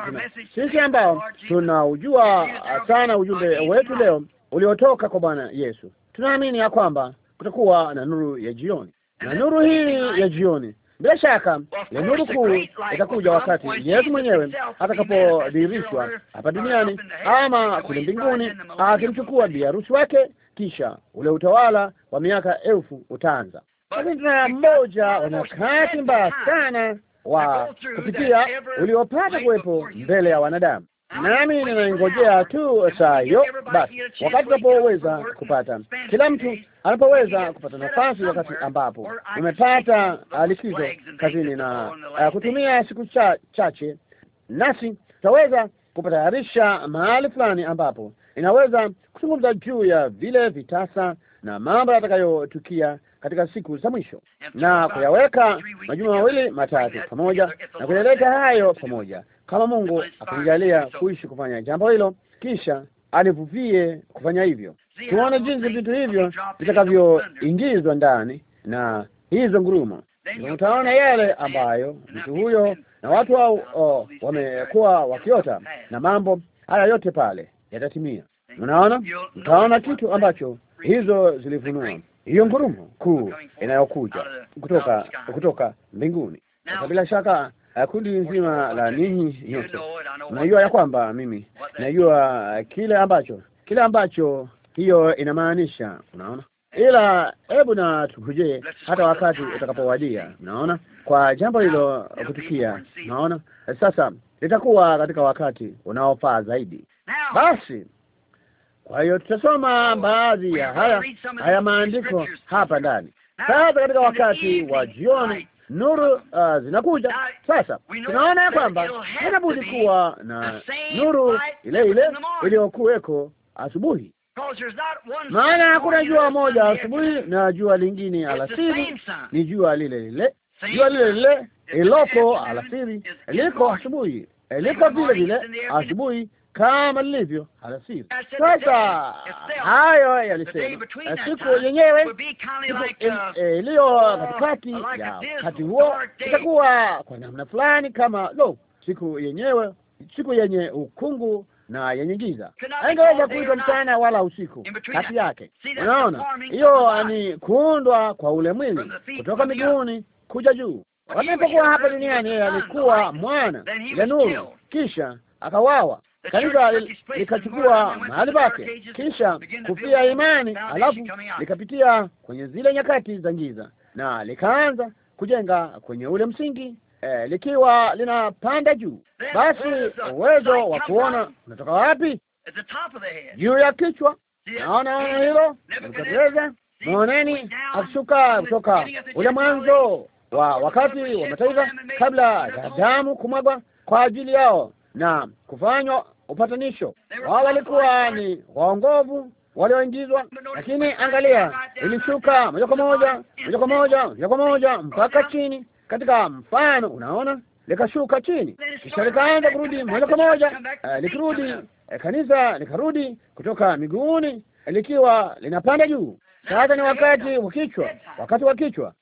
sisi ambao tunaujua uh, sana ujumbe wetu leo uliotoka kwa Bwana Yesu, tunaamini ya kwamba kutakuwa na nuru ya jioni, na nuru hii ya jioni bila shaka ya nuru kuu itakuja wakati Yesu mwenyewe atakapodhihirishwa hapa duniani ama kule mbinguni, akimchukua biharusi wake kisha ule utawala wa miaka elfu utaanza. Lakini tuna mmoja wa nyakati mbaya sana wa kupitia uliopata kuwepo mbele ya wanadamu, nami ninaingojea tu saa hiyo basi, wakati unapoweza kupata, kila mtu anapoweza kupata nafasi, wakati ambapo umepata likizo kazini na uh, kutumia siku cha, chache, nasi tutaweza kupatayarisha mahali fulani ambapo inaweza kuzungumza juu ya vile vitasa na mambo yatakayotukia katika siku za mwisho na kuyaweka majuma mawili matatu pamoja na kuyaleta hayo pamoja, kama Mungu akijalia kuishi kufanya jambo hilo, kisha alivuvie kufanya hivyo. Tuone jinsi vitu hivyo vitakavyoingizwa ndani na hizo ngurumo. Utaona yale ambayo mtu huyo na watu hao oh, wamekuwa wakiota na mambo haya yote pale yatatimia. Unaona, mtaona kitu ambacho hizo zilifunua, hiyo ngurumo kuu inayokuja kutoka kutoka mbinguni. Sasa bila shaka uh, kundi nzima la ninyi nyote najua ya kwamba mimi najua uh, kile ambacho kile ambacho hiyo inamaanisha, unaona. Ila hebu na tukuje hata wakati utakapowadia, unaona, kwa jambo hilo kutukia, unaona. Sasa litakuwa katika wakati unaofaa zaidi. Basi kwa hiyo tutasoma baadhi ya haya haya maandiko hapa ndani sasa, katika wakati wa jioni nuru uh, zinakuja uh, sasa. Tunaona ya kwamba inabudi kuwa na nuru ile ile iliyokuweko asubuhi, maana hakuna jua moja asubuhi na jua lingine alasiri. Ni jua lile lile, jua lile lile iloko alasiri liko asubuhi, liko vile vile asubuhi kama lilivyo alasiri. Sasa hayo yalisema siku yenyewe uh, eh, iliyo oh, katikati ya wakati huo itakuwa kwa namna fulani kama lo, siku yenyewe, siku yenye ukungu na yenye giza, haingeweza kuitwa mchana wala usiku kati yake. Unaona, hiyo ni kuundwa kwa ule mwili kutoka miguuni kuja juu. wanapokuwa hapa duniani, yeye alikuwa mwana ya nuru, kisha akawawa kanisa likachukua mahali pake, kisha kufia imani, alafu likapitia kwenye zile nyakati za giza na likaanza kujenga kwenye ule msingi eh, likiwa linapanda juu. Basi uwezo wa kuona unatoka wapi? Juu ya kichwa. Naona hilo mkapoteza. maoneni akishuka kutoka ule mwanzo wa wakati wa mataifa kabla ya damu kumwagwa kwa ajili yao na kufanywa upatanisho. Wao walikuwa ni waongovu walioingizwa, lakini angalia, ilishuka moja kwa moja moja kwa moja moja kwa moja mpaka chini katika mfano, unaona, likashuka chini, kisha likaanza kurudi moja kwa moja eh, likirudi, eh, kanisa likarudi kutoka miguuni likiwa linapanda juu. Sasa ni wakati wa kichwa, wakati wa kichwa.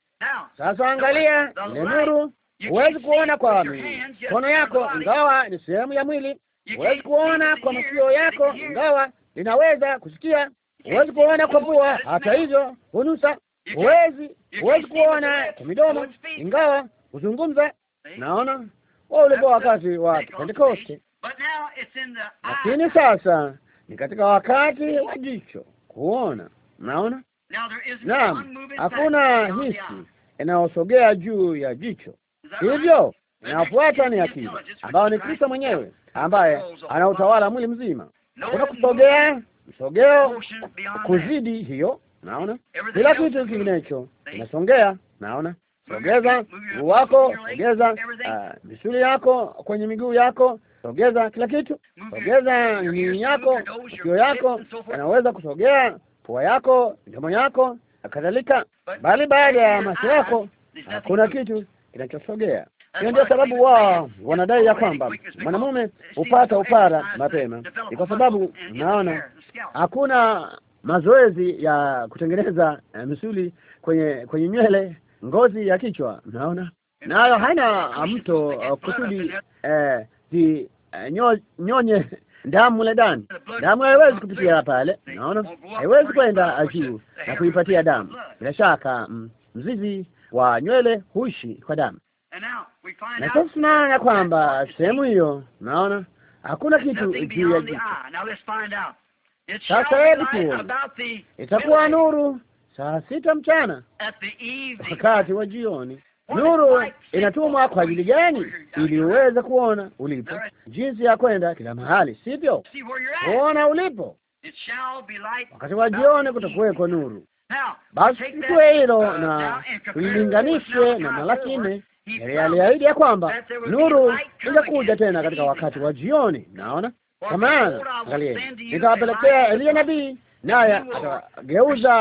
Sasa angalia ile nuru, huwezi kuona kwa mikono yako, ingawa ni sehemu ya mwili Huwezi kuona kwa masikio yako, ingawa linaweza kusikia. Huwezi kuona kwa pua, hata hivyo hunusa. Huwezi huwezi kuona kwa midomo, ingawa huzungumza. Naona wao ulikuwa wakati wa Pentekoste, lakini sasa ni katika wakati wa jicho kuona. Naona naam, hakuna hisi inayosogea juu ya jicho, hivyo inayofuata ni akili ambayo ni Kristo mwenyewe ambaye anautawala mwili mzima. Kuna kusogea msogeo kuzidi hiyo, naona kila kitu kinginecho inasongea, naona sogeza mguu wako, sogeza ah, misuli uh, yako kwenye miguu yako, sogeza kila kitu, sogeza nyinyi yako, sikio yako anaweza kusogea, pua yako, mdomo yako na kadhalika, bali baada ya macho yako kuna kitu kinachosogea hiyo ndio sababu wao wanadai ya kwamba mwanamume hupata upara mapema, ni kwa sababu naona hakuna mazoezi ya kutengeneza eh, misuli kwenye kwenye nywele, ngozi ya kichwa, naona nayo haina mto eh, kusudi eh, uh, nyo, nyonye damu mle ndani. Damu haiwezi kupitia pale, naona haiwezi kwenda juu na kuipatia damu. Bila shaka mm, mzizi wa nywele huishi kwa damu na sasa tunaona kwamba sehemu hiyo, naona hakuna kitu juu ya jicho. Sasa hebu tuone, itakuwa nuru saa sita mchana, wakati wa jioni. Nuru inatumwa kwa ajili gani? Ili uweze kuona ulipo, jinsi ya kwenda kila mahali, sivyo? Kuona ulipo wakati wa jioni, kutakuweko nuru. Basi tuchukue hilo uh, na tulilinganishe na Malaki nne yeye aliahidi ya kwamba nuru ingekuja tena katika wakati wa jioni. Naona kwa maana, angalia, nitawapelekea Eliya nabii, naye atageuza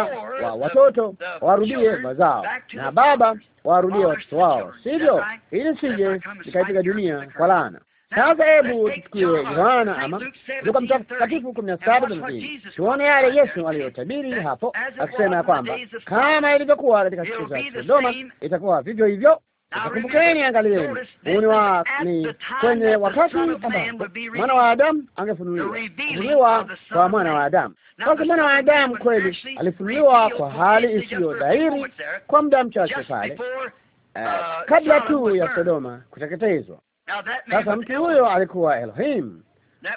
wa watoto warudie mazao na baba warudie watoto wao, sivyo? Ili sije nikaipiga dunia kwa laana. Sasa hebu tuchukue Yohana ama Luka Mtakatifu kumi na saba thelathini tuone yale Yesu aliyotabiri hapo, akisema ya kwamba kama ilivyokuwa katika siku za Sodoma itakuwa vivyo hivyo Kumbukeni, angalieni, wa ni kwenye wakati ambapo mwana wa Adamu angefunuliwa, kufunuliwa kwa mwana wa Adamu. Sasa mwana wa Adamu kweli alifunuliwa kwa hali isiyo dhahiri kwa muda mchache pale, uh, kabla tu ya Sodoma kuteketezwa. Sasa mtu huyo alikuwa Elohim,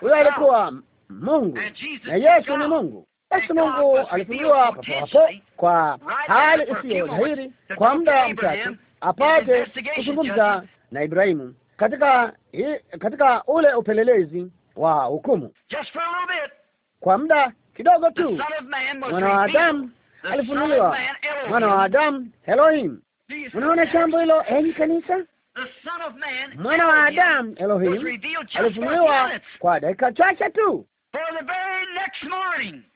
huyo alikuwa Mungu na Yesu ni Mungu. Basi Mungu alifunuliwa papo hapo kwa hali isiyo dhahiri kwa muda mchache apate kuzungumza na Ibrahimu katika katika ule upelelezi wa hukumu kwa muda kidogo tu. Mwana wa Adamu alifunuliwa, mwana wa Adamu Elohim. Unaona jambo hilo, enyi kanisa? Mwana wa Adamu Elohim alifunuliwa kwa dakika chache tu,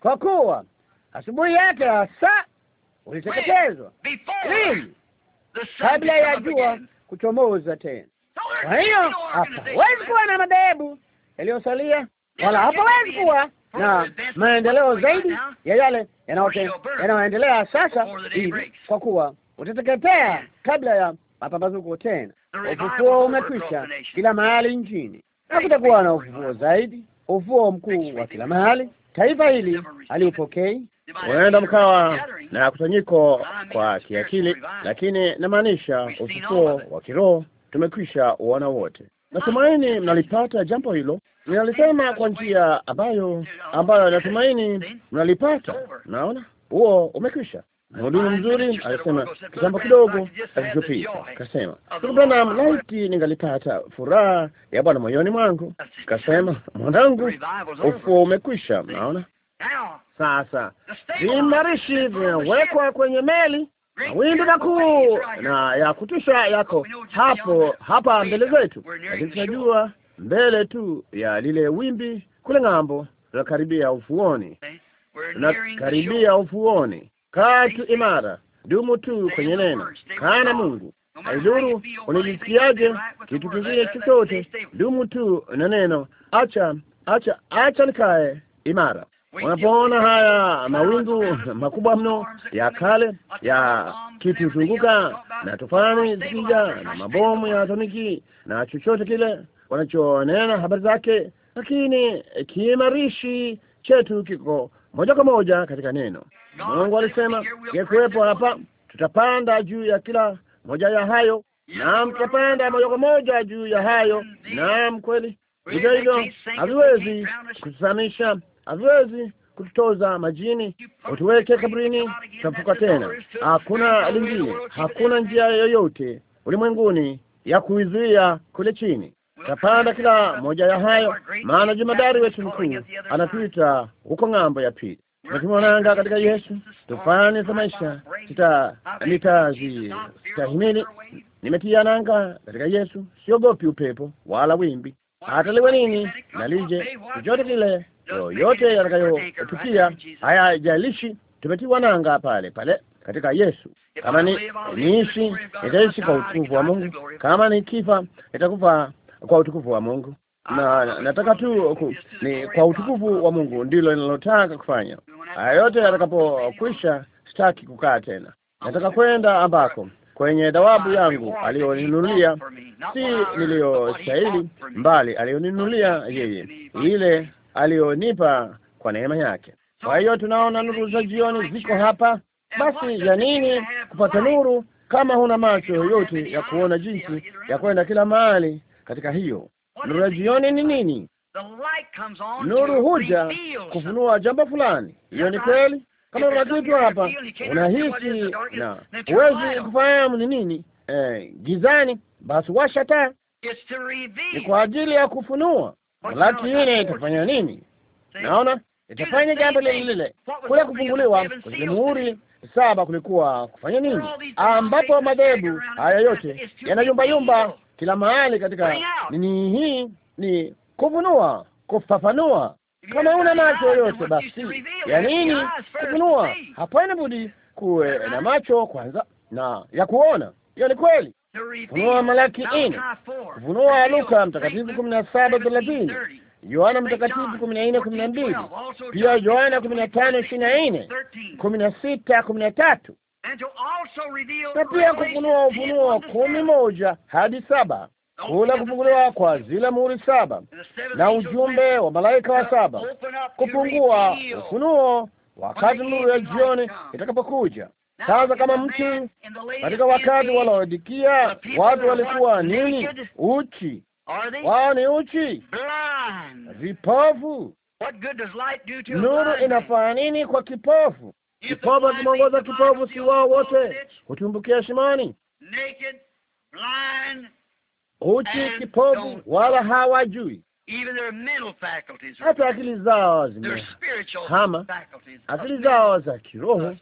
kwa kuwa asubuhi yake hasa uliteketezwa. Lini? kabla ya jua kuchomoza tena. Kwa hiyo hapawezi kuwa na madhehebu yaliyosalia, wala hapawezi kuwa na maendeleo zaidi ya yale yanayoendelea sasa hivi, kwa kuwa utateketea kabla ya mapambazuko tena. Ufufuo umekwisha kila mahali nchini, hakutakuwa na ufufuo zaidi. ufuo mkuu wa kila mahali. Taifa hili haliupokei, huenda mkawa na kusanyiko kwa kiakili, lakini namaanisha ufufuo wa kiroho tumekwisha uona wote. Natumaini ah, mnalipata jambo hilo. Ninalisema kwa njia ambayo ambayo natumaini mnalipata. Naona huo umekwisha. Mhudumu mzuri alisema kitambo kidogo akikupita, kasema bwana mlaiti, ningalipata furaha ya Bwana moyoni mwangu. Kasema mwanangu, ufuo umekwisha. Naona sasa viimarishi eh, vinawekwa kwenye meli na makuu na ya kutisha yako hapo hapa mbele zetu, lakini tunajua mbele tu ya lile wimbi kule ng'ambo. Tunakaribia ufuoni, tunakaribia ufuoni. Kaa tu imara, dumu tu kwenye neno, kaa na Mungu. Haidhuru unijisikiaje kitu kingine chochote, dumu tu na neno. Acha acha acha nikae imara. Unapoona haya mawingu makubwa mno ya kale ya yakituzunguka na tufani zikija na mabomu ya atomiki na chochote kile wanachonena habari zake, lakini kiimarishi chetu kiko moja kwa moja katika neno Mungu. Alisema ingekuwepo hapa, tutapanda juu ya kila moja ya hayo, naam, tutapanda moja kwa moja juu ya hayo, naam, kweli. Hivyo hivyo haviwezi kutusimamisha haviwezi kututoza majini, utuweke kabrini, tutafuka tena. Hakuna lingine, hakuna njia yoyote ulimwenguni ya kuizuia kule chini. Tapanda kila moja ya hayo, maana jumadari wetu mkuu anapita huko ng'ambo ya pili. Nakimwananga katika Yesu, tufani za maisha nitazistahimili. Nimetia nanga katika Yesu, siogopi upepo wala wimbi, hata liwe nini na lije chochote kile yoyote yatakayotukia, haya jalishi tumetiwa nanga pale pale katika Yesu. Kama ni niishi, nitaishi kwa utukufu wa Mungu. Kama ni kifa nitakufa kwa utukufu wa Mungu. Na nataka tu ku, ni kwa utukufu wa Mungu ndilo ninalotaka kufanya. Haya yote yatakapokwisha, sitaki kukaa tena, nataka kwenda ambako kwenye dawabu yangu aliyoninunulia, si niliyostahili, mbali aliyoninunulia yeye, ile aliyonipa kwa neema yake. Kwa hiyo tunaona nuru za jioni ziko hapa. Basi ya nini kupata nuru kama huna macho yoyote ya kuona jinsi ya kwenda kila mahali katika hiyo nuru ya jioni? Ni nini? Nuru huja kufunua jambo fulani. Hiyo ni kweli. Kama unakitwa hapa, unahisi na huwezi kufahamu ni nini eh, gizani, basi washa taa. Ni kwa ajili ya kufunua Malaki ile itafanya nini? Naona itafanya jambo lile lile. Kule kufunguliwa kwa muhuri saba kulikuwa kufanya nini? Ambapo madhehebu haya yote yanayumbayumba kila mahali katika nini, hii ni kuvunua, kufafanua. Kama una macho yoyote, basi ya nini kuvunua? Hapana budi kuwe na macho kwanza na ya kuona. Hiyo ni kweli. Funua Malaki nne, wa Luka mtakatifu kumi na saba thelathini, Yohana mtakatifu kumi na nne kumi na mbili, pia Yohana kumi na tano ishirini na nne kumi na sita kumi na tatu na pia kufunua Ufunuo kumi moja hadi saba kula kufunguliwa kwa zile muhuri saba na ujumbe wa malaika wa saba kupungua Ufunuo wakati nuru ya jioni itakapokuja. Sasa kama mtu katika wakati Laodikia, watu walikuwa nini? Uchi, wao ni uchi, vipofu. Nuru inafanya nini kwa kipofu? Kipofu akimwongoza kipofu, si wao wote hutumbukia shimani Uchi, kipofu, wala hawajui hata akili zao zimehama, akili zao za kiroho,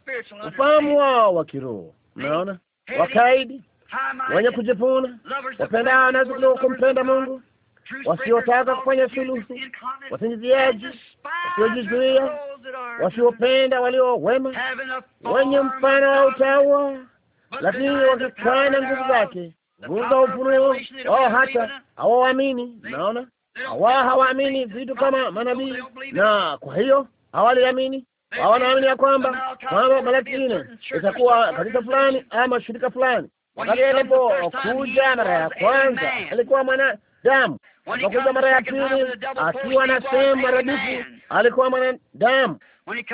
ufahamu wao wa kiroho. Unaona, wakaidi, wenye kujipuna, wapendana kuliko kumpenda Mungu, wasiotaka kufanya suluhu, wasingiziaji, wasiojizuia, wasiopenda walio wema, wenye mfano wa utawa, lakini wakikana nguvu zake, nguvu za ufunuo wao, oh, hata hawaamini. Naona wa hawaamini vitu kama manabii, na kwa hiyo hawaliamini. Hawanaamini ya kwamba kwamba baraka itakuwa kanisa fulani ama shirika fulani. Wakati alipokuja mara ya kwanza alikuwa mwanadamu, alipokuja mara ya pili akiwa na sehemu maradufu, alikuwa mwanadamu.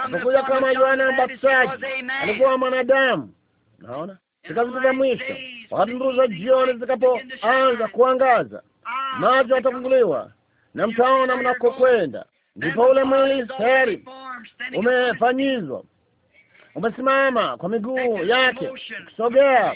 Alipokuja kama Yohana Mbatizaji alikuwa mwanadamu. Naona katika vitu mwisho, wakati nuru za jioni zitakapoanza kuangaza maji watafunguliwa na mtaona mnakokwenda. Ndipo ule mwili steri umefanyizwa umesimama kwa miguu yake, ukisogea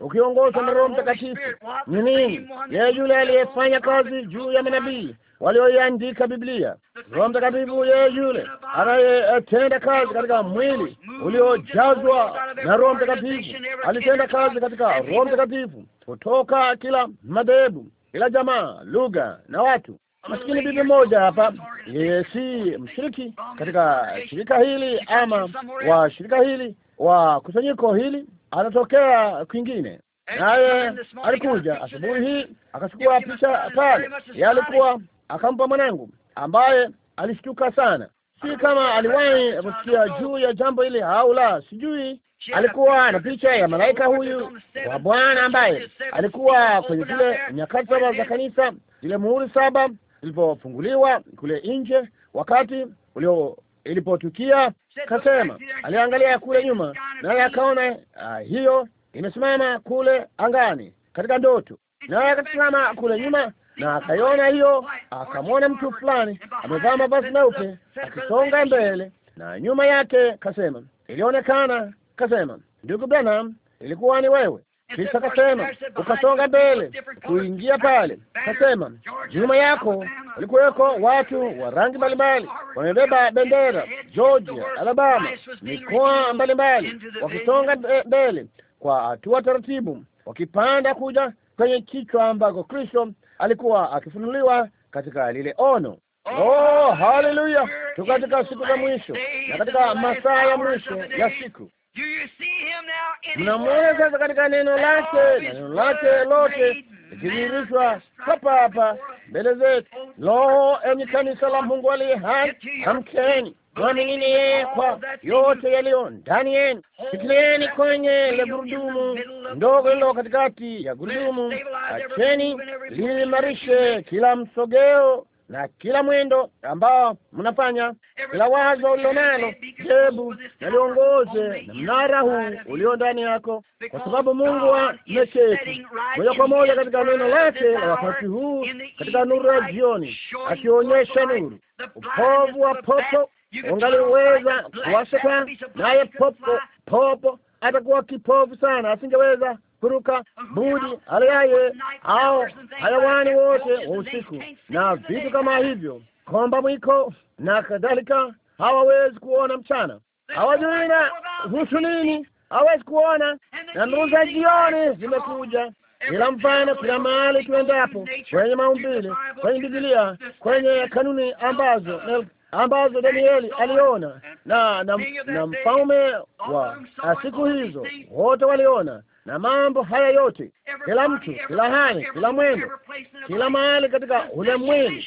ukiongozwa na Roho Mtakatifu. Ni nini? Yeye yule aliyefanya kazi juu ya manabii walioiandika Biblia, Roho Mtakatifu yeye yule anayetenda kazi katika mwili uliojazwa na Roho Mtakatifu. Alitenda kazi katika Roho Mtakatifu kutoka kila madhehebu kila jamaa, lugha na watu. Maskini bibi mmoja hapa, yeye si mshiriki katika shirika hili ama wa shirika hili wa kusanyiko hili, anatokea kwingine, naye alikuja asubuhi hii akachukua picha pale. Yeye alikuwa akampa mwanangu ambaye alishtuka sana, si kama aliwahi kusikia juu ya jambo hili au la, sijui alikuwa na picha ya malaika huyu wa Bwana ambaye alikuwa kwenye zile nyakati saba za kanisa, zile muhuri saba zilipofunguliwa kule nje, wakati ulio ilipotukia. Kasema aliangalia kule nyuma, naye akaona uh, hiyo imesimama kule angani katika ndoto, naye akasimama kule nyuma na akaiona hiyo, akamwona mtu fulani amevaa mavazi meupe akisonga mbele na nyuma yake. Kasema ilionekana kasema, ndugu Branham, ilikuwa ni wewe. Kisha kasema ukasonga mbele kuingia pale, kasema, nyuma yako walikuweko watu wa rangi mbalimbali, wamebeba bendera Georgia, Alabama, mikoa mbalimbali, wakisonga mbele kwa hatua taratibu, wakipanda kuja kwenye kichwa ambako Kristo alikuwa akifunuliwa katika lile ono. Oh, oh haleluya! tukatika katika siku za mwisho na katika masaa ya mwisho ya siku, mnamwona sasa katika neno lake na neno lake lote ikidhihirishwa hapa hapa mbele zetu. Loho, enyi kanisa la Mungu aliye hai, amkeni mwaminini yeye kwa yote yaliyo ndani yenu. Shikilieni kwenye ile gurudumu ndogo lilo katikati ya gurudumu, acheni liimarishe kila msogeo na kila mwendo ambao mnafanya, kila wazo ulilonalo, hebu naliongoze na mnara huu ulio ndani yako, kwa sababu Mungu ameketi moja kwa moja katika neno lake la wakati huu, katika nuru ya jioni, akionyesha nuru. Upovu wa popo ungaliweza kuwasha naye popo popo atakuwa kipofu sana, asingeweza kuruka budi aliaye au hayawani wote wa usiku na vitu kama hivyo, komba mwiko na kadhalika, hawawezi kuona mchana, hawajui na husu nini, hawezi kuona na nuru za jioni zimekuja kila mfano, kila mahali tuendapo, kwenye maumbile, kwenye Biblia, kwenye kanuni ambazo ambazo Danieli aliona na na, na mfalme wa siku hizo wote waliona na mambo haya yote, kila mtu, kila hali, kila mwendo, kila mahali katika ulimwengu,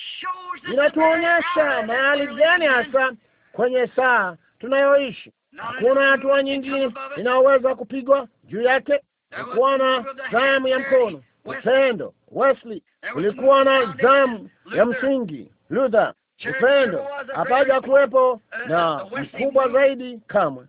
inatuonyesha mahali gani hasa kwenye saa tunayoishi. Hakuna hatua nyingine inayoweza kupigwa juu yake. Kulikuwa na zamu ya mkono, upendo Wesley, kulikuwa na zamu ya msingi Luther, upendo. Hapaja kuwepo uh, na mkubwa zaidi kamwe,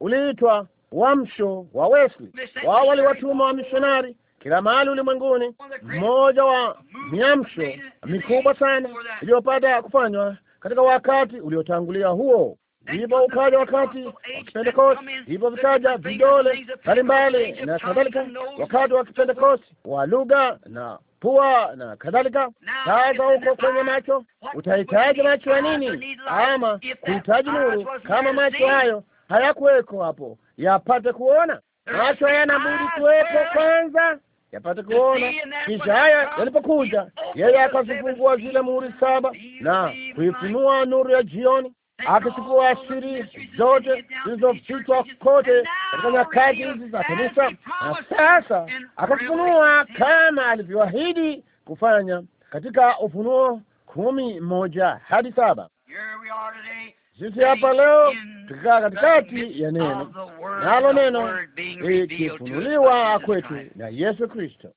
uliitwa wamsho wa Wesley. Wao waliwatuma wamishonari kila mahali ulimwenguni. Mmoja wa miamsho mikubwa sana iliyopata kufanywa katika wakati uliotangulia huo. Hivyo ukaja wakati wa kipentekosti hivyo vikaja vidole mbalimbali na kadhalika, wakati wa Pentekosti wa lugha na pua na kadhalika. Sasa huko kwenye macho, utahitaji macho ya nini ama kuhitaji nuru kama macho hayo hayakuweko hapo yapate kuona, eh, macho hayana ah, kuwepo eh. kwanza yapate kuona. Kisha haya yalipokuja, yeye akazifungua zile muhuri saba na kuifunua nuru ya jioni, akichukua siri zote zilizofichwa kote katika nyakati hizi za kanisa, na sasa akafunua kama alivyoahidi kufanya katika Ufunuo kumi moja hadi saba. Sisi hapa leo tukikaa katikati ya neno, nalo neno ikifunuliwa kwetu na Yesu Kristo,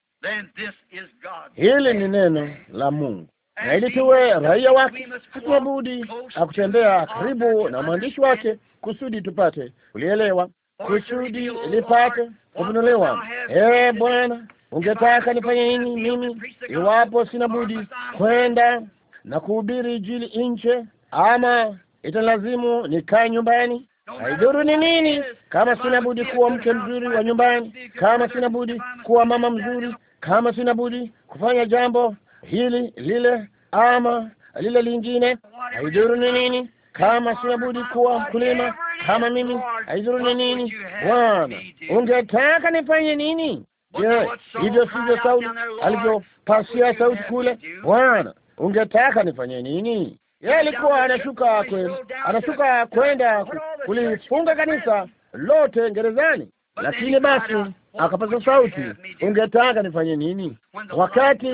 hili ni neno la Mungu, na ili tuwe raia wake, hatuna budi akutembea karibu na mwandishi wake kusudi tupate kulielewa, kusudi lipate kufunuliwa. Ee Bwana, ungetaka nifanye nini mimi iwapo sina budi kwenda na kuhubiri Injili nje ama italazimu nikae nyumbani. Haidhuru ni nini, kama sina budi kuwa mke mzuri wa nyumbani, kama sina budi kuwa mama mzuri, kama sina budi kufanya jambo hili lile ama lile lingine, haidhuru ni nini, kama sina budi kuwa mkulima kama mimi, haidhuru ni nini. Bwana, ungetaka nifanye nini? Je, hivyo sivyo Sauli alivyopasia sauti kule? Bwana, ungetaka nifanye nini? yeye alikuwa anashuka kwenda anashuka kwenda kulifunga kanisa lote gerezani, lakini basi akapaza sauti, ungetaka nifanye nini? Wakati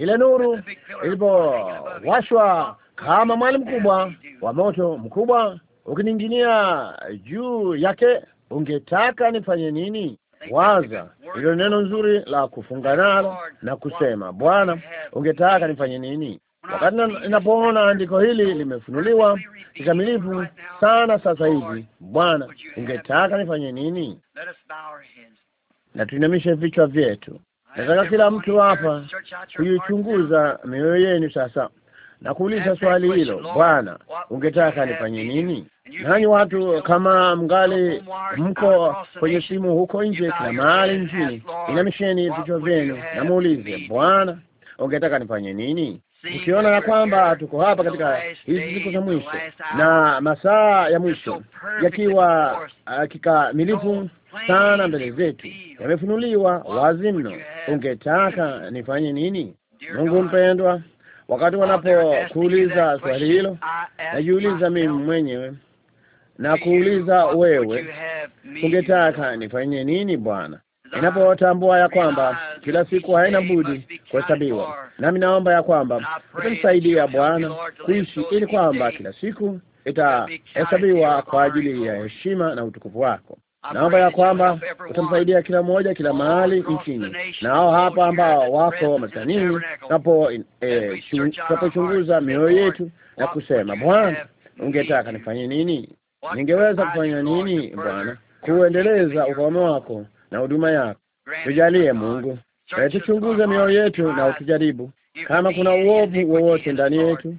ile nuru ilipowashwa kama mwali mkubwa wa moto mkubwa ukininginia juu yake, ungetaka nifanye nini? Waza ilo neno nzuri la kufunga nalo na kusema, Bwana, ungetaka nifanye nini? Wakati ninapoona andiko hili limefunuliwa kikamilifu sana sasa hivi, Bwana, ungetaka nifanye nini? Na tuinamishe vichwa vyetu. Nataka kila mtu hapa kuichunguza mioyo yenu sasa na kuuliza swali hilo, Bwana, ungetaka nifanye nini? Nanyi watu kama mngali mko kwenye simu huko nje, kila mahali nchini, inamisheni vichwa vyenu na muulize Bwana, ungetaka nifanye nini? ukiona ya kwamba tuko hapa katika hizi siku za mwisho na masaa ya mwisho yakiwa uh, kikamilifu sana mbele zetu, yamefunuliwa wazi mno. Ungetaka nifanye nini? Mungu mpendwa, wakati wanapokuuliza swali hilo, najiuliza mimi mwenyewe na kuuliza wewe, ungetaka nifanye nini Bwana? inapotambua ya kwamba kila siku haina budi kuhesabiwa. Nami naomba ya kwamba utamsaidia Bwana kuishi ili kwamba kila siku itahesabiwa kwa ajili ya heshima na utukufu wako. Naomba ya kwamba utamsaidia kila mmoja kila mahali nchini, na hao hapa ambao wako matanini, eh, tunapochunguza mioyo yetu na kusema, Bwana, ungetaka nifanye nini? Ningeweza kufanya nini, Bwana, kuendeleza ukaume wako na huduma yako. Tujalie Mungu, tuchunguze mioyo yetu na utujaribu kama kuna uovu wowote ndani yetu,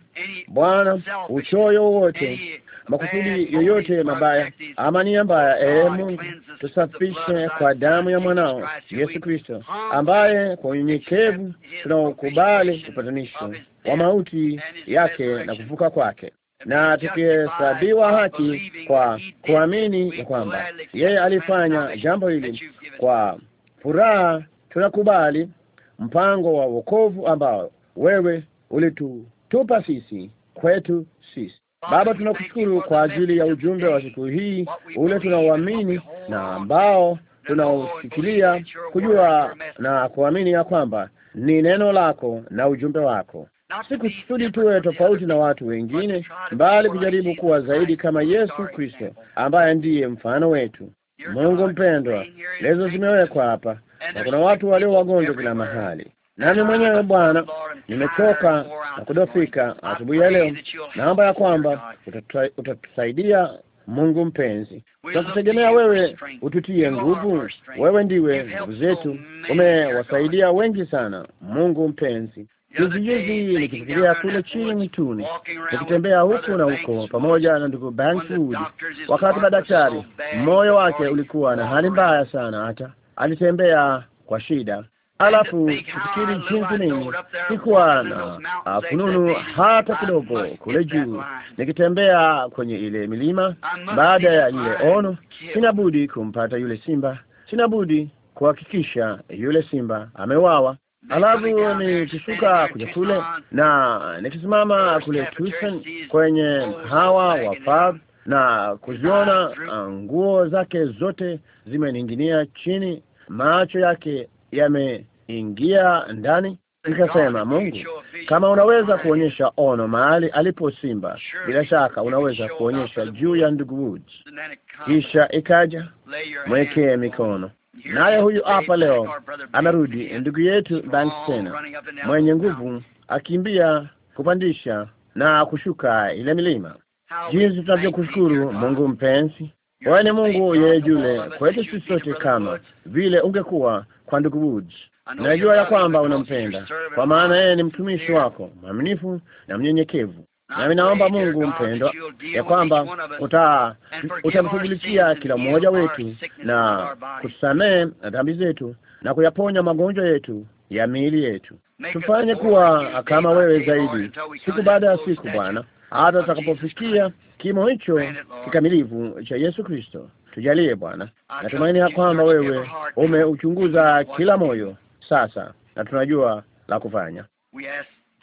Bwana, uchoyo wowote, makusudi yoyote mabaya ama nia mbaya, ee Mungu, tusafishe kwa damu ya mwanao Yesu Kristo, ambaye kwa unyenyekevu tunaokubali upatanisho wa mauti yake na kuvuka kwake na tukihesabiwa haki kwa kuamini ya kwamba yeye alifanya jambo hili kwa furaha, tunakubali mpango wa wokovu ambao wewe ulitutupa sisi kwetu sisi. Baba, tunakushukuru kwa ajili ya ujumbe wa siku hii, ule tunauamini na ambao tunaushikilia kujua na kuamini ya kwamba ni neno lako na ujumbe wako si kusudi tuwe tofauti na watu wengine, bali kujaribu kuwa zaidi kama Yesu Kristo ambaye ndiye mfano wetu. Mungu mpendwa, lezo zimewekwa hapa na kuna watu walio wagonjwa kila mahali, nami mwenyewe Bwana nimechoka na kudofika asubuhi ya leo. Naomba ya kwamba utatusaidia Mungu mpenzi, tunakutegemea wewe, ututie nguvu. Wewe ndiwe nguvu zetu, umewasaidia wengi sana, Mungu mpenzi juzi juzi nikifikiria kule chini tuni, nikitembea huku na huko pamoja na ndugu Bankwood, wakati madaktari, moyo wake ulikuwa na hali mbaya sana, hata alitembea kwa shida. Alafu kufikiri jinsi mimi sikuwa na fununu hata kidogo kule juu, nikitembea kwenye ile milima. Baada ya ile ono, sina budi kumpata yule simba, sina budi kuhakikisha yule simba amewawa alafu nikishuka kuja kule na nikisimama kule Tucson kwenye mkahawa wa pub na kuziona uh, nguo zake zote zimening'inia chini, macho yake yameingia ndani. Nikasema, Mungu, kama unaweza kuonyesha ono mahali alipo simba, bila shaka unaweza kuonyesha juu ya ndugu Woods. Kisha ikaja mwekee mikono naye huyu hapa leo amerudi ndugu yetu Banks tena, mwenye nguvu, akimbia kupandisha na kushuka ile milima. Jinsi tunavyokushukuru Mungu mpenzi, wewe ni Mungu yeye yule kwetu sisi sote, kama vile ungekuwa kwa ndugu Woods. Najua ya kwamba unampenda, kwa maana yeye ni mtumishi wako mwaminifu na mnyenyekevu. Nami naomba Mungu mpendwa, ya kwamba uta utamshughulikia kila mmoja wetu na kutusamehe dhambi zetu na kuyaponya magonjwa yetu ya miili yetu. Tufanye kuwa kama wewe zaidi siku baada ya siku, Bwana, hata tutakapofikia kimo hicho kikamilifu cha Yesu Kristo. Tujalie Bwana. Natumaini ya kwamba wewe umeuchunguza kila moyo sasa, na tunajua la kufanya.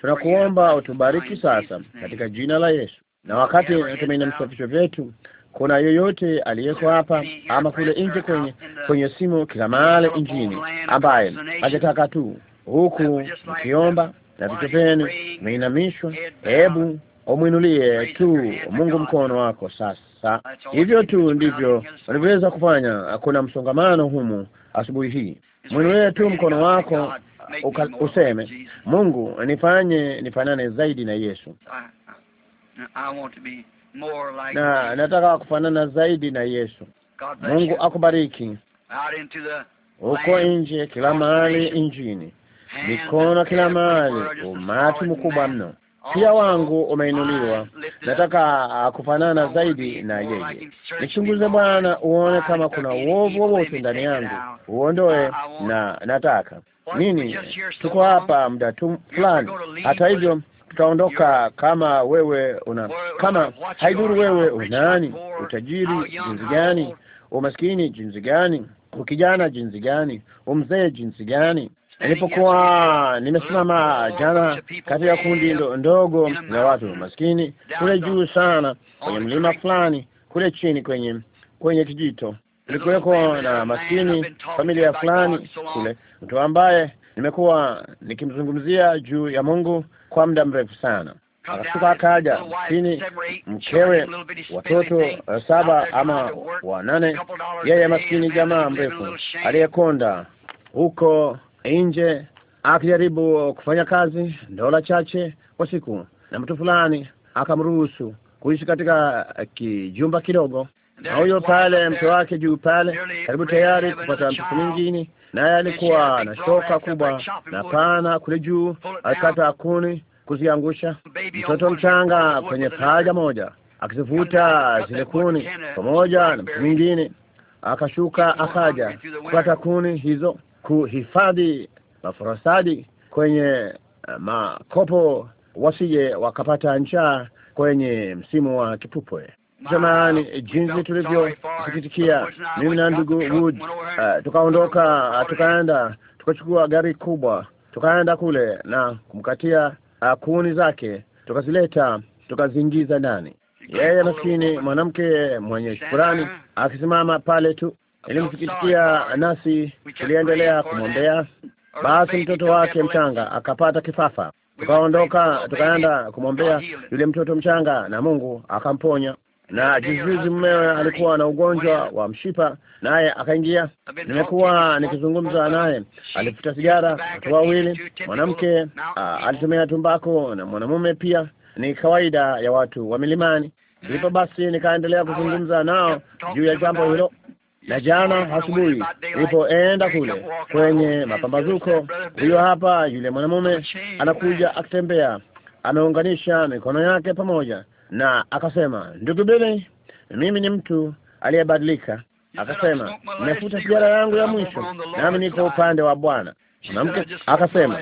Tunakuomba utubariki sasa katika jina la Yesu, na wakati tumeinamisha vichwa vyetu, kuna yoyote aliyeko hapa ama kule nje kwenye kwenye simu kila mahali nchini, ambaye angetaka tu huku kiomba na vichwa vyenu vimeinamishwa, hebu umwinulie tu Mungu mkono wako sasa. Hivyo tu ndivyo unavyoweza kufanya. Kuna msongamano humu asubuhi hii, mwinulie tu mkono wako useme, Mungu nifanye nifanane zaidi na Yesu, ah, ah. na nataka kufanana zaidi na Yesu. Mungu akubariki huko nje, kila mahali injini, mikono kila mahali, umati mkubwa mno. Pia wangu umeinuliwa, nataka ah, kufanana zaidi na yeye. Nichunguze Bwana, uone kama kuna uovu wowote ndani yangu, uondoe, na nataka nini, tuko hapa muda tu fulani. Hata hivyo tutaondoka, kama wewe una kama, haidhuru wewe unani, utajiri jinsi gani, umaskini jinsi gani, ukijana jinsi gani, umzee jinsi gani. Nilipokuwa nimesimama jana katika kundi ndogo na watu maskini kule juu sana kwenye mlima fulani kule chini kwenye kwenye kijito Kulikuweko na maskini familia fulani kule, mtu ambaye nimekuwa nikimzungumzia juu ya Mungu kwa muda mrefu sana. Akashuka akaja chini, mkewe, watoto uh, saba ama wanane, yeye maskini jamaa mrefu aliyekonda huko nje, akijaribu kufanya kazi dola chache kwa siku, na mtu fulani akamruhusu kuishi katika eh, kijumba kidogo na huyo pale mke wake juu pale, karibu tayari kupata mtoto mwingine, naye alikuwa na shoka kubwa na pana kule juu, akata kuni kuziangusha mtoto mchanga kwenye paja moja, akizivuta zile kuni pamoja na mtu mwingine, akashuka akaja kupata kuni hizo, kuhifadhi mafarasadi kwenye eh, makopo, wasije wakapata njaa kwenye msimu wa kipupwe. Jamani, jinsi tulivyosikitikia! Mimi na ndugu Wood uh, tukaondoka uh, tukaenda tukachukua gari kubwa tukaenda kule na kumkatia uh, kuni zake, tukazileta tukaziingiza ndani. Yeye maskini mwanamke eh, mwenye shukurani akisimama pale tu, ilimsikitikia, nasi tuliendelea kumwombea. Basi mtoto wake mchanga akapata kifafa, tukaondoka tukaenda kumwombea yule mtoto mchanga, na Mungu akamponya na juzijuzi mumewe alikuwa na ugonjwa wa mshipa, naye akaingia. Nimekuwa nikizungumza naye, alifuta sigara watu wawili, mwanamke alitumia tumbako na mwanamume pia, ni kawaida ya watu wa milimani. Ndipo basi nikaendelea kuzungumza nao juu ya jambo hilo, na jana asubuhi nilipoenda kule kwenye mapambazuko, huyo hapa yule mwanamume anakuja akitembea, ameunganisha mikono yake pamoja na akasema, ndugu Billy, mimi ni mtu aliyebadilika. Akasema, nimefuta sigara yangu ya mwisho, nami niko upande wa Bwana. Mwanamke akasema,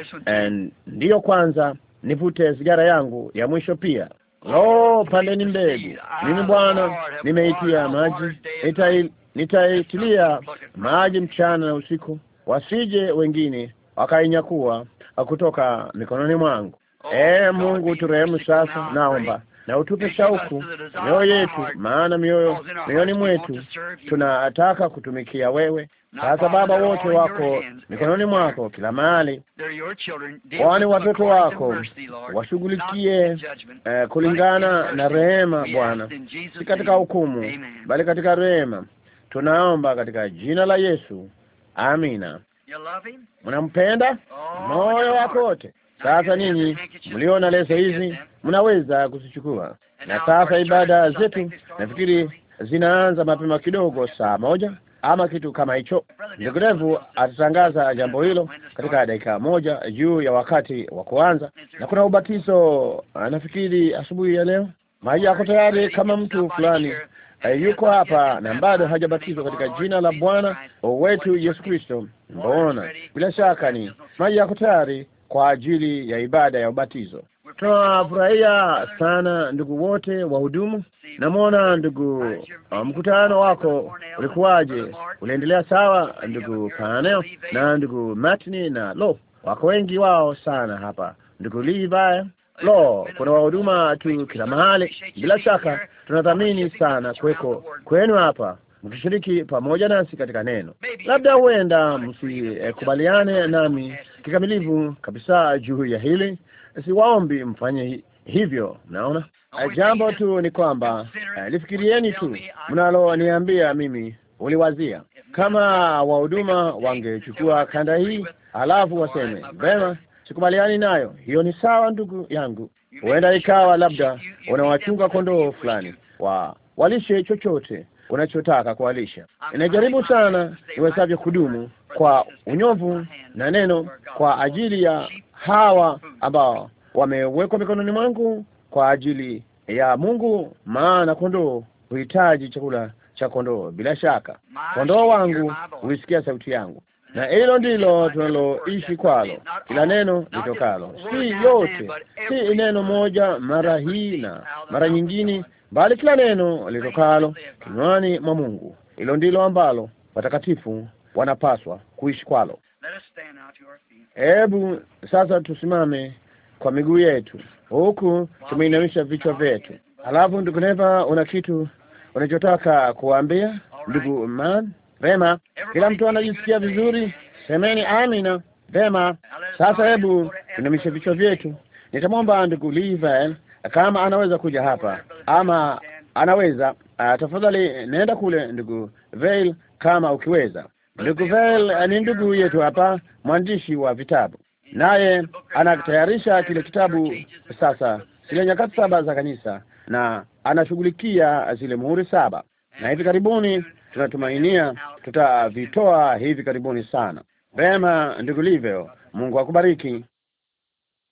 ndiyo, kwanza nivute sigara yangu ya mwisho pia. Lo, oh, oh, pandeni mbegu. Ah, mimi Bwana nimeitia maji, nitaitilia maji mchana na usiku, wasije wengine wakainyakuwa kutoka mikononi mwangu. E Mungu, turehemu sasa, naomba na utupe shauku mioyo yetu, maana mioyo mioyoni mwetu tunataka kutumikia wewe. Sasa Baba, wote wako mikononi mwako kila mahali, wani watoto wako washughulikie eh, kulingana na rehema, Bwana, si katika hukumu, bali katika rehema. Tunaomba katika jina la Yesu, amina. Unampenda oh, moyo wako wote sasa ninyi mliona leso hizi, mnaweza kuzichukua. Na sasa ibada zetu nafikiri zinaanza mapema kidogo, saa moja ama kitu kama hicho. Ndugu Revu atatangaza jambo hilo katika dakika moja juu ya wakati wa kuanza, na kuna ubatizo ah, nafikiri asubuhi ya leo. Maji yako tayari kama mtu fulani eh, yuko hapa na bado hajabatizwa katika jina la Bwana wetu Yesu Kristo, mbona bila shaka ni maji yako tayari kwa ajili ya ibada ya ubatizo. Tunawafurahia sana ndugu wote wahudumu. Namwona ndugu, uh, mkutano wako ulikuwaje? Uliendelea sawa, ndugu Paneo na ndugu Martin na lo, wako wengi wao sana hapa, ndugu Levi. Lo, kuna wahuduma tu kila mahali. Bila shaka tunathamini sana kuweko kwenu hapa mkishiriki pamoja nasi katika neno. Labda huenda msikubaliane nami kikamilifu kabisa juu ya hili, siwaombi mfanye hivyo. Mnaona, jambo tu ni kwamba eh, lifikirieni tu mnaloniambia mimi uliwazia kama wahuduma wangechukua kanda hii, halafu waseme vema, sikubaliani nayo. Hiyo ni sawa, ndugu yangu. Huenda ikawa labda unawachunga kondoo fulani wa walishe chochote unachotaka kualisha Inajaribu sana iwezavyo kudumu kwa unyovu na neno kwa ajili ya hawa ambao wamewekwa mikononi mwangu kwa ajili ya Mungu, maana kondoo huhitaji chakula cha kondoo. Bila shaka kondoo wangu huisikia sauti yangu, na hilo ndilo tunaloishi kwalo, kila neno litokalo, si yote, si neno moja mara hii na mara nyingine bali kila neno litokalo kinywani mwa Mungu, hilo ndilo ambalo watakatifu wanapaswa kuishi kwalo. Hebu sasa tusimame kwa miguu yetu huku tumeinamisha vichwa vyetu. Alafu ndugu Neva, una kitu unachotaka kuwaambia ndugu man? Vema, kila mtu anajisikia vizuri, semeni amina. Vema, sasa hebu tuinamishe vichwa vyetu. Nitamwomba ndugu livael kama anaweza kuja hapa ama anaweza uh, tafadhali nenda kule, ndugu veil kama ukiweza. Ndugu veil uh, ni ndugu yetu hapa, mwandishi wa vitabu, naye anatayarisha kile kitabu sasa, zile nyakati saba za kanisa, na anashughulikia zile muhuri saba, na hivi karibuni tunatumainia tutavitoa hivi karibuni sana. Vema, ndugu livyo Mungu akubariki.